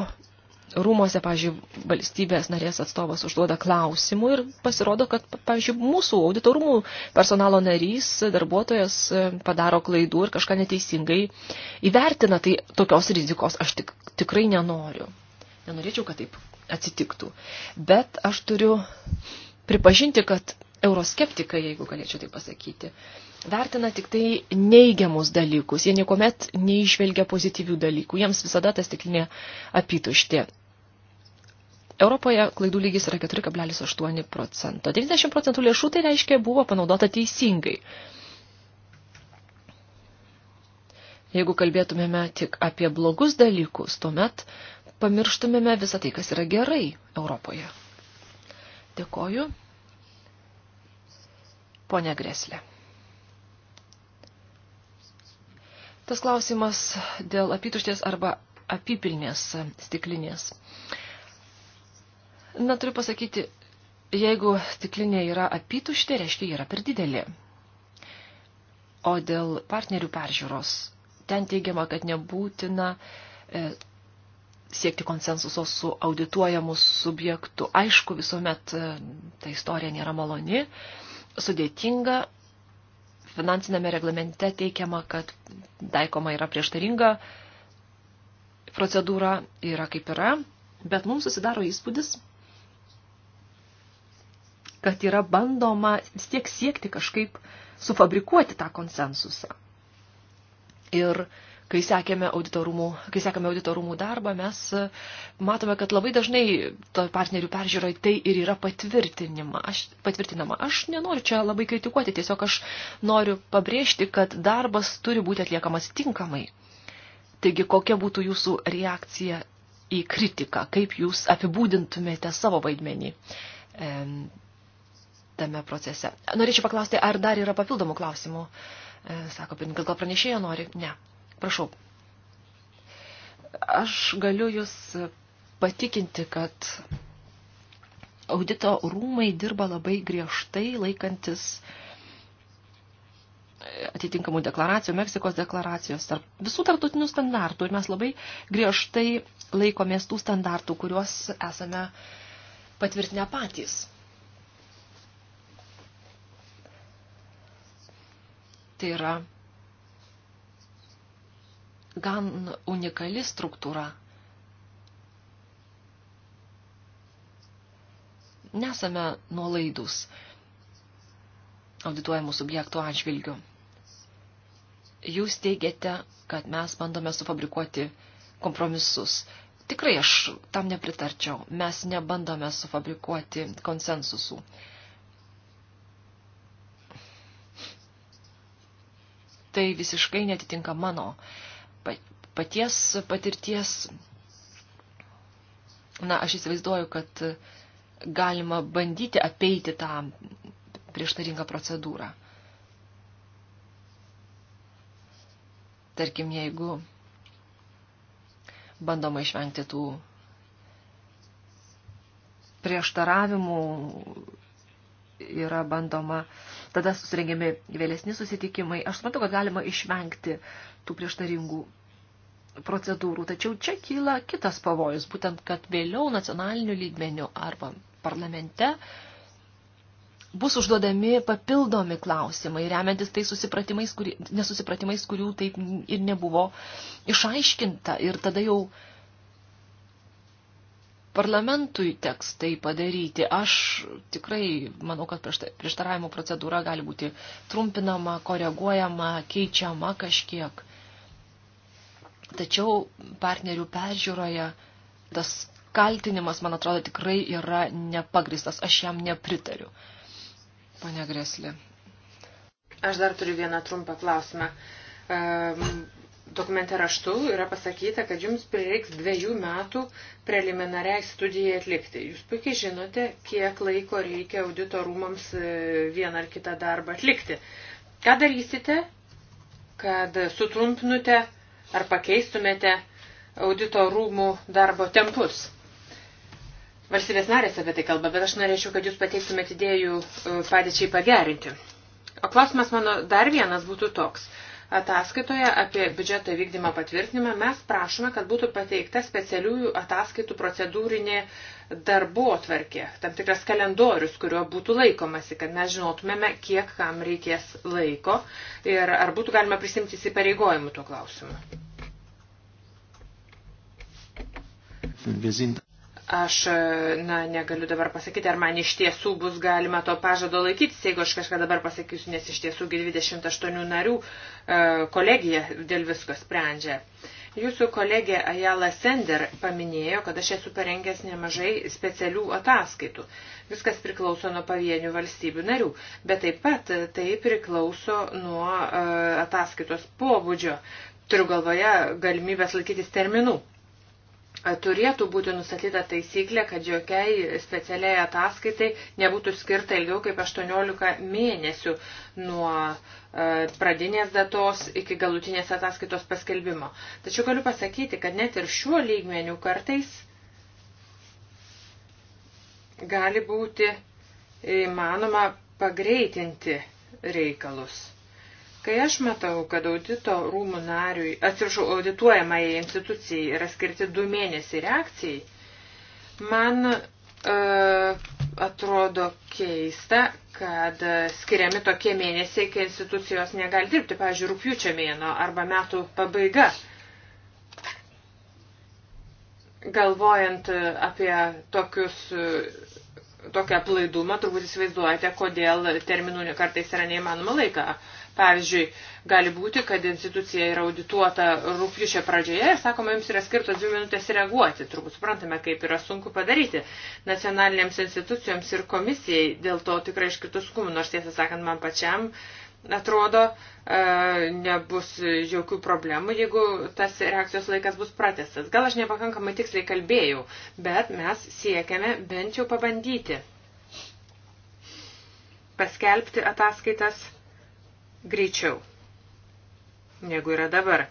rūmose, pavyzdžiui, valstybės narės atstovas užduoda klausimų ir pasirodo, kad, pavyzdžiui, mūsų auditorumų personalo narys, darbuotojas e, padaro klaidų ir kažką neteisingai įvertina, tai tokios rizikos aš tik, tikrai nenoriu. Nenorėčiau, kad taip atsitiktų. Bet aš turiu pripažinti, kad euroskeptikai, jeigu galėčiau tai pasakyti, uh, vertina tik tai neigiamus dalykus, jie niekuomet neišvelgia pozityvių dalykų, jiems visada ta stiklinė apytuštė. Europoje klaidų lygis yra 4,8 procento. 90 procentų lėšų tai reiškia buvo panaudota teisingai. Jeigu kalbėtumėme tik apie blogus dalykus, tuomet pamirštumėme visą tai, kas yra gerai Europoje. Dėkoju. Pone Greslė. Tas klausimas dėl apituštės arba apipilnės stiklinės. Na, turiu pasakyti, jeigu stiklinė yra apituštė, reiškia, yra per didelė. O dėl partnerių peržiūros, ten teigiama, kad nebūtina e, siekti konsensuso su audituojamu subjektu. Aišku, visuomet e, ta istorija nėra maloni, sudėtinga, finansinėme reglamente teikiama, kad taikoma yra prieštaringa procedūra, yra kaip yra, bet mums susidaro įspūdis, kad yra bandoma vis tiek siekti kažkaip sufabrikuoti tą konsensusą. Ir uh, kai sekėme auditorumų, kai sekame auditorumų darbą, mes e, matome, kad labai dažnai to partnerių peržiūroje tai ir yra patvirtinima. Aš, patvirtinama. Aš nenoriu čia labai kritikuoti, tiesiog aš noriu pabrėžti, kad darbas turi būti atliekamas tinkamai. Taigi, kokia būtų jūsų reakcija į kritiką, kaip jūs apibūdintumėte savo vaidmenį e, tame procese. Norėčiau paklausti, ar dar yra papildomų klausimų? E, sako, gal pranešėjo nori? Ne. Prašau. Aš galiu Jūs patikinti, kad audito rūmai dirba labai griežtai laikantis atitinkamų deklaracijų, Meksikos deklaracijos, tarp, visų tarptautinių standartų. Ir mes labai griežtai laikomės tų standartų, kuriuos esame patvirtinę patys. Tai yra gan unikali struktūra. Nesame nuolaidus audituojamų subjektų atžvilgių. Jūs teigiate, kad mes bandome sufabrikuoti kompromisus. Tikrai aš tam nepritarčiau. Mes nebandome sufabrikuoti konsensusų. Tai visiškai netitinka mano uh, paties patirties, na, aš įsivaizduoju, kad galima bandyti apeiti tą prieštaringą procedūrą. Tarkim, jeigu bandoma išvengti tų prieštaravimų, yra bandoma uh, tada susirengiami vėlesni susitikimai. Aš suprantu, kad galima išvengti tų prieštaringų procedūrų, tačiau čia kyla kitas pavojus, būtent, kad vėliau nacionaliniu lygmeniu arba parlamente bus užduodami papildomi klausimai, remiantis tai susipratimais, kuri, nesusipratimais, kurių taip ir nebuvo išaiškinta. Ir tada jau uh, parlamentui teks tai padaryti. Aš tikrai manau, kad prieštaravimo procedūra gali būti trumpinama, koreguojama, keičiama kažkiek. Tačiau partnerių peržiūroje tas kaltinimas, man atrodo, tikrai yra nepagristas. Aš jam nepritariu. Pane Greslė. Aš dar turiu vieną trumpą klausimą. Um dokumente raštu yra pasakyta, kad jums prireiks dviejų metų preliminariai studijai atlikti. Jūs puikiai žinote, kiek laiko reikia audito rūmams e, vieną ar kitą darbą atlikti. Ką darysite, kad sutrumpinute ar pakeistumėte audito rūmų darbo tempus? Valstybės narės apie tai kalba, bet aš norėčiau, kad jūs pateiktumėte idėjų e, padėčiai pagerinti. O klausimas mano dar vienas būtų toks ataskaitoje apie biudžeto vykdymą patvirtinimą mes prašome, kad būtų pateikta specialiųjų ataskaitų procedūrinė darbo tvarkė, tam tikras kalendorius, kurio būtų laikomasi, kad mes žinotumėme, kiek kam reikės laiko ir ar būtų galima prisimti įsipareigojimų tuo klausimu. Aš e, na, negaliu dabar pasakyti, ar man iš tiesų bus galima to pažado laikytis, jeigu aš kažką dabar pasakysiu, nes iš tiesų 28 narių e, kolegija dėl visko sprendžia. Jūsų kolegė Ajala Sender paminėjo, kad aš esu parengęs nemažai specialių ataskaitų. Viskas priklauso nuo pavienių valstybių narių, bet taip pat tai priklauso nuo e, ataskaitos pobūdžio. Turiu galvoje galimybės laikytis terminų turėtų būti nustatyta taisyklė, kad jokiai specialiai ataskaitai nebūtų skirta ilgiau kaip 18 mėnesių nuo pradinės datos iki galutinės ataskaitos paskelbimo. Tačiau galiu pasakyti, kad net ir šiuo lygmeniu kartais gali būti įmanoma pagreitinti reikalus. Kai aš matau, kad audito rūmų nariui, atsiprašau, audituojamai institucijai yra skirti du mėnesiai reakcijai, man e, atrodo keista, kad skiriami tokie mėnesiai, kai institucijos negali dirbti, pavyzdžiui, rūpjūčio mėno arba metų pabaiga. Galvojant apie tokius, tokią plaidumą, turbūt įsivaizduojate, kodėl terminų kartais yra neįmanoma laiką Pavyzdžiui, gali būti, kad institucija yra audituota rūpjūčio pradžioje ir sakoma, jums yra skirtos dvi minutės reaguoti. Turbūt suprantame, kaip yra sunku padaryti nacionalinėms institucijoms ir komisijai. Dėl to tikrai iškritų skumų, nors tiesą sakant, man pačiam atrodo, e, nebus jokių problemų, jeigu tas reakcijos laikas bus pratestas. Gal aš nepakankamai tiksliai kalbėjau, bet mes siekiame bent jau pabandyti paskelbti ataskaitas greičiau negu yra dabar.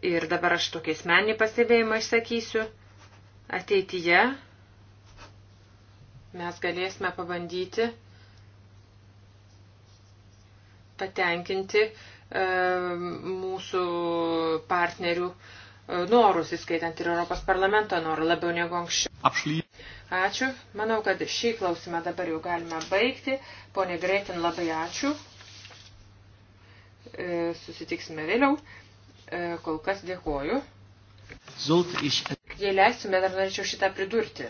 Ir dabar aš tokį asmenį pastebėjimą išsakysiu. Ateityje mes galėsime pabandyti patenkinti e, mūsų partnerių e, norus, įskaitant ir Europos parlamento norą, labiau negu anksčiau. Apšly. Ačiū. Manau, kad šį klausimą dabar jau galime baigti. Pone Greitin, labai ačiū. E, susitiksime vėliau. E, kol kas dėkoju. Jei leistume, dar norėčiau šitą pridurti.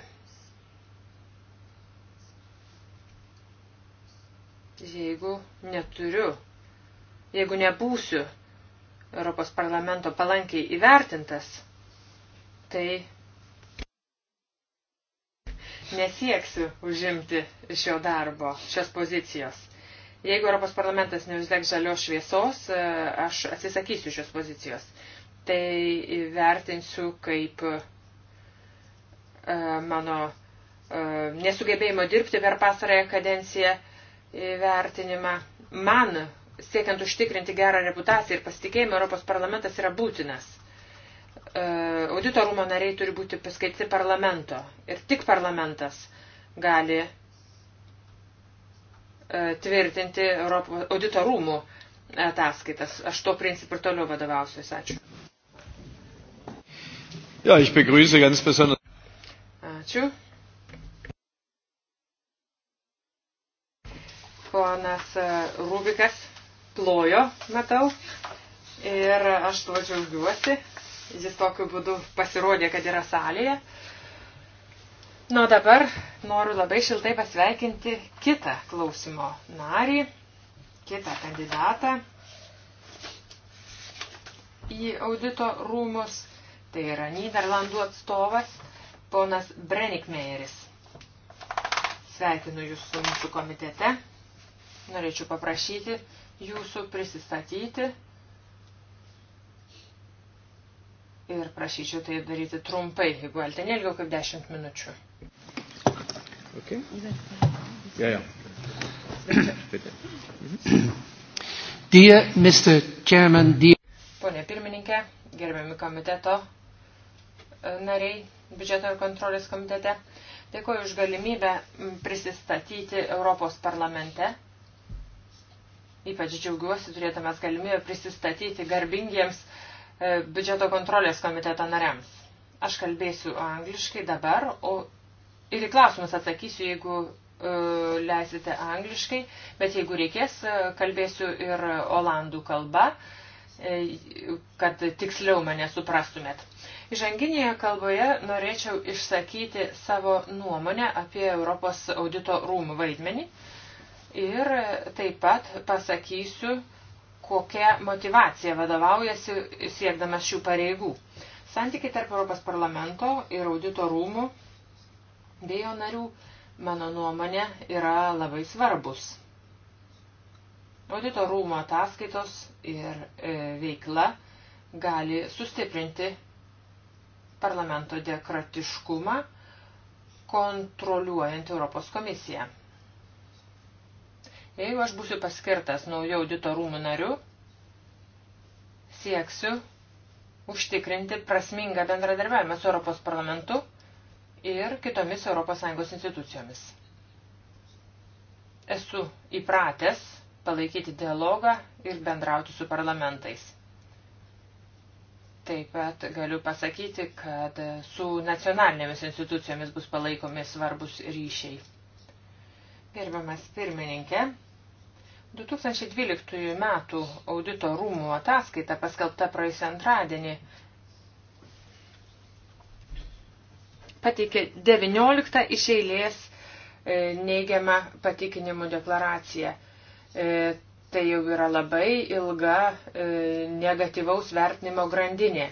Jeigu neturiu, jeigu nebūsiu Europos parlamento palankiai įvertintas, tai nesieksiu užimti šio darbo, šios pozicijos. Jeigu Europos parlamentas neuždegs žalios šviesos, e, aš atsisakysiu šios pozicijos. Tai vertinsiu kaip e, mano e, nesugebėjimo dirbti per pasarąją kadenciją vertinimą. Man, siekiant užtikrinti gerą reputaciją ir pasitikėjimą, Europos parlamentas yra būtinas. Audito rūmo nariai turi būti paskaiti parlamento. Ir tik parlamentas gali E, tvirtinti Europos audito rūmų ataskaitas. Aš to principu ir toliau vadovausiuosi. Ačiū. Ja, ich begrüße ganz besonders. Ačiū. Ponas e, Rubikas plojo, matau. Ir aš tuo džiaugiuosi. Jis tokiu būdu pasirodė, kad yra salėje. Uh, Nuo dabar noriu labai šiltai pasveikinti kitą klausimo narį, kitą kandidatą į audito rūmus. Tai yra Niderlandų atstovas ponas Brenikmeiris. Sveikinu Jūs su mūsų komitete. Norėčiau paprašyti Jūsų prisistatyti ir prašyčiau tai daryti trumpai, jeigu galite, nelgiau kaip 10 minučių. Okay. Ja, ja. Bitte. Dear Mr. Chairman, dear... Pone pirmininkė, gerbiami komiteto e, nariai, biudžeto ir kontrolės komitete, dėkoju už galimybę prisistatyti Europos parlamente. Ypač džiaugiuosi turėtumės galimybę prisistatyti garbingiems E, biudžeto kontrolės komiteto nariams. Aš kalbėsiu angliškai dabar, o ir į klausimus atsakysiu, jeigu uh, leisite angliškai, bet jeigu reikės, e, kalbėsiu ir olandų kalba, kad tiksliau mane suprastumėt. Įžanginėje kalboje norėčiau išsakyti savo nuomonę apie Europos audito rūmų vaidmenį ir taip pat pasakysiu, uh, kokia motivacija vadovaujasi siekdamas šių pareigų. Santykiai tarp Europos parlamento ir audito rūmų bei jo narių, mano nuomonė, yra labai svarbus. Audito rūmo ataskaitos ir e, veikla gali sustiprinti parlamento dekratiškumą, kontroliuojant Europos komisiją. Jeigu aš būsiu paskirtas naujo audito rūmų nariu, sieksiu užtikrinti prasmingą bendradarbiavimą su Europos parlamentu ir kitomis ES institucijomis. Esu įpratęs palaikyti dialogą ir bendrauti su parlamentais. Taip pat galiu pasakyti, kad su nacionalinėmis institucijomis bus palaikomi svarbus ryšiai. Gerbiamas pirmininkė, 2012 m. audito rūmų ataskaita paskelbta praėjusią antradienį pateikė 19 iš eilės e, neigiamą patikinimų deklaraciją. E, tai jau yra labai ilga e, negatyvaus vertinimo grandinė.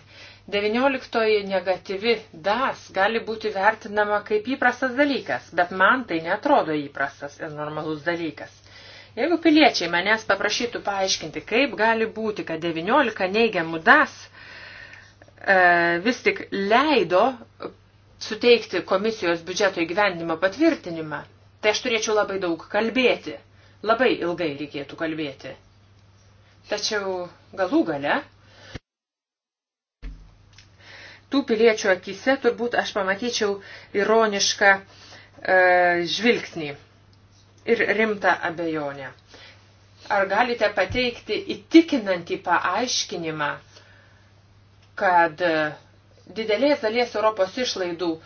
19 negatyvi das gali būti vertinama kaip įprastas dalykas, bet man tai netrodo įprastas ir normalus dalykas. Jeigu piliečiai manęs paprašytų paaiškinti, kaip gali būti, kad 19 neigiamų das e, vis tik leido suteikti komisijos biudžeto įgyvendimo patvirtinimą, tai aš turėčiau labai daug kalbėti, labai ilgai reikėtų kalbėti. Tačiau galų gale tų piliečių akise turbūt aš pamatyčiau ironišką e, žvilgsnį ir rimtą abejonę. Ar galite pateikti įtikinantį paaiškinimą, kad e, didelės dalies Europos išlaidų e,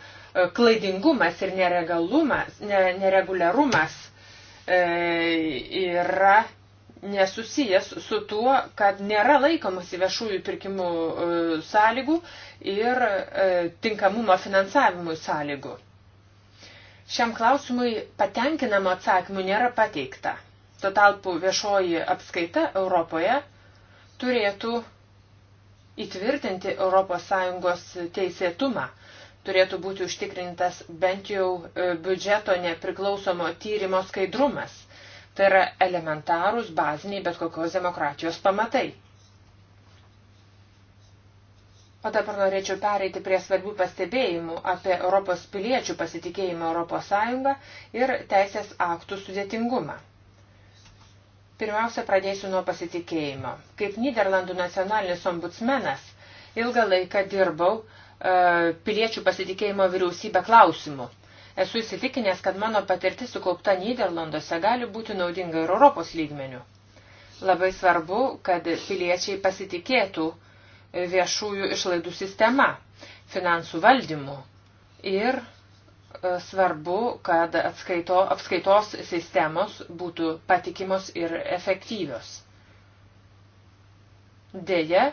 klaidingumas ir neregalumas, ne, nereguliarumas e, yra nesusijęs su tuo, kad nėra laikomasi viešųjų pirkimų e, sąlygų ir e, tinkamumo finansavimui sąlygų. Šiam klausimui patenkinamo atsakymų nėra pateikta. Tuo tarpu viešoji apskaita Europoje turėtų įtvirtinti ES teisėtumą, turėtų būti užtikrintas bent jau e, biudžeto nepriklausomo tyrimo skaidrumas. Tai yra elementarūs baziniai bet kokios demokratijos pamatai. O dabar norėčiau pereiti prie svarbių pastebėjimų apie Europos piliečių pasitikėjimą Europos Sąjungą ir teisės aktų sudėtingumą. Pirmiausia, pradėsiu nuo pasitikėjimo. Kaip Niderlandų nacionalinis ombudsmenas ilgą laiką dirbau e, piliečių pasitikėjimo vyriausybę klausimu. Esu įsitikinęs, kad mano patirtis sukaupta Niderlanduose gali būti naudinga ir Europos lygmeniu. Labai svarbu, kad piliečiai pasitikėtų viešųjų išlaidų sistema, finansų valdymu ir e, svarbu, kad atskaito, apskaitos sistemos būtų patikimos ir efektyvios. Deja,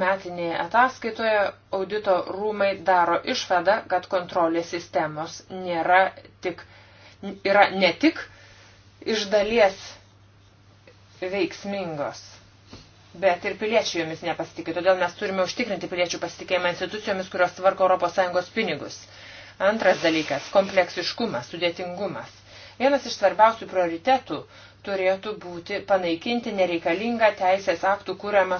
Metinėje ataskaitoje audito rūmai daro išvadą, kad kontrolės sistemos nėra tik, yra ne tik iš dalies veiksmingos, bet ir piliečiai jomis nepasitikė. Todėl mes turime užtikrinti piliečių pasitikėjimą institucijomis, kurios tvarko ES pinigus. Antras dalykas – kompleksiškumas, sudėtingumas. Vienas iš svarbiausių prioritetų turėtų būti panaikinti nereikalingą teisės aktų kūriamą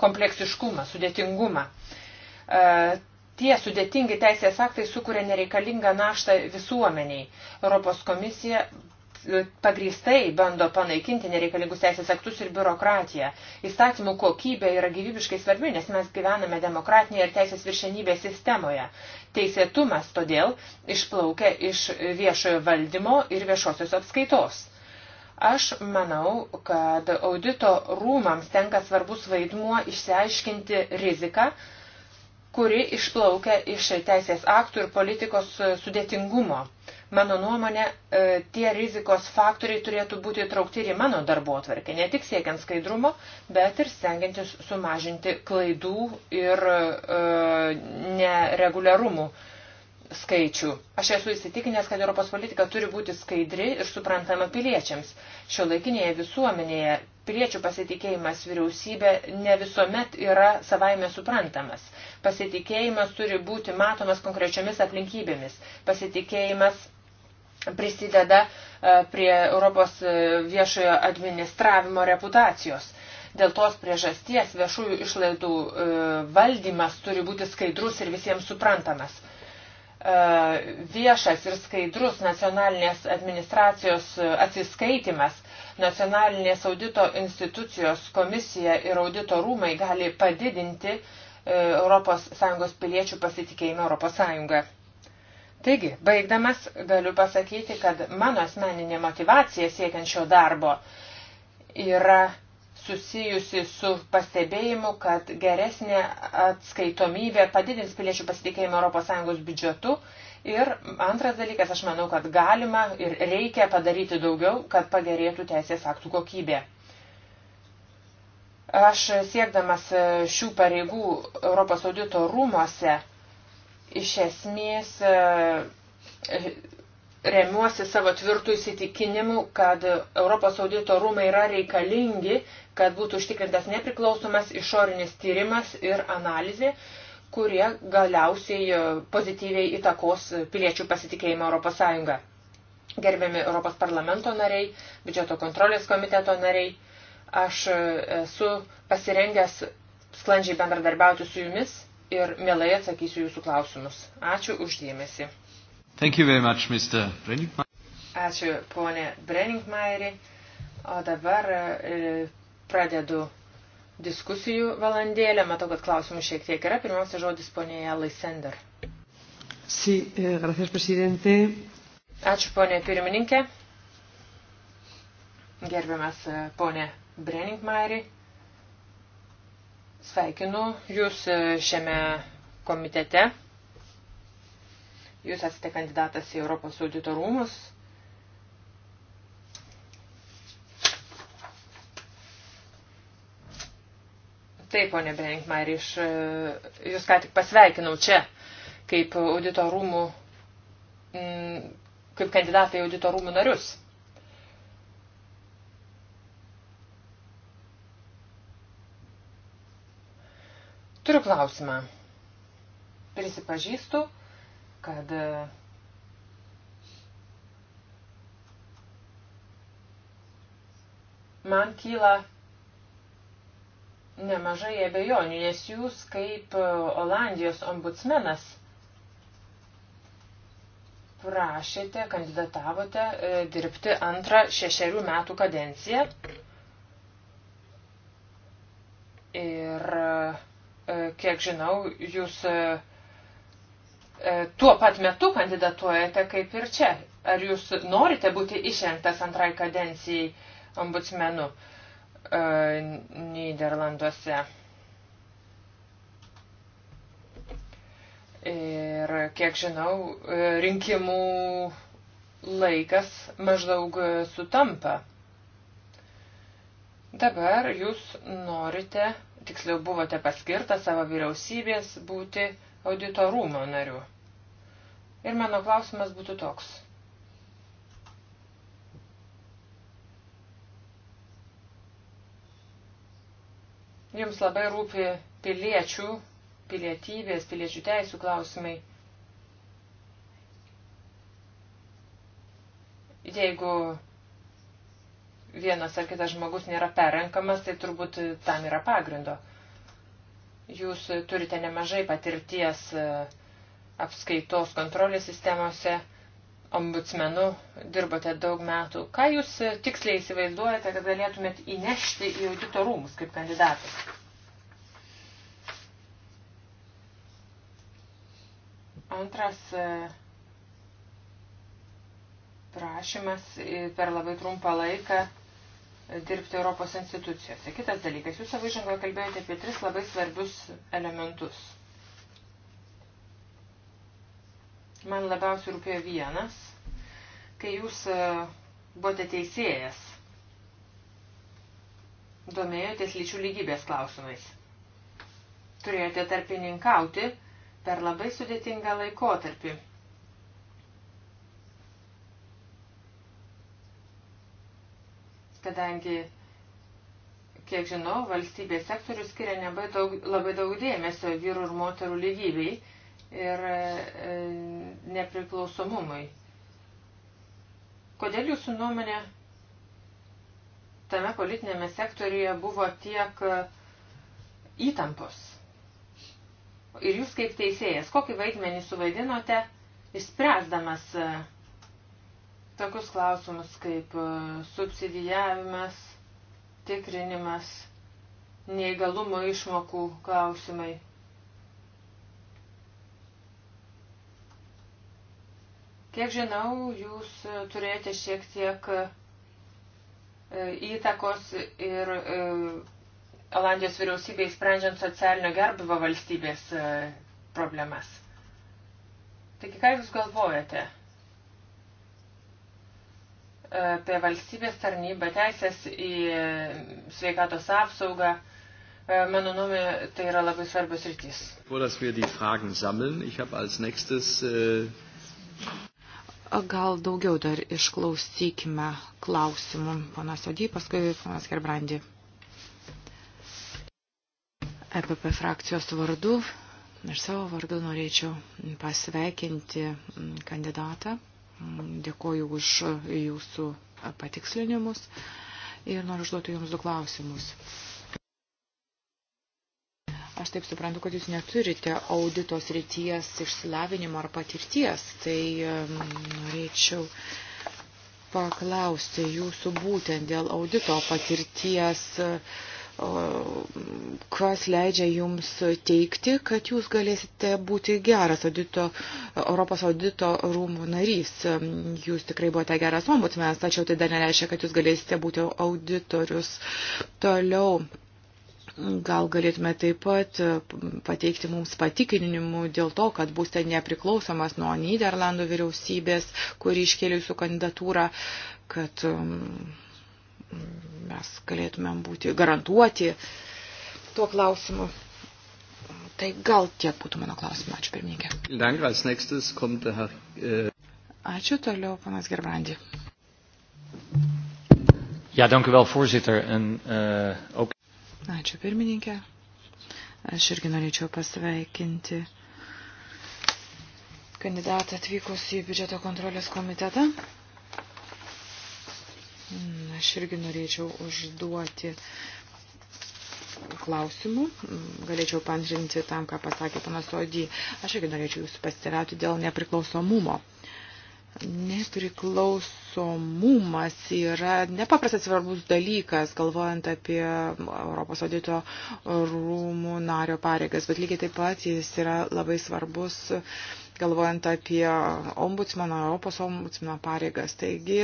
kompleksiškumą, sudėtingumą. E, tie sudėtingi teisės aktai sukuria nereikalingą naštą visuomeniai. Europos komisija e, pagrįstai bando panaikinti nereikalingus teisės aktus ir biurokratiją. Įstatymų kokybė yra gyvybiškai svarbi, nes mes gyvename demokratinėje ir teisės viršenybės sistemoje. Teisėtumas todėl išplaukia iš viešojo valdymo ir viešosios apskaitos. Aš manau, kad audito rūmams tenka svarbus vaidmuo išsiaiškinti riziką, kuri išplaukia iš teisės aktų ir politikos sudėtingumo. Mano nuomonė, e, tie rizikos faktoriai turėtų būti įtraukti ir į mano darbo atvarkę, ne tik siekiant skaidrumo, bet ir stengiantis sumažinti klaidų ir e, nereguliarumų skaičių. Aš esu įsitikinęs, kad Europos politika turi būti skaidri ir suprantama piliečiams. Šio laikinėje visuomenėje piliečių pasitikėjimas vyriausybė ne visuomet yra savaime suprantamas. Pasitikėjimas turi būti matomas konkrečiomis aplinkybėmis. Pasitikėjimas prisideda e, prie Europos e, viešojo administravimo reputacijos. Dėl tos priežasties viešųjų išlaidų e, valdymas turi būti skaidrus ir visiems suprantamas E, viešas ir skaidrus nacionalinės administracijos e, atsiskaitimas, nacionalinės audito institucijos komisija ir audito rūmai gali padidinti ES piliečių pasitikėjimą ES. Taigi, baigdamas, galiu pasakyti, kad mano asmeninė motivacija siekiant šio darbo yra susijusi su pastebėjimu, kad geresnė atskaitomybė padidins piliečių pasitikėjimą ES biudžetu. Ir antras dalykas, aš manau, kad galima ir reikia padaryti daugiau, kad pagerėtų teisės aktų kokybė. Aš siekdamas šių pareigų Europos audito rūmose iš esmės remiuosi savo tvirtų įsitikinimu, kad Europos audito rūmai yra reikalingi, kad būtų užtikrintas nepriklausomas išorinis tyrimas ir analizė, kurie galiausiai e, pozityviai įtakos piliečių pasitikėjimą Europos Sąjungą. Gerbiami Europos parlamento nariai, biudžeto kontrolės komiteto nariai, aš e, esu pasirengęs sklandžiai bendradarbiauti su jumis ir mielai atsakysiu jūsų klausimus. Ačiū uždėmesi. Thank you very much, Mr. Brenningmeier. Ačiū, ponė Brenningmeierį. O dabar e, pradedu diskusijų valandėlę. Matau, kad klausimų šiek tiek yra. Pirmiausia, žodis ponė Jalai Sender. Sí, eh, gracias, presidente. Ačiū, ponė pirmininkė. Gerbiamas e, ponė Brenningmeierį. Sveikinu Jūs e, šiame komitete Jūs esate kandidatas į Europos audito rūmus. Taip, ponė Beninkmair, iš, e, jūs ką tik pasveikinau čia, kaip audito rūmų, kaip kandidatai į audito rūmų narius. Turiu klausimą. Prisipažįstu, kad e, man kyla nemažai abejonių, nes jūs kaip e, Olandijos ombudsmenas prašėte, kandidatavote e, dirbti antrą šešerių metų kadenciją. Ir kiek žinau, jūs E, tuo pat metu kandidatuojate kaip ir čia. Ar jūs norite būti išrinktas antrai kadencijai ombudsmenu e, Niderlanduose? Ir kiek žinau, e, rinkimų laikas maždaug sutampa. Dabar jūs norite, tiksliau buvote paskirta savo vyriausybės būti auditorumo nariu. Ir mano klausimas būtų toks. Jums labai rūpi piliečių, pilietybės, piliečių teisų klausimai. Jeigu vienas ar kitas žmogus nėra perrenkamas, tai turbūt tam yra pagrindo. Jūs turite nemažai patirties uh, apskaitos kontrolės sistemose ombudsmenu dirbote daug metų. Ką jūs e, tiksliai įsivaizduojate, kad galėtumėt įnešti į audito rūmus kaip kandidatas? Antras e, prašymas e, per labai trumpą laiką dirbti Europos institucijose. Kitas dalykas, jūs savo įžangoje kalbėjote apie tris labai svarbius elementus Man labiausiai rūpėjo vienas, kai jūs e, buvote teisėjas, domėjotės lyčių lygybės klausimais. Turėjote tarpininkauti per labai sudėtingą laikotarpį. Kadangi, kiek žinau, valstybės sektorius skiria daug, labai daug dėmesio vyrų ir moterų lygybei ir e, e, nepriklausomumui. Kodėl jūsų nuomonė tame politinėme sektoriuje buvo tiek e, įtampos? Ir jūs kaip teisėjas, kokį vaidmenį suvaidinote, išspręsdamas tokius klausimus kaip subsidijavimas, tikrinimas, neįgalumo išmokų klausimai? Kiek žinau, jūs turėjote šiek tiek e, įtakos ir e, Olandijos vyriausybėje sprendžiant socialinio gerbivo valstybės e, problemas. Taigi, ką jūs galvojate apie valstybės tarnybą, teisės į sveikatos apsaugą? Mano nuomonė, tai yra labai svarbios rytis. Bevor, dass wir die Fragen sammeln, ich habe als nächstes äh, gal daugiau dar išklausykime klausimų. Panas Jodį, paskui panas Gerbrandi. EPP frakcijos vardu ir savo vardu norėčiau pasveikinti kandidatą. Dėkoju už jūsų patikslinimus ir noriu užduoti jums du klausimus. Aš taip suprantu, kad jūs neturite auditos ryties išsilavinimo ar patirties, tai norėčiau paklausti jūsų būtent dėl audito patirties, kas leidžia jums teikti, kad jūs galėsite būti geras audito, Europos audito rūmų narys. Jūs tikrai buvote geras ombudsmenas, tačiau tai dar nereiškia, kad jūs galėsite būti auditorius toliau Gal galėtume taip pat e, pateikti mums patikinimų dėl to, kad būsite nepriklausomas nuo Niderlandų vyriausybės, kuri iškėlė jūsų kandidatūrą, kad mm, mes galėtumėm būti garantuoti tuo klausimu. Tai gal tiek būtų mano klausimai. Ačiū, pirmininkė. Äh, Ačiū toliau, panas Gerbrandi. Ja, dank u wel, voorzitter. En, uh, ook... Ačiū pirmininkė. Aš irgi norėčiau pasveikinti kandidatą atvykus į biudžeto kontrolės komitetą. Mm, aš irgi norėčiau užduoti klausimų. Mm, galėčiau pantrinti tam, ką pasakė panas Odį. Aš irgi norėčiau jūsų pasirauti dėl nepriklausomumo. Nepriklausomumas yra nepaprastas svarbus dalykas, galvojant apie Europos audito rūmų nario pareigas, bet lygiai taip pat jis yra labai svarbus, galvojant apie ombudsmano, Europos ombudsmano pareigas. Taigi,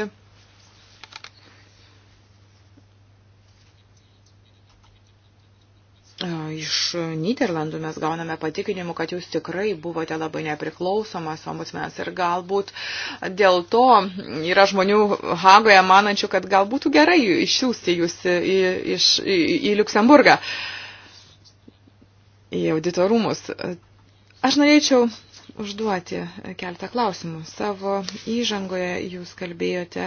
iš Niderlandų mes gauname patikinimų, kad jūs tikrai buvote labai nepriklausomas ombudsmenas ir galbūt dėl to yra žmonių Hagoje manančių, kad gal būtų gerai išsiųsti jūs į, iš, į, į Luksemburgą, į auditorumus. Aš norėčiau užduoti keltą klausimų. Savo įžangoje jūs kalbėjote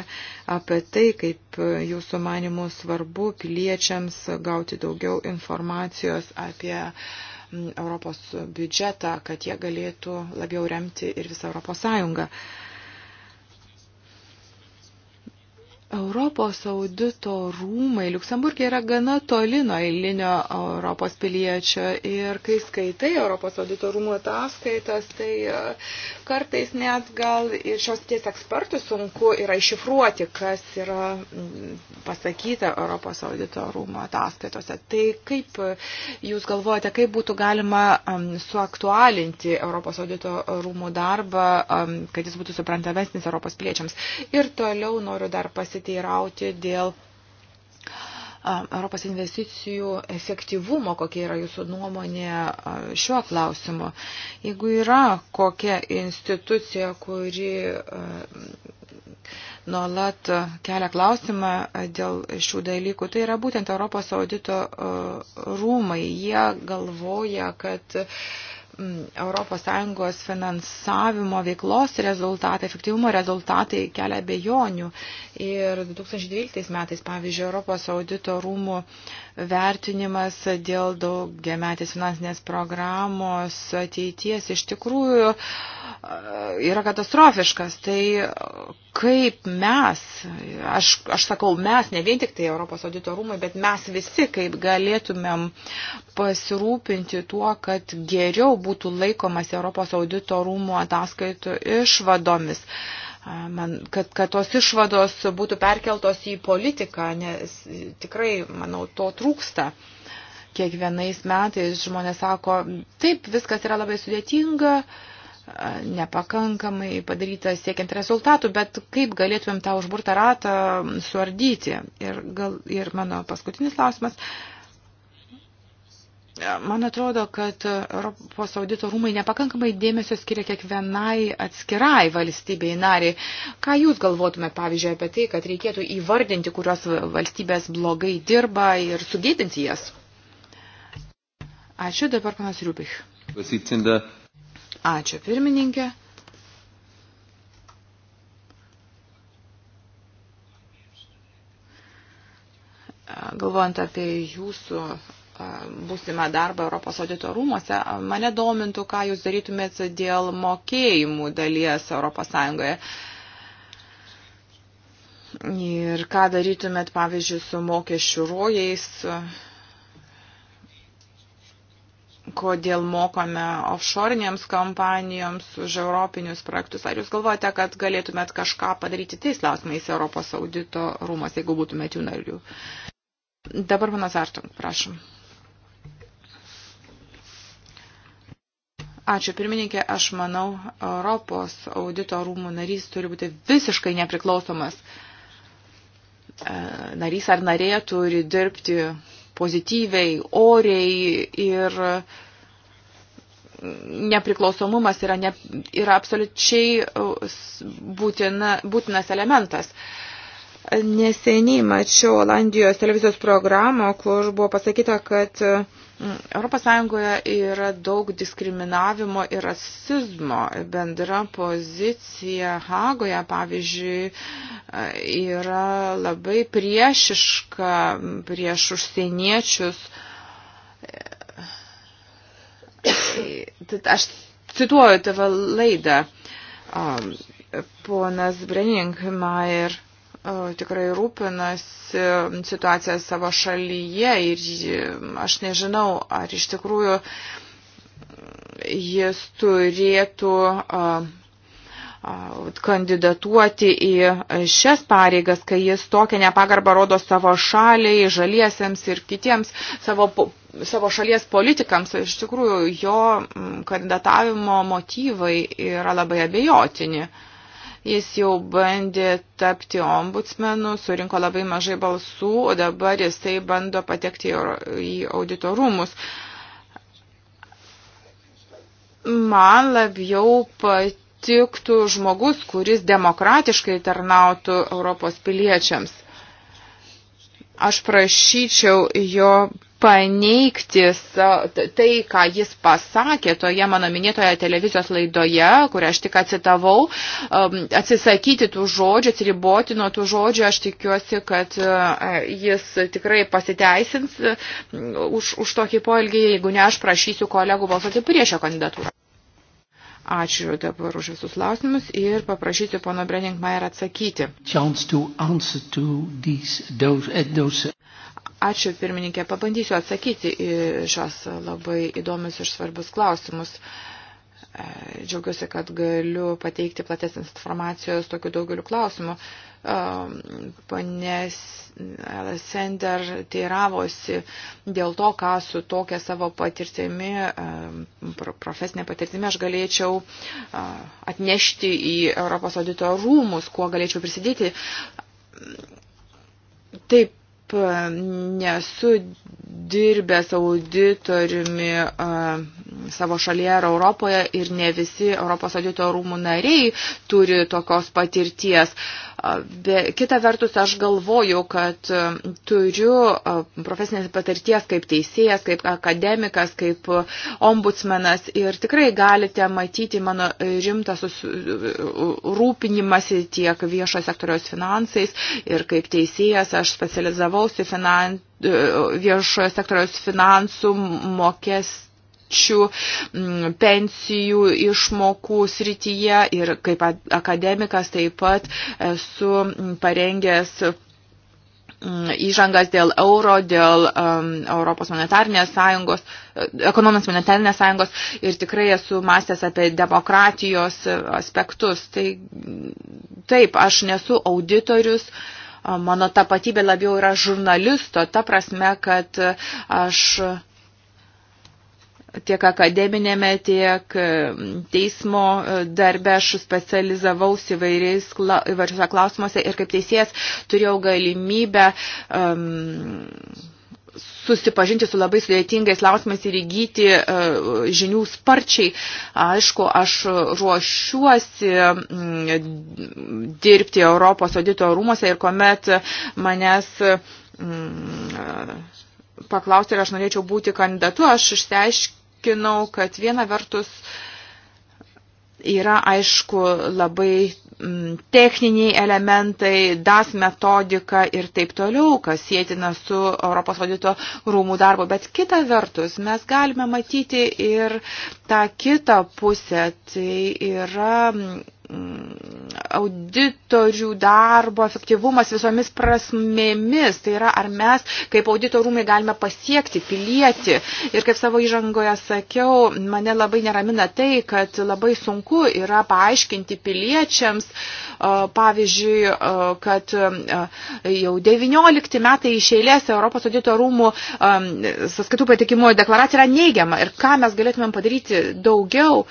apie tai, kaip jūsų manimų svarbu piliečiams gauti daugiau informacijos apie mm, Europos biudžetą, kad jie galėtų labiau remti ir visą Europos Sąjungą. Uh, Europos audito rūmai Luksemburgė yra gana toli nuo eilinio Europos piliečio ir kai skaitai Europos audito rūmų ataskaitas, tai e, kartais net gal ir šios ties ekspertų sunku yra iššifruoti, kas yra pasakyta Europos audito rūmų ataskaitose. Tai kaip e, jūs galvojate, kaip būtų galima suaktualinti Europos audito rūmų darbą, kad jis būtų suprantamesnis Europos piliečiams. Ir toliau noriu dar pasitikti pasiteirauti dėl um, Europos investicijų efektyvumo, kokia yra jūsų nuomonė um, šiuo klausimu. Jeigu yra kokia institucija, kuri um, nuolat kelia klausimą dėl šių dalykų, tai yra būtent Europos audito uh, rūmai. Jie galvoja, kad uh, Mm, ES finansavimo veiklos rezultatai, efektyvumo rezultatai kelia bejonių. Ir 2012 metais, pavyzdžiui, Europos audito rūmų vertinimas dėl daugiametės finansinės programos ateities iš tikrųjų e, yra katastrofiškas. Tai kaip mes, aš, aš sakau mes, ne vien tik tai Europos audito rūmai, bet mes visi kaip galėtumėm pasirūpinti tuo, kad geriau būtų laikomas Europos audito rūmų ataskaitų išvadomis. Man, kad, kad tos išvados būtų perkeltos į politiką, nes tikrai, manau, to trūksta kiekvienais metais žmonės sako, taip, viskas yra labai sudėtinga, nepakankamai padaryta siekiant rezultatų, bet kaip galėtumėm tą užburtą ratą suardyti. Ir, gal, ir mano paskutinis klausimas. Uh, Man atrodo, kad Europos audito rūmai nepakankamai dėmesio skiria kiekvienai atskirai valstybei nariai. Ką Jūs galvotumėt, pavyzdžiui, apie tai, kad reikėtų įvardinti, kurios valstybės blogai dirba ir sugėdinti jas? Ačiū dabar, panas Riubich. Ačiū, pirmininkė. Galvojant apie jūsų būsimą darbą Europos audito rūmose, mane domintų, ką jūs darytumėt dėl mokėjimų dalies Europos Sąjungoje. Ir ką darytumėt, pavyzdžiui, su mokesčių rojais, kodėl mokome offshore'inėms kompanijoms už europinius projektus. Ar jūs galvojate, kad galėtumėt kažką padaryti tais klausimais Europos audito rūmos, jeigu būtumėt jų narių? Dabar panas Artung, prašom. Ačiū pirmininkė, aš manau, Europos audito rūmų narys turi būti visiškai nepriklausomas. E, narys ar narė turi dirbti pozityviai, oriai ir nepriklausomumas yra, ne, yra absoliučiai e, būtina, būtinas elementas. Neseniai mačiau Olandijos televizijos programą, kur buvo pasakyta, kad uh, Europos Sąjungoje yra daug diskriminavimo ir rasizmo. Bendra pozicija Hagoje, pavyzdžiui, yra labai priešiška prieš užsieniečius. Aš cituoju tavo laidą. Um, ponas Brenningmaier E, tikrai rūpinasi situaciją savo šalyje ir aš nežinau, ar iš tikrųjų jis turėtų e, e, kandidatuoti į šias pareigas, kai jis tokią nepagarbą rodo savo šaliai, žaliesiems ir kitiems savo, savo šalies politikams. Iš tikrųjų, jo kandidatavimo motyvai yra labai abejotini. Uh, Jis jau bandė tapti ombudsmenu, surinko labai mažai balsų, o dabar jisai bando patekti į auditorumus. Man labiau patiktų žmogus, kuris demokratiškai tarnautų Europos piliečiams. Aš prašyčiau jo paneigti tai, ką jis pasakė toje mano minėtoje televizijos laidoje, kurią aš tik acitavau, um, atsisakyti tų žodžių, atsiriboti nuo tų žodžių, aš tikiuosi, kad e, jis tikrai pasiteisins už, už tokį poelgį, jeigu ne, aš prašysiu kolegų balsuoti prieš šią kandidatūrą. Ačiū dabar už visus klausimus ir paprašysiu pono Brenningmajer atsakyti. Eh, eh. Ačiū pirmininkė, pabandysiu atsakyti į šios labai įdomius ir svarbus klausimus. Eh, džiaugiuosi, kad galiu pateikti platesnės informacijos tokiu daugeliu klausimų. Ponės Sender teiravosi dėl to, ką su tokia savo patirtimi, profesinė patirtimi aš galėčiau atnešti į Europos audito rūmus, kuo galėčiau prisidėti. Taip, nesu dirbęs auditoriumi savo šalyje ar Europoje ir ne visi Europos audito rūmų nariai turi tokios patirties. Uh, Be, kita vertus, aš galvoju, kad e, turiu e, profesinės patirties kaip teisėjas, kaip akademikas, kaip ombudsmenas ir tikrai galite matyti mano rimtą rūpinimąsi tiek viešo sektoriaus finansais ir kaip teisėjas aš specializavausi finan, e, viešojo sektoriaus finansų mokestį lyčių, mm, pensijų išmokų srityje ir kaip akademikas taip pat esu parengęs mm, įžangas dėl euro, dėl um, Europos monetarnės sąjungos, e, ekonominės monetarnės sąjungos ir tikrai esu mąstęs apie demokratijos aspektus. Tai taip, aš nesu auditorius, mano tapatybė labiau yra žurnalisto, ta prasme, kad aš tiek akademinėme, tiek e, teismo e, darbe aš specializavausi įvairiuose klausimuose ir kaip teisėjas turėjau galimybę um, susipažinti su labai sudėtingais klausimais ir įgyti e, žinių sparčiai. Aišku, aš ruošiuosi dirbti Europos audito rūmose ir kuomet manęs paklausti, ar aš norėčiau būti kandidatu, aš išsiaiškinau įsitikinau, kad viena vertus yra aišku labai mm, techniniai elementai, DAS metodika ir taip toliau, kas sėtina su Europos audito rūmų darbu. Bet kita vertus, mes galime matyti ir tą kitą pusę, tai yra mm, auditorių darbo efektyvumas visomis prasmėmis. Tai yra, ar mes kaip auditorumai galime pasiekti pilietį. Ir kaip savo įžangoje sakiau, mane labai neramina tai, kad labai sunku yra paaiškinti piliečiams, pavyzdžiui, kad jau 19 metai iš eilės Europos auditorumų sąskaitų patikimo deklaracija yra neigiama. Ir ką mes galėtumėm padaryti daugiau?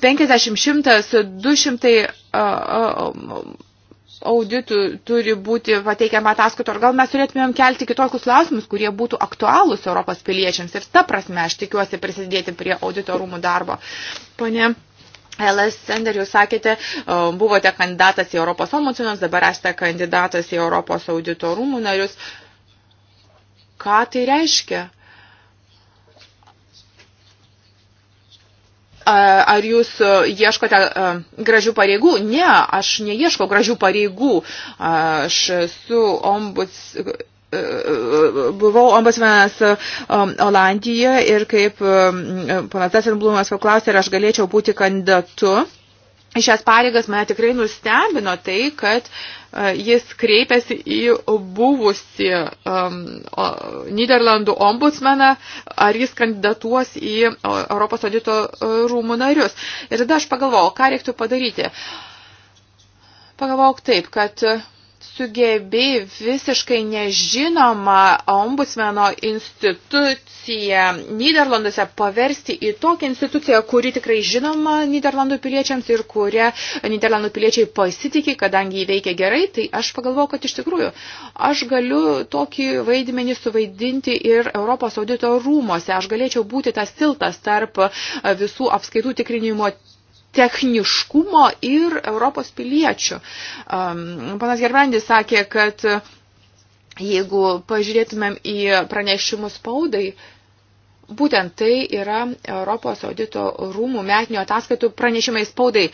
50, 100, 200 auditų turi būti pateikiama ataskaito, ar gal mes turėtumėm kelti kitokius klausimus, kurie būtų aktualūs Europos piliečiams. Ir ta prasme aš tikiuosi prisidėti prie audito rūmų darbo. Pone. LS Sender, jūs sakėte, buvote kandidatas į Europos ombudsmanus, dabar esate kandidatas į Europos auditorumų narius. Ką tai reiškia? ar jūs ieškote gražių pareigų? Ne, aš neieškau gražių pareigų. Aš esu ombuds buvau ombudsmenas Olandijoje ir kaip panas Tassenblumas paklausė, ar aš galėčiau būti kandidatu. Šias pareigas mane tikrai nustebino tai, kad E, jis kreipėsi į buvusi um, Niderlandų ombudsmeną, ar jis kandidatuos į Europos audito rūmų narius. Ir tada aš pagalvojau, ką reiktų padaryti. Pagalvojau taip, kad uh, sugebė visiškai nežinoma ombudsmeno instituciją Niderlanduose paversti į tokią instituciją, kuri tikrai žinoma Niderlandų piliečiams ir kurią Niderlandų piliečiai pasitikė, kadangi jį veikia gerai, tai aš pagalvojau, kad iš tikrųjų aš galiu tokį vaidmenį suvaidinti ir Europos audito rūmose. Aš galėčiau būti tas tiltas tarp visų apskaitų tikrinimo techniškumo ir Europos piliečių. Um, Panas Gerbrandis sakė, kad jeigu pažiūrėtumėm į pranešimus spaudai, būtent tai yra Europos audito rūmų metinio ataskaitų pranešimai spaudai.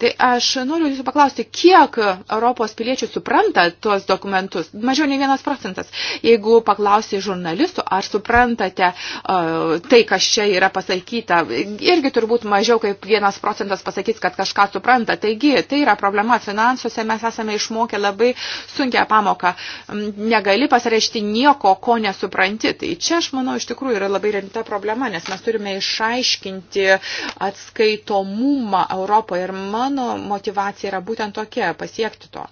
Tai aš noriu jūsų paklausti, kiek Europos piliečių supranta tuos dokumentus? Mažiau nei vienas procentas. Jeigu paklausi žurnalistų, ar suprantate uh, tai, kas čia yra pasakyta, irgi turbūt mažiau kaip vienas procentas pasakys, kad kažką supranta. Taigi, tai yra problema finansuose, mes esame išmokę labai sunkia pamoka. Negali pasirašyti nieko, ko nesupranti. Tai čia, aš manau, iš tikrųjų yra labai rimta problema, nes mes turime išaiškinti atskaitomumą Europoje. Ir man mano motivacija yra būtent tokia - pasiekti to.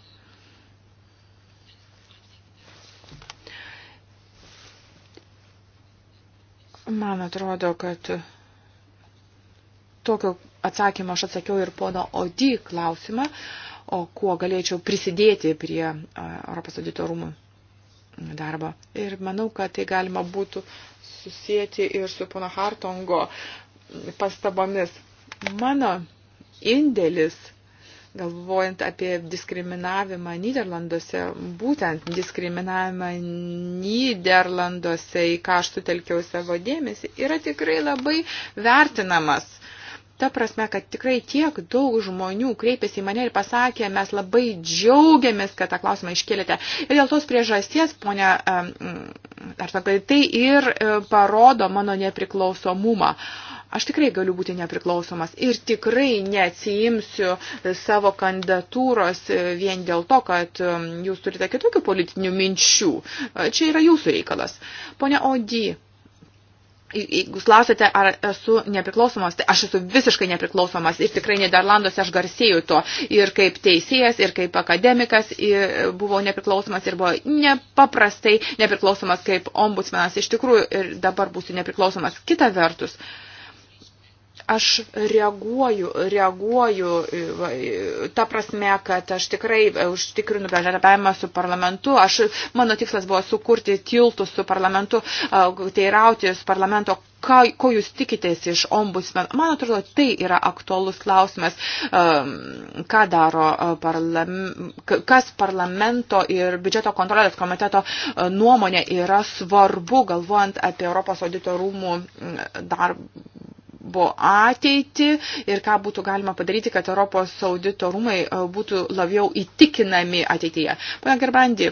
Man atrodo, kad tokio atsakymo aš atsakiau ir pono Odi klausimą, o kuo galėčiau prisidėti prie Europos audito rūmų darbo. Ir manau, kad tai galima būtų susijęti ir su pono Hartongo pastabomis. Mano indėlis, galvojant apie diskriminavimą Niderlanduose, būtent diskriminavimą Niderlanduose, į ką aš sutelkiau savo dėmesį, yra tikrai labai vertinamas. Ta prasme, kad tikrai tiek daug žmonių kreipėsi į mane ir pasakė, mes labai džiaugiamės, kad tą klausimą iškėlėte. Ir dėl tos priežasties, ponia, ar tai ir e, parodo mano nepriklausomumą. Uh, Aš tikrai galiu būti nepriklausomas ir tikrai neatsiimsiu savo kandidatūros vien dėl to, kad um, jūs turite kitokių politinių minčių. Čia yra jūsų reikalas. Pone Odi, Jūs klausėte, ar esu nepriklausomas, tai aš esu visiškai nepriklausomas ir tikrai Niderlanduose aš garsėjau to ir kaip teisėjas, ir kaip akademikas ir buvau nepriklausomas ir buvo nepaprastai nepriklausomas kaip ombudsmenas iš tikrųjų ir dabar būsiu nepriklausomas. Kita vertus, uh, aš reaguoju, reaguoju, ta prasme, kad aš tikrai užtikrinu bendradarbiavimą su parlamentu. Aš, mano tikslas buvo sukurti tiltus su parlamentu, teirautis parlamento, ką, ko jūs tikitės iš ombudsmen. Man atrodo, tai yra aktuolus klausimas, ką daro parlam, kas parlamento ir biudžeto kontrolės komiteto nuomonė yra svarbu, galvojant apie Europos audito rūmų darbą darbo ateitį ir ką būtų galima padaryti, kad Europos audito rūmai e, būtų labiau įtikinami ateityje. Pana Gerbandi,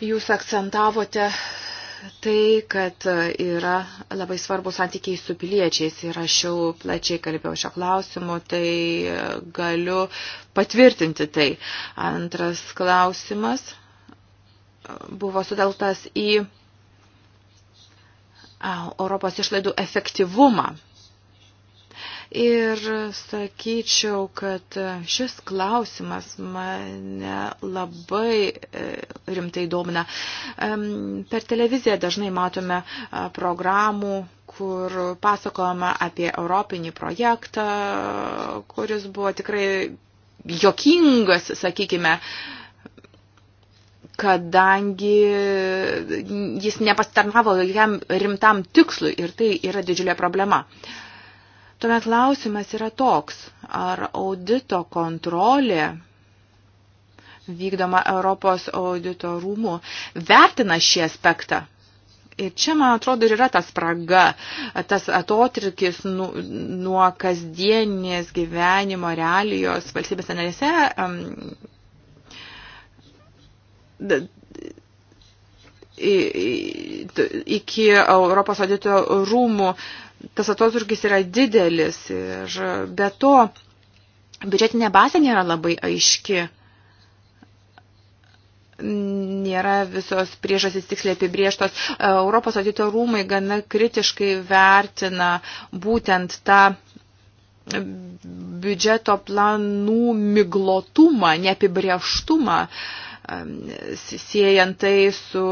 jūs akcentavote tai, kad e, yra labai svarbus santykiai su piliečiais ir aš jau plačiai kalbėjau šio klausimu, tai e, galiu patvirtinti tai. Antras klausimas buvo sudeltas į Europos išlaidų efektyvumą. Ir sakyčiau, kad šis klausimas mane labai e, rimtai domina. Per televiziją dažnai matome programų, kur pasakojama apie europinį projektą, kuris buvo tikrai jokingas, sakykime, uh, kadangi jis nepastarnavo jam rimtam tikslui ir tai yra didžiulė problema. Tuomet klausimas yra toks, ar audito kontrolė vykdoma Europos audito rūmų vertina šį aspektą. Ir čia, man atrodo, yra ta spraga, tas atotrikis nu, nuo kasdienės gyvenimo realijos valstybės narėse, iki Europos audito rūmų tas atotrukis yra didelis ir be to biudžetinė bazė nėra labai aiški. Nėra visos priežastys tiksliai apibrieštos. Europos audito rūmai gana kritiškai vertina būtent tą biudžeto planų miglotumą, neapibrieštumą. Uh, siejant tai su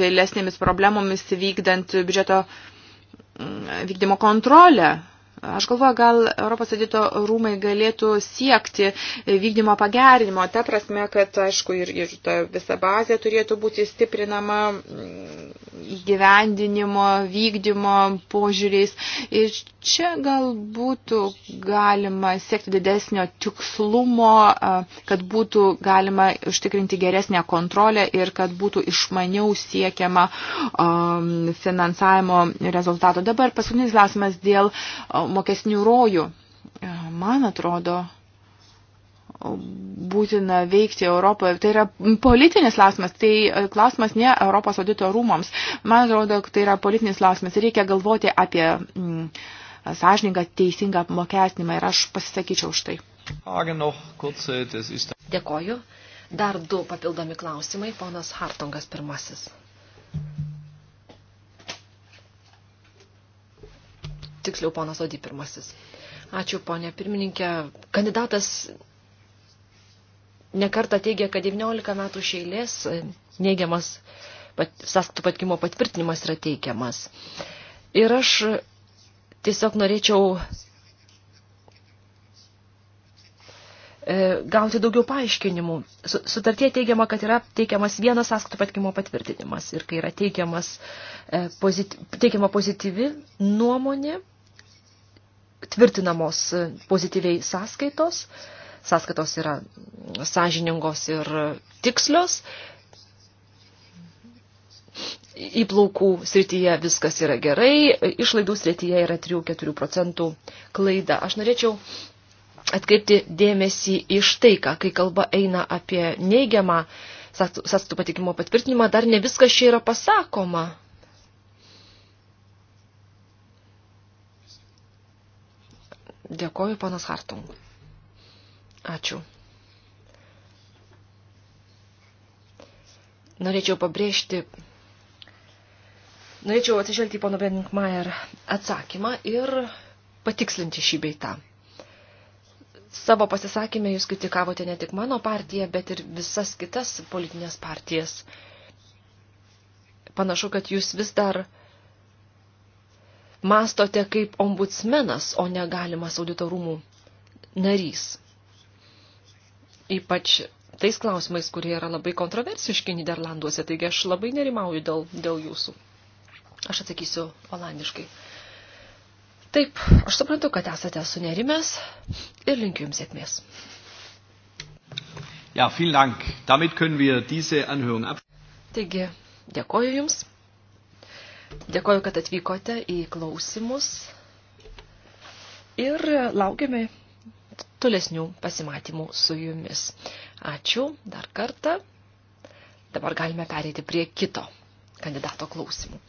vėlesnėmis problemomis vykdant biudžeto vykdymo kontrolę Aš galvoju, gal Europos audito rūmai galėtų siekti vykdymo pagerinimo, ta prasme, kad, aišku, ir, ir ta visa bazė turėtų būti stiprinama mm, įgyvendinimo, vykdymo požiūriais. Ir čia gal būtų galima siekti didesnio tikslumo, kad būtų galima užtikrinti geresnę kontrolę ir kad būtų išmaniau siekiama finansavimo rezultato. Dabar paskutinis klausimas dėl mokesnių rojų. E, man atrodo, būtina veikti Europoje. Tai yra politinis klausimas, tai klausimas ne Europos audito rūmams. Man atrodo, tai yra politinis klausimas. Reikia galvoti apie mm, sąžiningą, teisingą apmokestinimą ir aš pasisakyčiau už tai. Dėkoju. Dar du papildomi klausimai. Ponas Hartongas pirmasis. tiksliau ponas Odį pirmasis. Ačiū, ponė pirmininkė. Kandidatas nekarta teigia, kad 19 metų šeilės neigiamas pat, sąskaitų patikimo patvirtinimas yra teikiamas. Ir aš tiesiog norėčiau e, gauti daugiau paaiškinimų. Sutartie teigiama, kad yra teikiamas vienas sąskaitų patikimo patvirtinimas ir kai yra teikiamas, e, pozityvi, teikiama pozityvi nuomonė, tvirtinamos e, pozityviai sąskaitos. Sąskaitos yra sąžiningos ir tikslios. Įplaukų srityje viskas yra gerai, išlaidų srityje yra 3-4 procentų klaida. Aš norėčiau atkreipti dėmesį iš tai, ką kai kalba eina apie neigiamą sąskaitų patikimo patvirtinimą, dar ne viskas čia yra pasakoma Dėkoju, panas Hartung. Ačiū. Norėčiau pabrėžti, norėčiau atsižvelgti į pono Benningmajer atsakymą ir patikslinti šį beitą. Savo pasisakymę jūs kritikavote ne tik mano partiją, bet ir visas kitas politinės partijas. Panašu, kad jūs vis dar uh, mastote kaip ombudsmenas, o negalimas auditorumų narys. Ypač tais klausimais, kurie yra labai kontroversiški Niderlanduose, taigi aš labai nerimauju dėl, dėl jūsų. Aš atsakysiu olandiškai. Taip, aš suprantu, kad esate sunerimęs ir linkiu jums sėkmės. Ja, vielen Dank. Damit können wir diese Anhörung ab. Taigi, dėkoju Jums. Dėkoju, kad atvykote į klausimus ir laukiame tolesnių pasimatymų su jumis. Ačiū dar kartą. Dabar galime pereiti prie kito kandidato klausimų.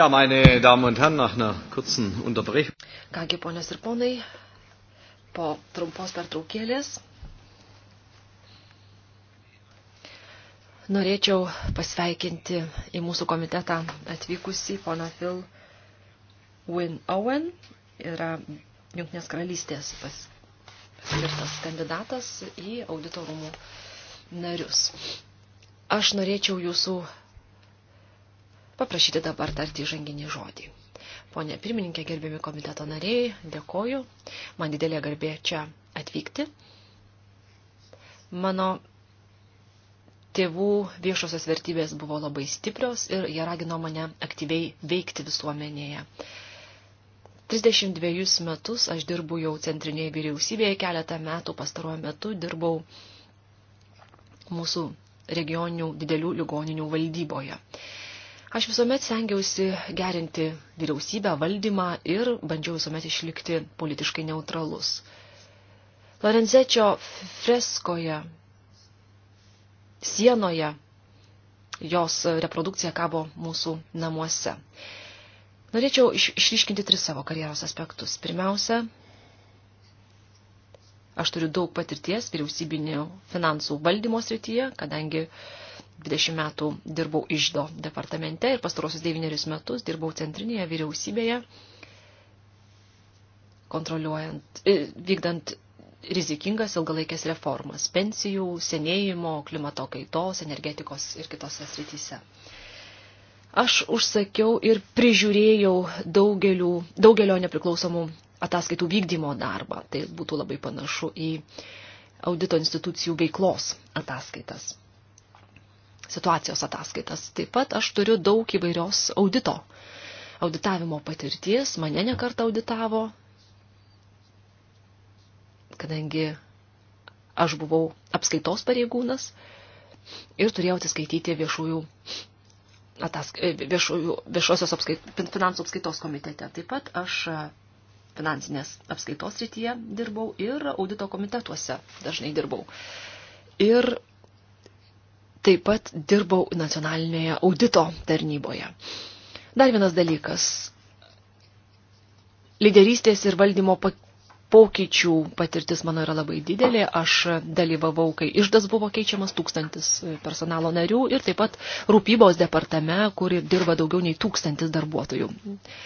Ja, meine Damen und Herren, nach einer kurzen Unterbrechung. Kągi, ponios ir ponai, po trumpos pertraukėlės norėčiau pasveikinti į mūsų komitetą atvykusi poną Phil Win Owen, yra Junknės karalystės pas, paskirtas kandidatas į auditorumų narius. Aš norėčiau jūsų paprašyti dabar tarti žanginį žodį. Pone pirmininkė, gerbiami komiteto nariai, dėkoju. Man didelė garbė čia atvykti. Mano tėvų viešosios vertybės buvo labai stiprios ir jie ragino mane aktyviai veikti visuomenėje. 32 metus aš dirbu jau centrinėje vyriausybėje, keletą metų pastaruoju metu dirbau mūsų regioninių didelių ligoninių valdyboje. Aš visuomet stengiausi gerinti vyriausybę, valdymą ir bandžiau visuomet išlikti politiškai neutralus. Lorenzečio freskoje, sienoje, jos reprodukcija kabo mūsų namuose. Norėčiau išryškinti tris savo karjeros aspektus. Pirmiausia, aš turiu daug patirties vyriausybinio finansų valdymo srityje, kadangi uh, 20 metų dirbau išdo departamente ir pastarosius 9 metus dirbau centrinėje vyriausybėje, kontroliuojant, e, vykdant rizikingas ilgalaikės reformas pensijų, senėjimo, klimato kaitos, energetikos ir kitose srityse. Aš užsakiau ir prižiūrėjau daugelių, daugelio nepriklausomų ataskaitų vykdymo darbą. Tai būtų labai panašu į audito institucijų veiklos ataskaitas situacijos ataskaitas. Taip pat aš turiu daug įvairios audito, auditavimo patirties, mane nekart auditavo, kadangi aš buvau apskaitos pareigūnas ir turėjau atsiskaityti viešųjų atask, viešųjų, viešosios apskait, finansų apskaitos komitete. Taip pat aš finansinės apskaitos rytyje dirbau ir audito komitetuose dažnai dirbau. Ir taip pat dirbau nacionalinėje audito tarnyboje. Dar vienas dalykas. Lyderystės ir valdymo pokyčių patirtis mano yra labai didelė. Aš dalyvavau, kai išdas buvo keičiamas tūkstantis personalo narių ir taip pat rūpybos departame, kuri dirba daugiau nei tūkstantis darbuotojų. Uh,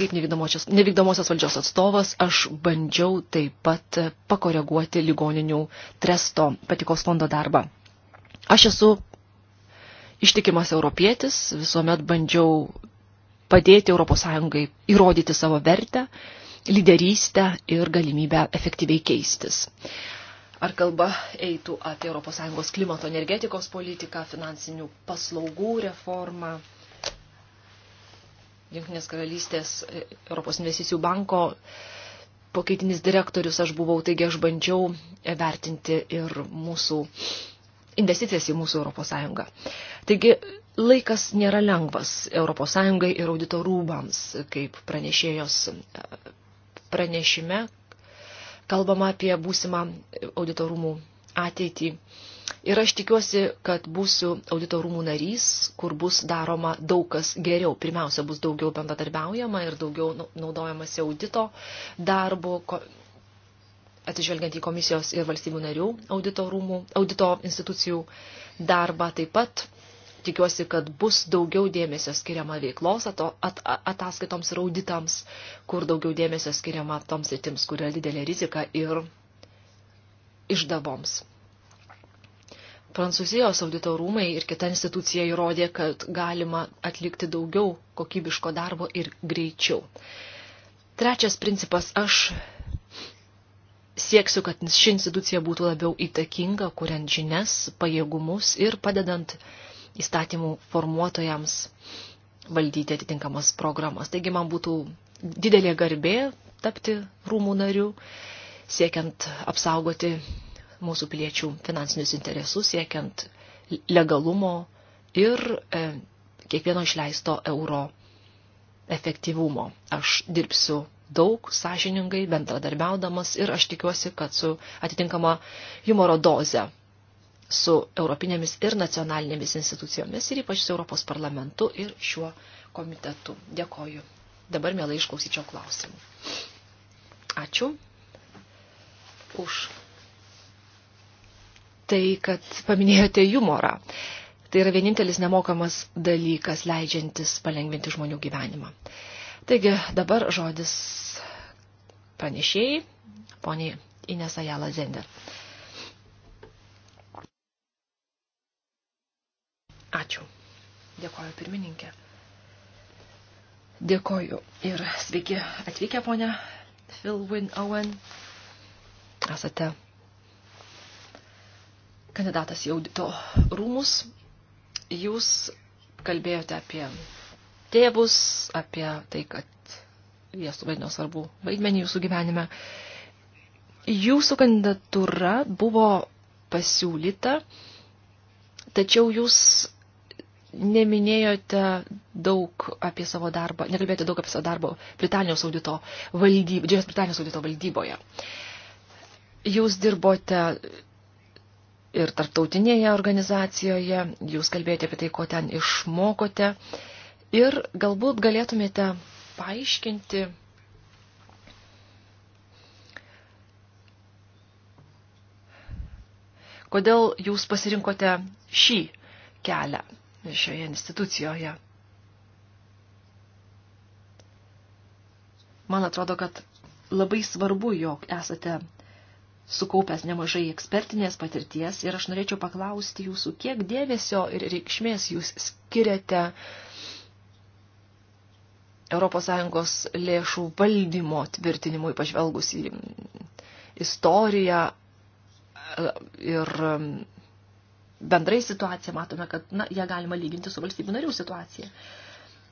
kaip nevykdomosios, nevykdomosios valdžios atstovas, aš bandžiau taip pat pakoreguoti ligoninių tresto patikos fondo darbą. Aš esu ištikimas europietis, visuomet bandžiau padėti ES įrodyti savo vertę, lyderystę ir galimybę efektyviai keistis. Ar kalba eitų apie ES klimato energetikos politiką, finansinių paslaugų reformą, Junktinės karalystės e, Europos investicijų banko pokeitinis direktorius aš buvau, taigi aš bandžiau vertinti ir mūsų investicijas į mūsų Europos Sąjungą. Taigi laikas nėra lengvas Europos Sąjungai ir audito rūbams, kaip pranešėjos e, pranešime kalbama apie būsimą audito rūmų ateitį. Ir aš tikiuosi, kad būsiu audito rūmų narys, kur bus daroma daug kas geriau. Pirmiausia, bus daugiau bendradarbiaujama ir daugiau nu, naudojamasi audito darbo, atsižvelgiant į komisijos ir valstybių narių audito, rūmų, audito institucijų darbą. Taip pat tikiuosi, kad bus daugiau dėmesio skiriama veiklos ato, at, ataskaitoms ir auditams, kur daugiau dėmesio skiriama toms sritims, kur yra didelė rizika ir išdavoms Prancūzijos audito rūmai ir kita institucija įrodė, kad galima atlikti daugiau kokybiško darbo ir greičiau. Trečias principas - aš sieksiu, kad ši institucija būtų labiau įtakinga, kuriant žinias, pajėgumus ir padedant įstatymų formuotojams valdyti atitinkamas programas. Taigi man būtų didelė garbė tapti rūmų nariu, siekiant apsaugoti mūsų piliečių finansinius interesus, siekiant legalumo ir e, kiekvieno išleisto euro efektyvumo. Aš dirbsiu daug sąžiningai, bendradarbiaudamas ir aš tikiuosi, kad su atitinkama humoro doze su europinėmis ir nacionalinėmis institucijomis ir ypač su Europos parlamentu ir šiuo komitetu. Dėkoju. Dabar mielai išklausyčiau klausimų. Ačiū už tai, kad paminėjote humorą. Tai yra vienintelis nemokamas dalykas, leidžiantis palengvinti žmonių gyvenimą. Taigi dabar žodis pranešėjai, poniai Inesa Jala Zender. Ačiū. Dėkoju pirmininkė. Dėkoju ir sveiki atvykę, ponia Phil Win Owen. Esate kandidatas į audito rūmus, jūs kalbėjote apie tėvus, apie tai, kad jie suvaidino svarbu vaidmenį jūsų gyvenime. Jūsų kandidatūra buvo pasiūlyta, tačiau jūs neminėjote daug apie savo darbą, nekalbėjote daug apie savo darbo Britanijos audito valdyboje, Didžiosios Britanijos audito valdyboje. Jūs dirbote ir tarptautinėje organizacijoje, jūs kalbėjote apie tai, ko ten išmokote. Ir galbūt galėtumėte paaiškinti, kodėl jūs pasirinkote šį kelią šioje institucijoje. Man atrodo, kad labai svarbu, jog esate sukaupęs nemažai ekspertinės patirties ir aš norėčiau paklausti jūsų, kiek dėmesio ir reikšmės jūs skiriate ES lėšų valdymo tvirtinimui pažvelgus į istoriją e, ir bendrai situaciją matome, kad na, ją galima lyginti su valstybių narių situacija.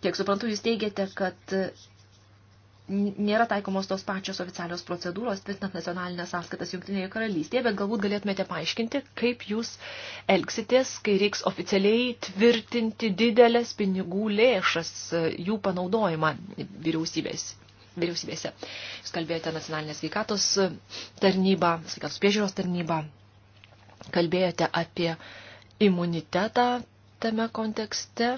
Kiek suprantu, jūs teigiate, kad nėra taikomos tos pačios oficialios procedūros, tvirtinant nacionalinės sąskaitas Junktinėje karalystėje, bet galbūt galėtumėte paaiškinti, kaip jūs elgsitės, kai reiks oficialiai tvirtinti didelės pinigų lėšas, e, jų panaudojimą vyriausybės. Vyriausybėse. Jūs kalbėjote nacionalinę sveikatos tarnybą, sveikatos priežiūros tarnybą, kalbėjote apie imunitetą tame kontekste.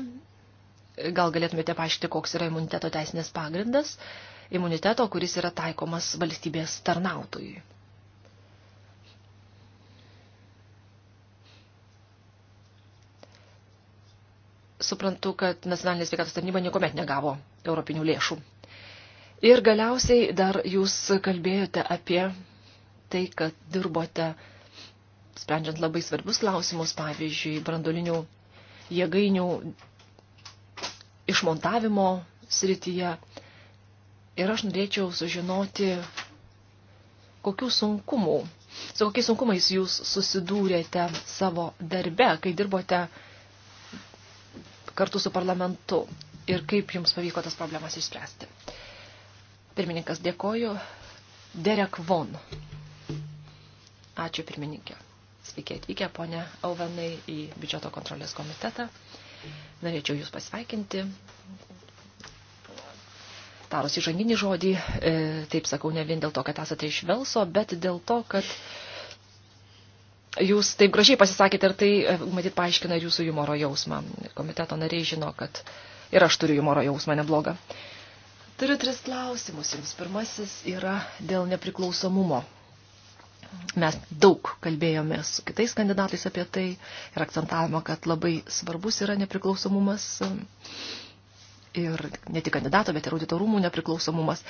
Gal galėtumėte paaiškinti, koks yra imuniteto teisinės pagrindas. Uh, imuniteto, kuris yra taikomas valstybės tarnautojui. Suprantu, kad nacionalinės sveikatos tarnyba niekuomet negavo europinių lėšų. Ir galiausiai dar jūs kalbėjote apie tai, kad dirbote sprendžiant labai svarbius klausimus, pavyzdžiui, brandolinių jėgainių išmontavimo srityje. Ir aš norėčiau sužinoti, kokių sunkumų, su kokiais sunkumais jūs susidūrėte savo darbe, kai dirbote kartu su parlamentu ir kaip jums pavyko tas problemas išspręsti. Pirmininkas dėkoju. Derek Von. Ačiū pirmininkė. Sveiki atvykę, ponė Auvenai, į biudžeto kontrolės komitetą. Norėčiau Jūs pasveikinti tarus įžanginį žodį, e, taip sakau, ne vien dėl to, kad esate iš Velso, bet dėl to, kad jūs taip gražiai pasisakėte ir tai, e, matyt, paaiškina jūsų humoro jausmą. Komiteto nariai žino, kad ir aš turiu humoro jausmą neblogą. Turiu tris klausimus jums. Pirmasis yra dėl nepriklausomumo. Mes daug kalbėjome su kitais kandidatais apie tai ir akcentavome, kad labai svarbus yra nepriklausomumas. E, ir ne tik kandidato, bet ir auditorumų nepriklausomumas.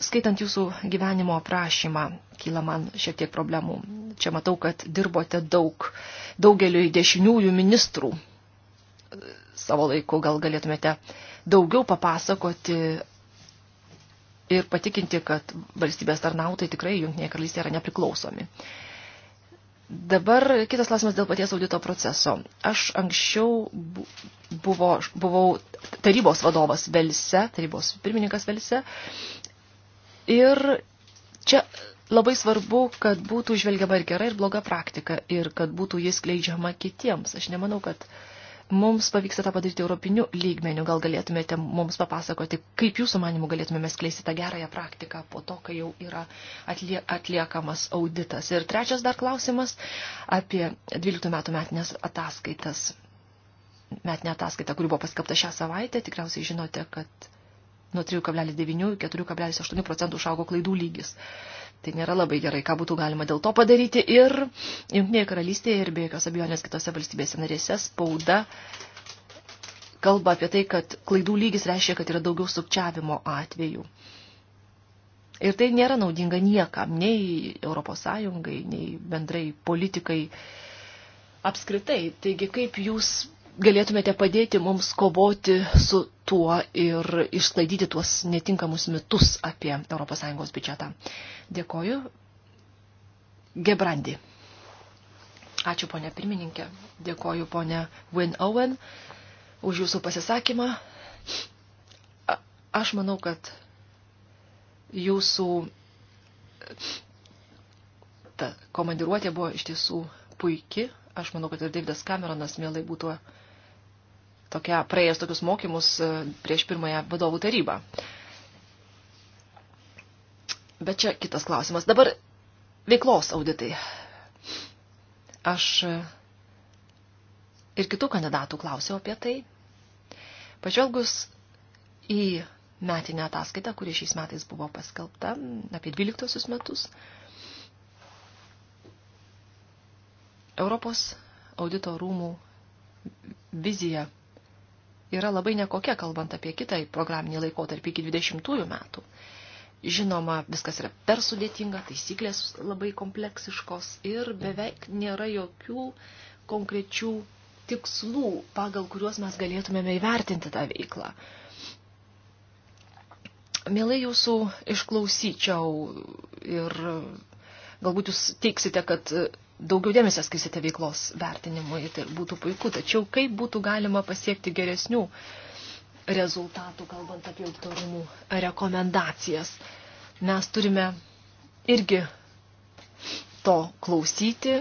Skaitant jūsų gyvenimo aprašymą, kyla man šiek tiek problemų. Čia matau, kad dirbote daug, daugeliu dešiniųjų ministrų savo laiku. Gal galėtumėte daugiau papasakoti ir patikinti, kad valstybės tarnautai tikrai Junktinėje karalystėje yra nepriklausomi. Uh, Dabar kitas klausimas dėl paties audito proceso. Aš anksčiau buvo, buvau tarybos vadovas Velse, tarybos pirmininkas Velse. Ir čia labai svarbu, kad būtų žvelgiama ir gera, ir bloga praktika, ir kad būtų jis kleidžiama kitiems. Aš nemanau, kad uh, mums pavyksta tą padaryti europiniu lygmeniu. Gal galėtumėte mums papasakoti, kaip jūsų manimų galėtumėme skleisti tą gerąją praktiką po to, kai jau yra atlie, atliekamas auditas. Ir trečias dar klausimas apie 12 metų metinės ataskaitas. Metinė ataskaita, kuri buvo paskapta šią savaitę, tikriausiai žinote, kad nuo 3,9 iki 4,8 procentų užaugo klaidų lygis tai nėra labai gerai, ką būtų galima dėl to padaryti. Ir Junktinėje karalystėje ir be jokios abejonės kitose valstybėse narėse spauda kalba apie tai, kad klaidų lygis reiškia, kad yra daugiau sukčiavimo atvejų. Ir tai nėra naudinga niekam, nei Europos Sąjungai, nei bendrai politikai apskritai. Taigi, kaip jūs galėtumėte padėti mums kovoti su tuo ir išsklaidyti tuos netinkamus mitus apie ES biudžetą. Dėkoju. Gebrandi. Ačiū, ponė pirmininkė. Dėkoju, ponė Win Owen, už jūsų pasisakymą. A aš manau, kad jūsų ta komandiruotė buvo iš tiesų puiki. Aš manau, kad ir Davidas Cameronas mielai būtų tokia, praėjęs tokius mokymus e, prieš pirmąją vadovų tarybą. Bet čia kitas klausimas. Dabar veiklos auditai. Aš e, ir kitų kandidatų klausiau apie tai. Pažvelgus į metinę ataskaitą, kuri šiais metais buvo paskelbta apie 12 metus, Europos audito rūmų vizija yra labai nekokia, kalbant apie kitą programinį laikotarpį iki 20 metų. Žinoma, viskas yra per sudėtinga, taisyklės labai kompleksiškos ir beveik nėra jokių konkrečių tikslų, pagal kuriuos mes galėtumėme įvertinti tą veiklą. Mielai jūsų išklausyčiau ir galbūt jūs teiksite, kad daugiau dėmesio skisite veiklos vertinimui, tai būtų puiku. Tačiau kaip būtų galima pasiekti geresnių rezultatų, kalbant apie autorumų rekomendacijas. Mes turime irgi to klausyti,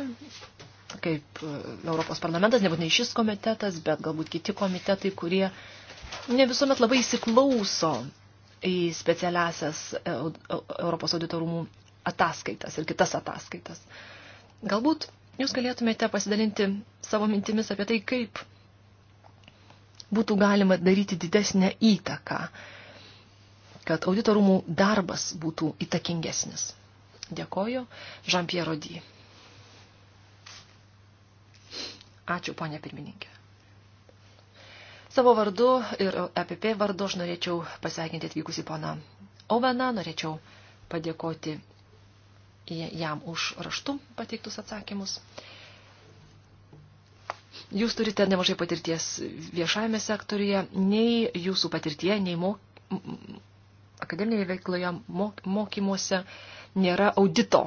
kaip e, Europos parlamentas, nebūtinai šis komitetas, bet galbūt kiti komitetai, kurie ne visuomet labai įsiklauso į specialiasias e, Europos auditorumų ataskaitas ir kitas ataskaitas. Uh, Galbūt jūs galėtumėte pasidalinti savo mintimis apie tai, kaip būtų galima daryti didesnę įtaką, kad auditorumų darbas būtų įtakingesnis. Dėkoju, Jean-Pierre Rodi. Ačiū, ponė pirmininkė. Savo vardu ir EPP vardu aš norėčiau pasveikinti atvykusi poną Oveną, norėčiau padėkoti jam už raštų pateiktus atsakymus. Jūs turite nemažai patirties viešajame sektoriuje, nei jūsų patirtie, nei mok... akademinėje veikloje, mok... mokymuose nėra audito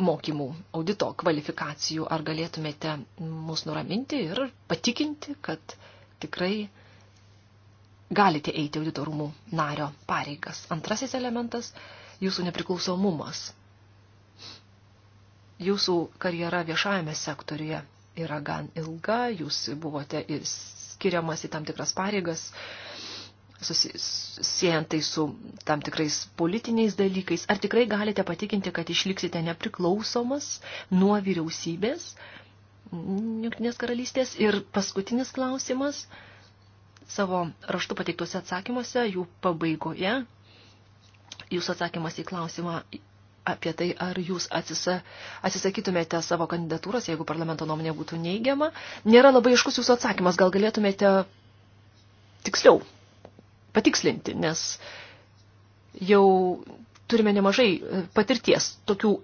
mokymų, audito kvalifikacijų. Ar galėtumėte mus nuraminti ir patikinti, kad tikrai galite eiti auditorumų nario pareigas? Antrasis elementas – jūsų nepriklausomumas jūsų karjera viešajame sektoriuje yra gan ilga, jūs buvote skiriamas į tam tikras pareigas, susijęs tai su tam tikrais politiniais dalykais. Ar tikrai galite patikinti, kad išliksite nepriklausomas nuo vyriausybės, mm, Junktinės karalystės? Ir paskutinis klausimas savo raštu pateiktuose atsakymuose, jų pabaigoje, jūsų atsakymas į klausimą apie tai, ar jūs atsisa, atsisakytumėte savo kandidatūros, jeigu parlamento nuomonė būtų neigiama. Nėra labai iškus jūsų atsakymas, gal galėtumėte tiksliau patikslinti, nes jau turime nemažai e, patirties tokių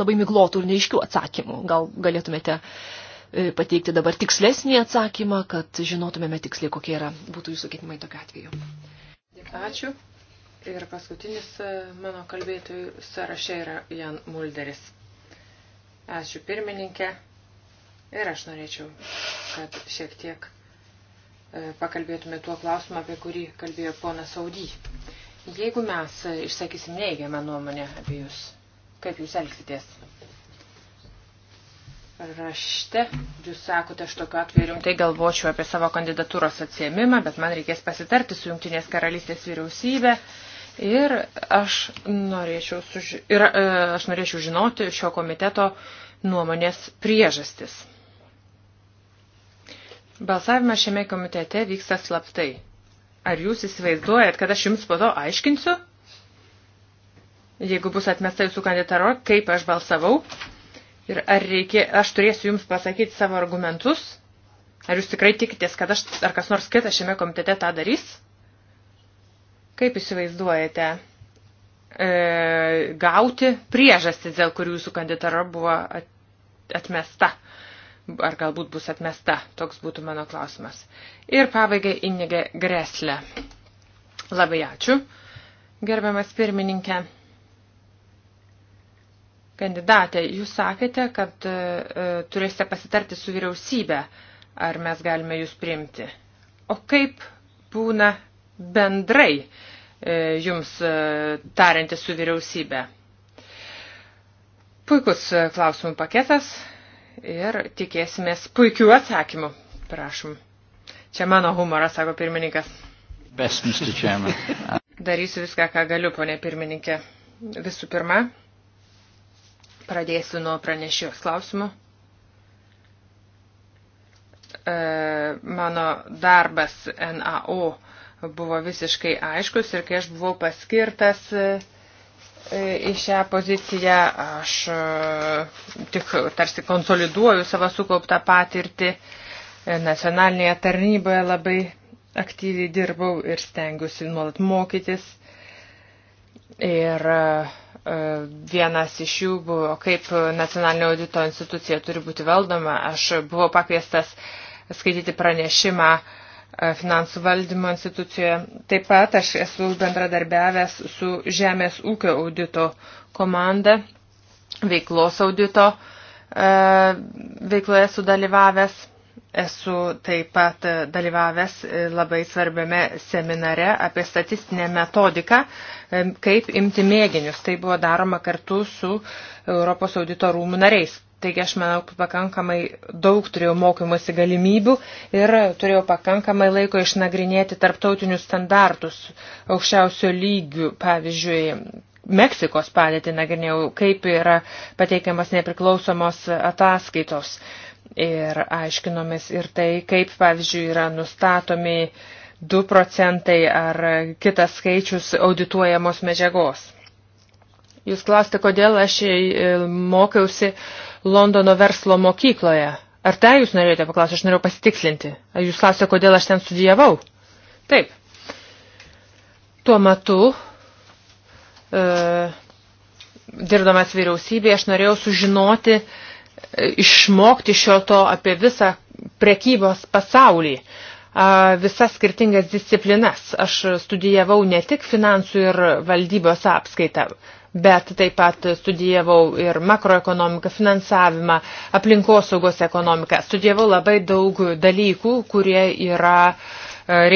labai miglotų ir neiškių atsakymų. Gal galėtumėte e, pateikti dabar tikslesnį atsakymą, kad žinotumėme tiksliai, kokie yra būtų jūsų ketinimai tokiu atveju. Ačiū. Ir paskutinis e, mano kalbėtojų sąraše yra Jan Mulderis. Ačiū pirmininkė. Ir aš norėčiau, kad šiek tiek e, pakalbėtume tuo klausimu, apie kurį kalbėjo ponas Saudy. Jeigu mes e, išsakysim neigiamą nuomonę apie jūs, kaip jūs elgsitės? Rašte jūs sakote, aš tokiu atveju rimtai galvočiau apie savo kandidatūros atsiemimą, bet man reikės pasitarti su Junktinės karalystės vyriausybė. Uh, Ir aš norėčiau, suži... ir, e, aš norėčiau žinoti šio komiteto nuomonės priežastis. Balsavimas šiame komitete vyksta slaptai. Ar jūs įsivaizduojat, kad aš jums po to aiškinsiu? Jeigu bus atmesta jūsų kandidataro, kaip aš balsavau? Ir ar reikia, aš turėsiu jums pasakyti savo argumentus? Ar jūs tikrai tikitės, kad aš ar kas nors kitas šiame komitete tą darys? Kaip įsivaizduojate e, gauti priežastis, dėl kurių jūsų kandidatūra buvo atmesta? Ar galbūt bus atmesta? Toks būtų mano klausimas. Ir pabaigai Inigė Greslė. Labai ačiū, gerbiamas pirmininkė. Kandidatė, jūs sakėte, kad e, e turėsite pasitarti su vyriausybė, ar mes galime jūs priimti. O kaip būna bendrai e, jums e, tariantį su vyriausybė. Puikus e, klausimų paketas ir tikėsimės puikių atsakymų. Prašom. Čia mano humoras, sako pirmininkas. Best, Mr. Chairman. Darysiu viską, ką galiu, ponė pirmininkė. Visų pirma, pradėsiu nuo pranešėjos klausimų. E, mano darbas NAO buvo visiškai aiškus ir kai aš buvau paskirtas e, į šią poziciją, aš e, tik tarsi konsoliduoju savo sukauptą patirtį. E, nacionalinėje tarnyboje labai aktyviai dirbau ir stengiuosi nuolat mokytis. Ir vienas iš jų buvo, kaip nacionalinio audito institucija turi būti valdoma. Aš buvau pakviestas skaityti pranešimą uh, E, finansų valdymo institucijoje. Taip pat aš esu bendradarbiavęs su Žemės ūkio audito komanda, veiklos audito e, veikloje sudalyvavęs. Esu taip pat dalyvavęs labai svarbiame seminare apie statistinę metodiką, e, kaip imti mėginius. Tai buvo daroma kartu su Europos audito rūmų nariais. Taigi aš manau, pakankamai daug turėjau mokymosi galimybių ir turėjau pakankamai laiko išnagrinėti tarptautinius standartus aukščiausio lygių, pavyzdžiui, Meksikos padėtį nagrinėjau, kaip yra pateikiamas nepriklausomos ataskaitos ir aiškinomės ir tai, kaip, pavyzdžiui, yra nustatomi 2 procentai ar kitas skaičius audituojamos medžiagos. Jūs klausite, kodėl aš e, mokiausi uh, Londono verslo mokykloje. Ar tai jūs norėjote paklausyti, aš norėjau pasitikslinti. Ar jūs klausėte, kodėl aš ten studijavau? Taip. Tuo metu e, dirbdamas vyriausybėje aš norėjau sužinoti, e, išmokti šio to apie visą prekybos pasaulį, e, visas skirtingas disciplinas. Aš studijavau ne tik finansų ir valdybos apskaitą, bet taip pat studijavau ir makroekonomiką, finansavimą, aplinkosaugos ekonomiką. Studijavau labai daug dalykų, kurie yra e,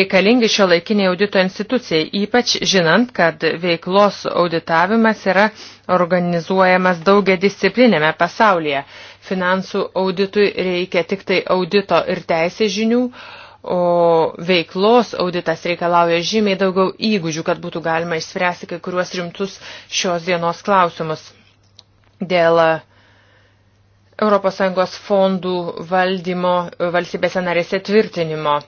reikalingi šio laikiniai audito institucijai, ypač žinant, kad veiklos auditavimas yra organizuojamas daugia disciplinėme pasaulyje. Finansų auditui reikia tik tai audito ir teisės žinių, uh, O veiklos auditas reikalauja žymiai daugiau įgūdžių, kad būtų galima išspręsti kai kuriuos rimtus šios dienos klausimus. Dėl ES fondų valdymo valstybėse narėse tvirtinimo.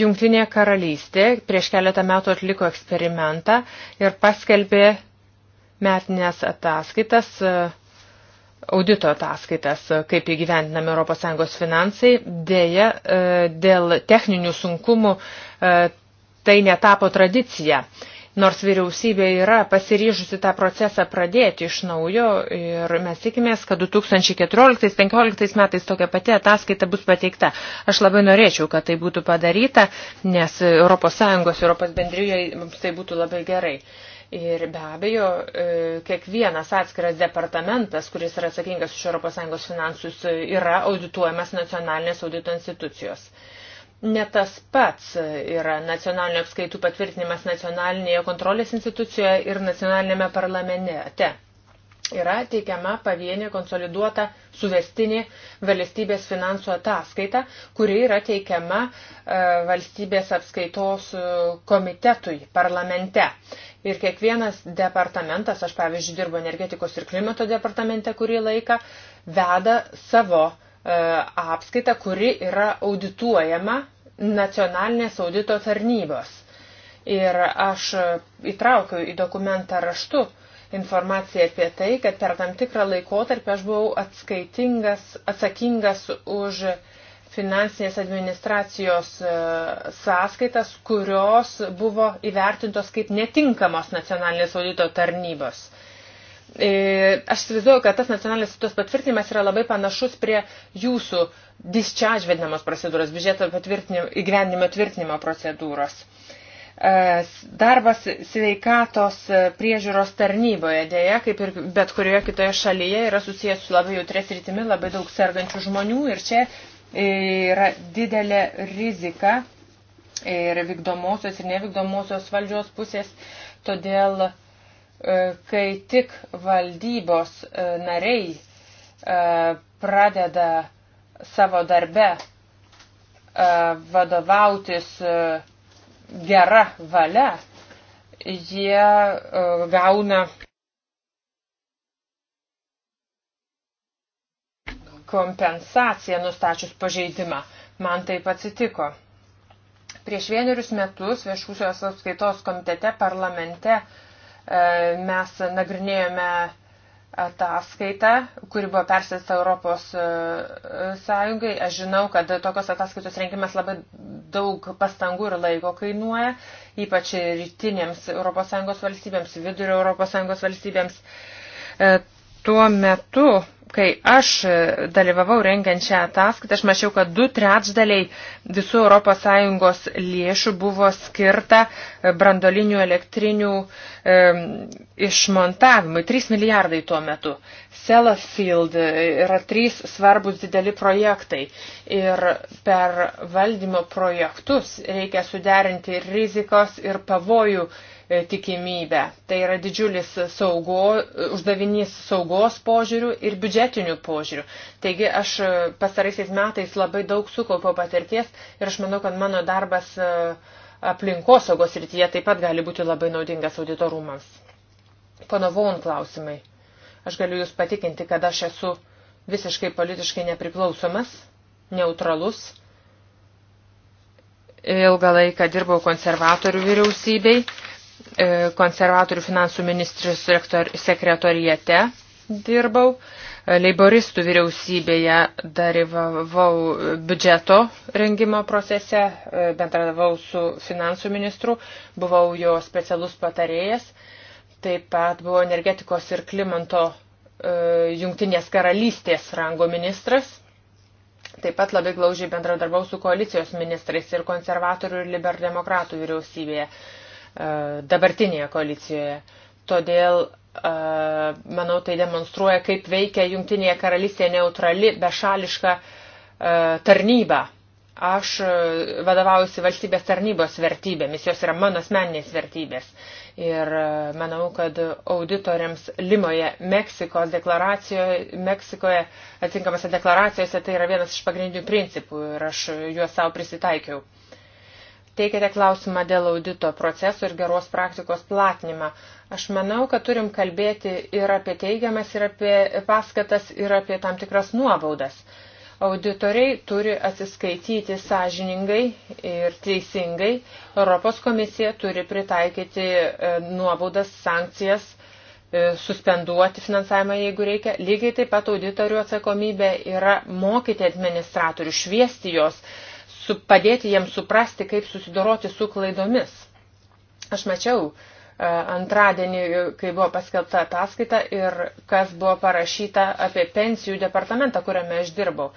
Jungtinė karalystė prieš keletą metų atliko eksperimentą ir paskelbė metinės ataskaitas uh, audito ataskaitas, kaip įgyventinami ES finansai. Deja, e, dėl techninių sunkumų e, tai netapo tradicija. Nors vyriausybė yra pasiryžusi tą procesą pradėti iš naujo ir mes tikimės, kad 2014-2015 metais tokia pati ataskaita bus pateikta. Aš labai norėčiau, kad tai būtų padaryta, nes ES, Europos bendrijoje tai būtų labai gerai. Uh, Ir be abejo, e, kiekvienas atskiras departamentas, kuris yra atsakingas už ES finansus, e, yra audituojamas nacionalinės audito institucijos. Ne tas pats e, yra nacionalinio apskaitų patvirtinimas nacionalinėje kontrolės institucijoje ir nacionalinėme parlamente yra teikiama pavienė konsoliduota suvestinė valstybės finansų ataskaita, kuri yra teikiama e, valstybės apskaitos e, komitetui parlamente. Ir kiekvienas departamentas, aš pavyzdžiui dirbu energetikos ir klimato departamente kurį laiką, veda savo e, apskaitą, kuri yra audituojama nacionalinės audito tarnybos. Ir aš įtraukiu į dokumentą raštu, informaciją apie tai, kad per tam tikrą laikotarpį aš buvau atsakingas už finansinės administracijos e, sąskaitas, kurios buvo įvertintos kaip netinkamos nacionalinės audito tarnybos. E, aš įsivaizduoju, kad tas nacionalinis auditos patvirtinimas yra labai panašus prie jūsų discharge vadinamos procedūros, biudžeto įgyvendinimo tvirtinimo procedūros. Darbas sveikatos priežiūros tarnyboje dėja, kaip ir bet kurioje kitoje šalyje, yra susijęs su labai jautrės rytimi, labai daug sergančių žmonių ir čia e, yra didelė rizika ir vykdomosios ir nevykdomosios valdžios pusės. Todėl, e, kai tik valdybos e, nariai pradeda savo darbe vadovautis gera valia jie e, gauna kompensaciją nustačius pažeidimą. Man taip atsitiko. Prieš vienerius metus viešusios apskaitos komitete parlamente e, mes nagrinėjome ataskaitą, kuri buvo persėsta Europos e, Sąjungai. Aš žinau, kad tokios ataskaitos rengimas labai daug pastangų ir laiko kainuoja, ypač rytinėms Europos Sąjungos valstybėms, vidurio Europos Sąjungos valstybėms. E, tuo metu, kai aš dalyvavau rengiant šią ataskaitą, aš mačiau, kad du trečdaliai visų ES lėšų buvo skirta e, brandolinių elektrinių e, išmontavimui. 3 milijardai tuo metu. Sellafield e, yra trys svarbus dideli projektai. Ir per valdymo projektus reikia suderinti rizikos ir pavojų E, tikimybę. Tai yra didžiulis saugo, uždavinys saugos požiūrių ir biudžetinių požiūrių. Taigi aš e, pasaraisiais metais labai daug sukaupiau patirties ir aš manau, kad mano darbas e, aplinkosaugos rytyje taip pat gali būti labai naudingas auditorumams. Pono Vaun klausimai. Aš galiu Jūs patikinti, kad aš esu visiškai politiškai nepriklausomas, neutralus ilgą laiką dirbau konservatorių vyriausybei E, konservatorių finansų ministrius sekretorijate dirbau, e, leiboristų vyriausybėje dalyvavau biudžeto rengimo procese, e, bendradavau su finansų ministru, buvau jo specialus patarėjas, taip pat buvau energetikos ir klimato jungtinės karalystės rango ministras. Taip pat labai glaužiai bendradarbau su koalicijos ministrais ir konservatorių ir liberdemokratų vyriausybėje. E, dabartinėje koalicijoje. Todėl, e, manau, tai demonstruoja, kaip veikia Jungtinėje karalystėje neutrali, bešališka e, tarnyba. Aš vadovaujusi valstybės tarnybos vertybėmis, jos yra mano asmeninės vertybės. Ir manau, kad auditoriams Limoje, Meksikos deklaracijoje, Meksikoje atsinkamose deklaracijose tai yra vienas iš pagrindinių principų ir aš juos savo prisitaikiau. Uh, teikėte klausimą dėl audito proceso ir geros praktikos platinimą. Aš manau, kad turim kalbėti ir apie teigiamas, ir apie paskatas, ir apie tam tikras nuobaudas. Auditoriai turi atsiskaityti sąžiningai ir teisingai. Europos komisija turi pritaikyti e, nuobaudas, sankcijas, e, suspenduoti finansavimą, jeigu reikia. Lygiai taip pat auditorių atsakomybė yra mokyti administratorių, šviesti jos su, padėti jiems suprasti, kaip susidoroti su klaidomis. Aš mačiau e, antradienį, kai buvo paskelbta ataskaita ir kas buvo parašyta apie pensijų departamentą, kuriame aš dirbau.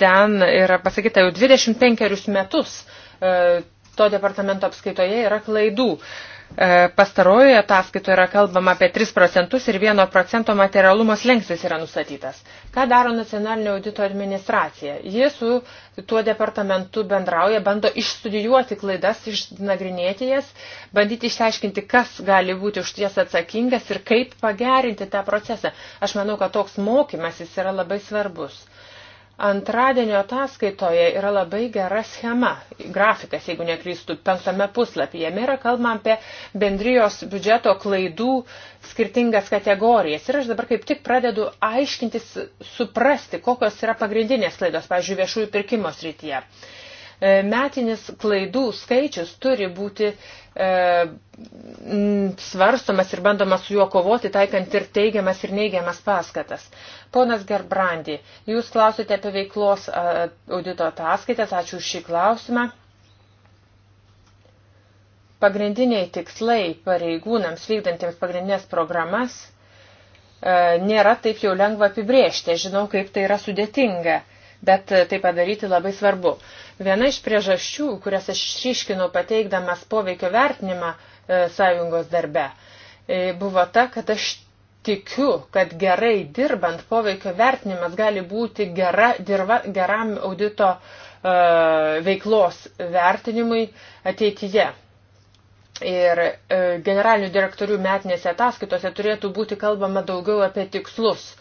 Ten yra pasakyta jau 25 metus e, to departamento apskaitoje yra klaidų. E, pastarojoje ataskaitoje yra kalbama apie 3 procentus ir 1 procento materialumo slengstis yra nustatytas. Ką daro nacionalinio audito administracija? Ji su tuo departamentu bendrauja, bando išstudijuoti klaidas, išnagrinėti jas, bandyti išsiaiškinti, kas gali būti už ties atsakingas ir kaip pagerinti tą procesą. Aš manau, kad toks mokymasis yra labai svarbus. Antradienio ataskaitoje yra labai gera schema, grafikas, jeigu neklystų, penktame puslapyje. Jame yra kalbama apie bendrijos biudžeto klaidų skirtingas kategorijas. Ir aš dabar kaip tik pradedu aiškintis, suprasti, kokios yra pagrindinės klaidos, pavyzdžiui, viešųjų pirkimo srityje. E, metinis klaidų skaičius turi būti e, svarstomas ir bandoma su juo kovoti, taikant ir teigiamas ir neigiamas paskatas. Ponas Gerbrandy, jūs klausite apie veiklos audito ataskaitas, ačiū už šį klausimą. Pagrindiniai tikslai pareigūnams vykdantiems pagrindinės programas e, nėra taip jau lengva apibriežti. Žinau, kaip tai yra sudėtinga, bet tai padaryti labai svarbu. Viena iš priežasčių, kurias aš išryškinau pateikdamas poveikio vertinimą e, sąjungos darbe, e, buvo ta, kad aš tikiu, kad gerai dirbant poveikio vertinimas gali būti gera, dirba, geram audito uh, veiklos vertinimui ateityje. Ir uh, generalinių direktorių metinėse ataskaitose turėtų būti kalbama daugiau apie tikslus,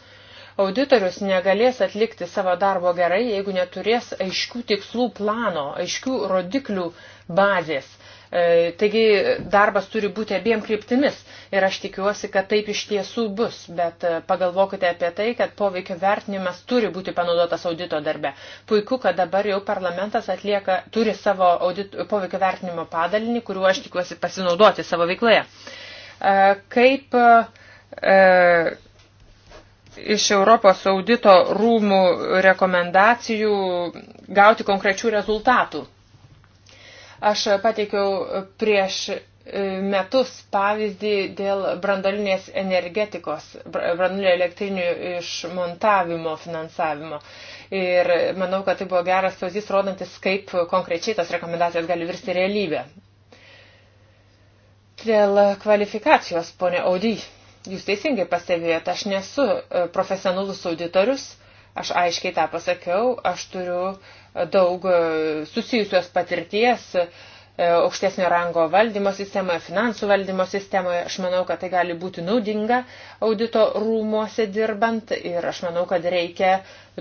Auditorius negalės atlikti savo darbo gerai, jeigu neturės aiškių tikslų plano, aiškių rodiklių bazės. E, taigi darbas turi būti abiem kryptimis ir aš tikiuosi, kad taip iš tiesų bus, bet e, pagalvokite apie tai, kad poveikio vertinimas turi būti panaudotas audito darbe. Puiku, kad dabar jau parlamentas atlieka, turi savo audit, poveikio vertinimo padalinį, kuriuo aš tikiuosi pasinaudoti savo veikloje. E, kaip iš Europos audito rūmų rekomendacijų gauti konkrečių rezultatų. Aš pateikiau prieš e, metus pavyzdį dėl brandalinės energetikos, brandalinio elektrinių išmontavimo finansavimo. Ir manau, kad tai buvo geras pavyzdys, rodantis, kaip konkrečiai tas rekomendacijas gali virsti realybę. Dėl kvalifikacijos, ponė Audy, Jūs teisingai pastebėjote, aš nesu e, profesionalus auditorius, aš aiškiai tą pasakiau, aš turiu e, daug e, susijusios patirties aukštesnio rango valdymo sistemoje, finansų valdymo sistemoje. Aš manau, kad tai gali būti naudinga audito rūmuose dirbant ir aš manau, kad reikia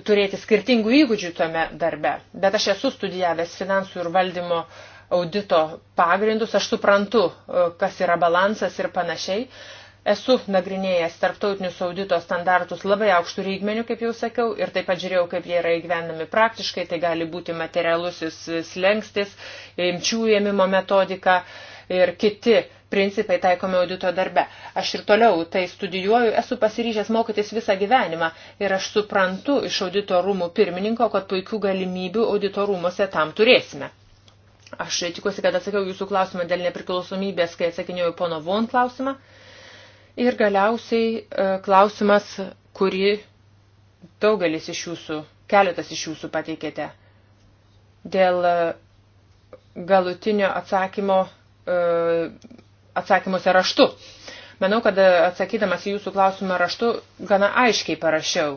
turėti skirtingų įgūdžių tame darbe. Bet aš esu studijavęs finansų ir valdymo audito pagrindus, aš suprantu, kas yra balansas ir panašiai. Esu nagrinėjęs tarptautinius audito standartus labai aukštų lygmenių, kaip jau sakiau, ir taip pat žiūrėjau, kaip jie yra įgyvenami praktiškai, tai gali būti materialusis slengstis, imčių ėmimo metodika ir kiti principai taikomi audito darbe. Aš ir toliau tai studijuoju, esu pasiryžęs mokytis visą gyvenimą ir aš suprantu iš audito rūmų pirmininko, kad puikių galimybių audito rūmose tam turėsime. Aš tikiuosi, kad atsakiau jūsų klausimą dėl nepriklausomybės, kai atsakinėjau pono Von klausimą. Uh, Ir galiausiai e, klausimas, kurį daugelis iš jūsų, keletas iš jūsų pateikėte dėl e, galutinio atsakymo, e, atsakymuose raštu. Manau, kad atsakydamas į jūsų klausimą raštu gana aiškiai parašiau.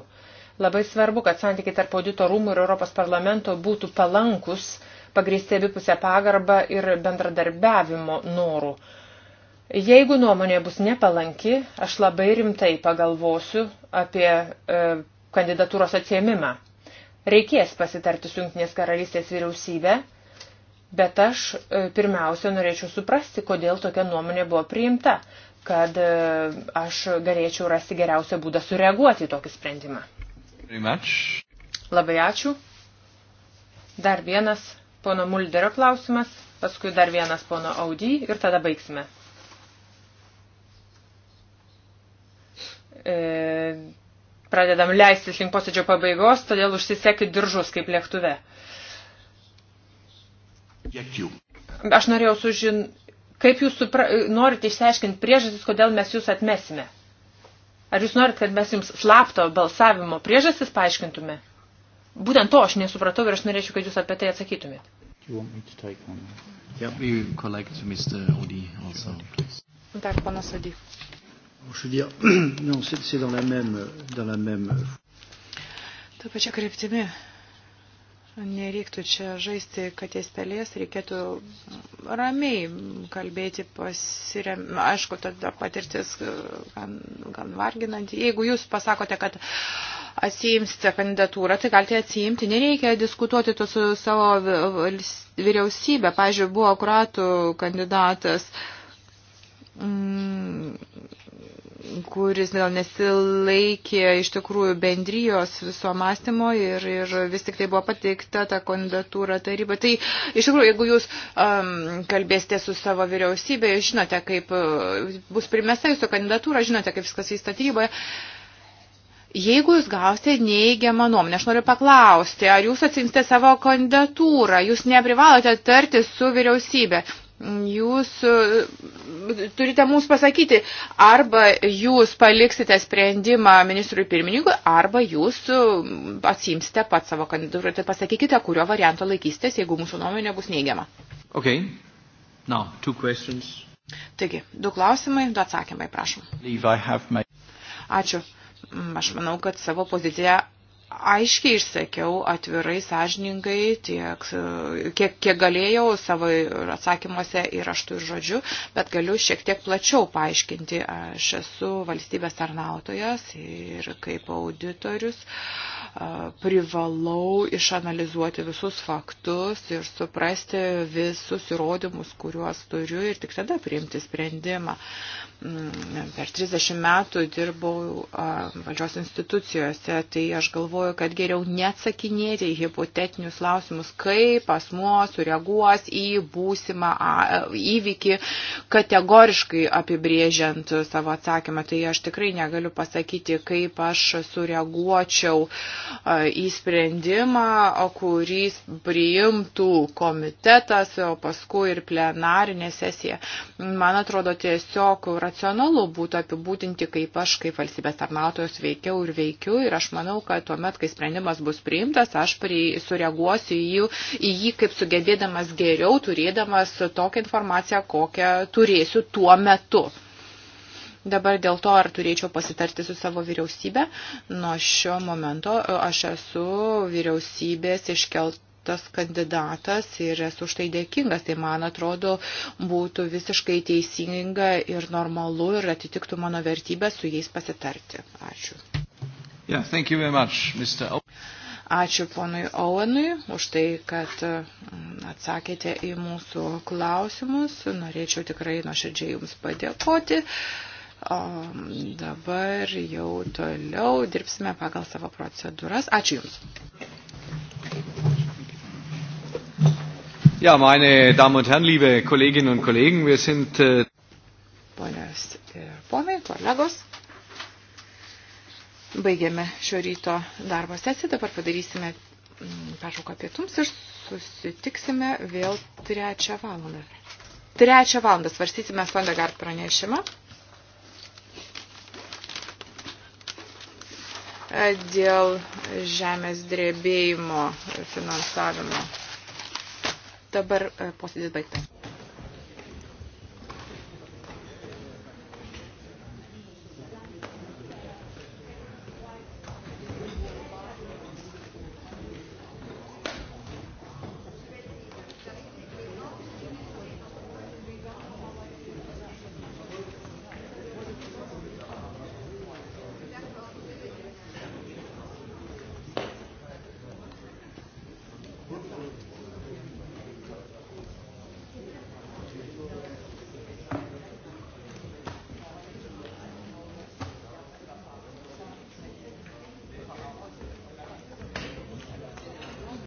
Labai svarbu, kad santykiai tarp audito rūmų ir Europos parlamento būtų palankus, pagrįsti abipusę pagarbą ir bendradarbiavimo norų. Jeigu nuomonė bus nepalanki, aš labai rimtai pagalvosiu apie e, kandidatūros atsiemimą. Reikės pasitarti su Junktinės karalystės vyriausybė, bet aš e, pirmiausia norėčiau suprasti, kodėl tokia nuomonė buvo priimta, kad e, aš galėčiau rasti geriausią būdą sureaguoti į tokį sprendimą. Labai ačiū. Dar vienas pono Mulderio klausimas, paskui dar vienas pono Audi ir tada baigsime. E, pradedam leistis link posėdžio pabaigos, todėl užsisekit diržus kaip lėktuve. Aš norėjau sužin, kaip jūs supra... norite išsiaiškinti priežastis, kodėl mes jūs atmesime. Ar jūs norit, kad mes jums slapto balsavimo priežastis paaiškintume? Būtent to aš nesupratau ir aš norėčiau, kad jūs apie tai atsakytumėte. Yep, Dar ponas Odį je veux dire, non, c'est dans la même. Dans la même... Euh, Ta pačia kryptimi. Nereiktų čia žaisti katės pelės, reikėtų ramiai kalbėti, pasirem... aišku, tada patirtis e, gan, gan varginanti. Jeigu jūs pasakote, kad atsiimsite kandidatūrą, tai galite atsiimti, nereikia diskutuoti to su savo vyriausybė. Pavyzdžiui, buvo kuratų kandidatas. Mm, kuris gal nesilaikė iš tikrųjų bendrijos viso mąstymo ir, ir vis tik tai buvo pateikta ta kandidatūra taryba. Tai iš tikrųjų, jeigu jūs um, kalbėsite su savo vyriausybė, žinote, kaip uh, bus primesta jūsų kandidatūra, žinote, kaip viskas vyksta taryboje. Jeigu jūs gausite neįgiamą nuomonę, aš noriu paklausti, ar jūs atsinsite savo kandidatūrą, jūs neprivalote tartis su vyriausybė jūs e, turite mums pasakyti, arba jūs paliksite sprendimą ministrui pirmininkui, arba jūs e, atsimsite pat savo kandidatūrą. Tai pasakykite, kurio varianto laikysitės, jeigu mūsų nuomonė bus neigiama. Okay. Now, two questions. Taigi, du klausimai, du atsakymai, prašom. Leave, my... Ačiū. Mm, aš manau, kad savo poziciją aiškiai išsakiau atvirai, sąžiningai, tiek, kiek, kiek galėjau savo atsakymuose ir aštų ir žodžių, bet galiu šiek tiek plačiau paaiškinti. Aš esu valstybės tarnautojas ir kaip auditorius privalau išanalizuoti visus faktus ir suprasti visus įrodymus, kuriuos turiu ir tik tada priimti sprendimą. Mm, per 30 metų dirbau valdžios institucijose, tai aš galvoju, kad geriau neatsakinėti į hipotetinius klausimus, kaip asmuo sureaguos į būsimą įvykį, kategoriškai apibrėžiant savo atsakymą. Tai aš tikrai negaliu pasakyti, kaip aš sureaguočiau uh, į sprendimą, kurį priimtų komitetas, o paskui ir plenarinė sesija. Man atrodo, tiesiog racionalu būtų apibūdinti, kaip aš kaip valstybės tarnautojos veikiau ir veikiu. Ir aš manau, kad tuomet, kai sprendimas bus priimtas, aš prie, sureaguosiu į jį, į jį kaip sugebėdamas geriau, turėdamas tokią informaciją, kokią turėsiu tuo metu. Dabar dėl to, ar turėčiau pasitarti su savo vyriausybė, nuo šio momento e, aš esu vyriausybės iškelt tas kandidatas ir esu už tai dėkingas. Tai man atrodo būtų visiškai teisinga ir normalu ir atitiktų mano vertybę su jais pasitarti. Ačiū. Yeah, thank you very much, Mr. O Ačiū ponui Owenui už tai, kad mm, atsakėte į mūsų klausimus. Norėčiau tikrai nuoširdžiai Jums padėkoti. O dabar jau toliau dirbsime pagal savo procedūras. Ačiū Jums. Ja, meine Damen und Herren, liebe Kolleginnen und Kollegen, wir sind. Äh Ponios ir ponai, kolegos, baigėme šio ryto darbo sesiją, dabar padarysime mm, peršauką pietums ir susitiksime vėl trečią valandą. Trečią valandą svarstysime Sondegard pranešimą. dėl žemės drebėjimo finansavimo. Dabar e, posėdis baigtas.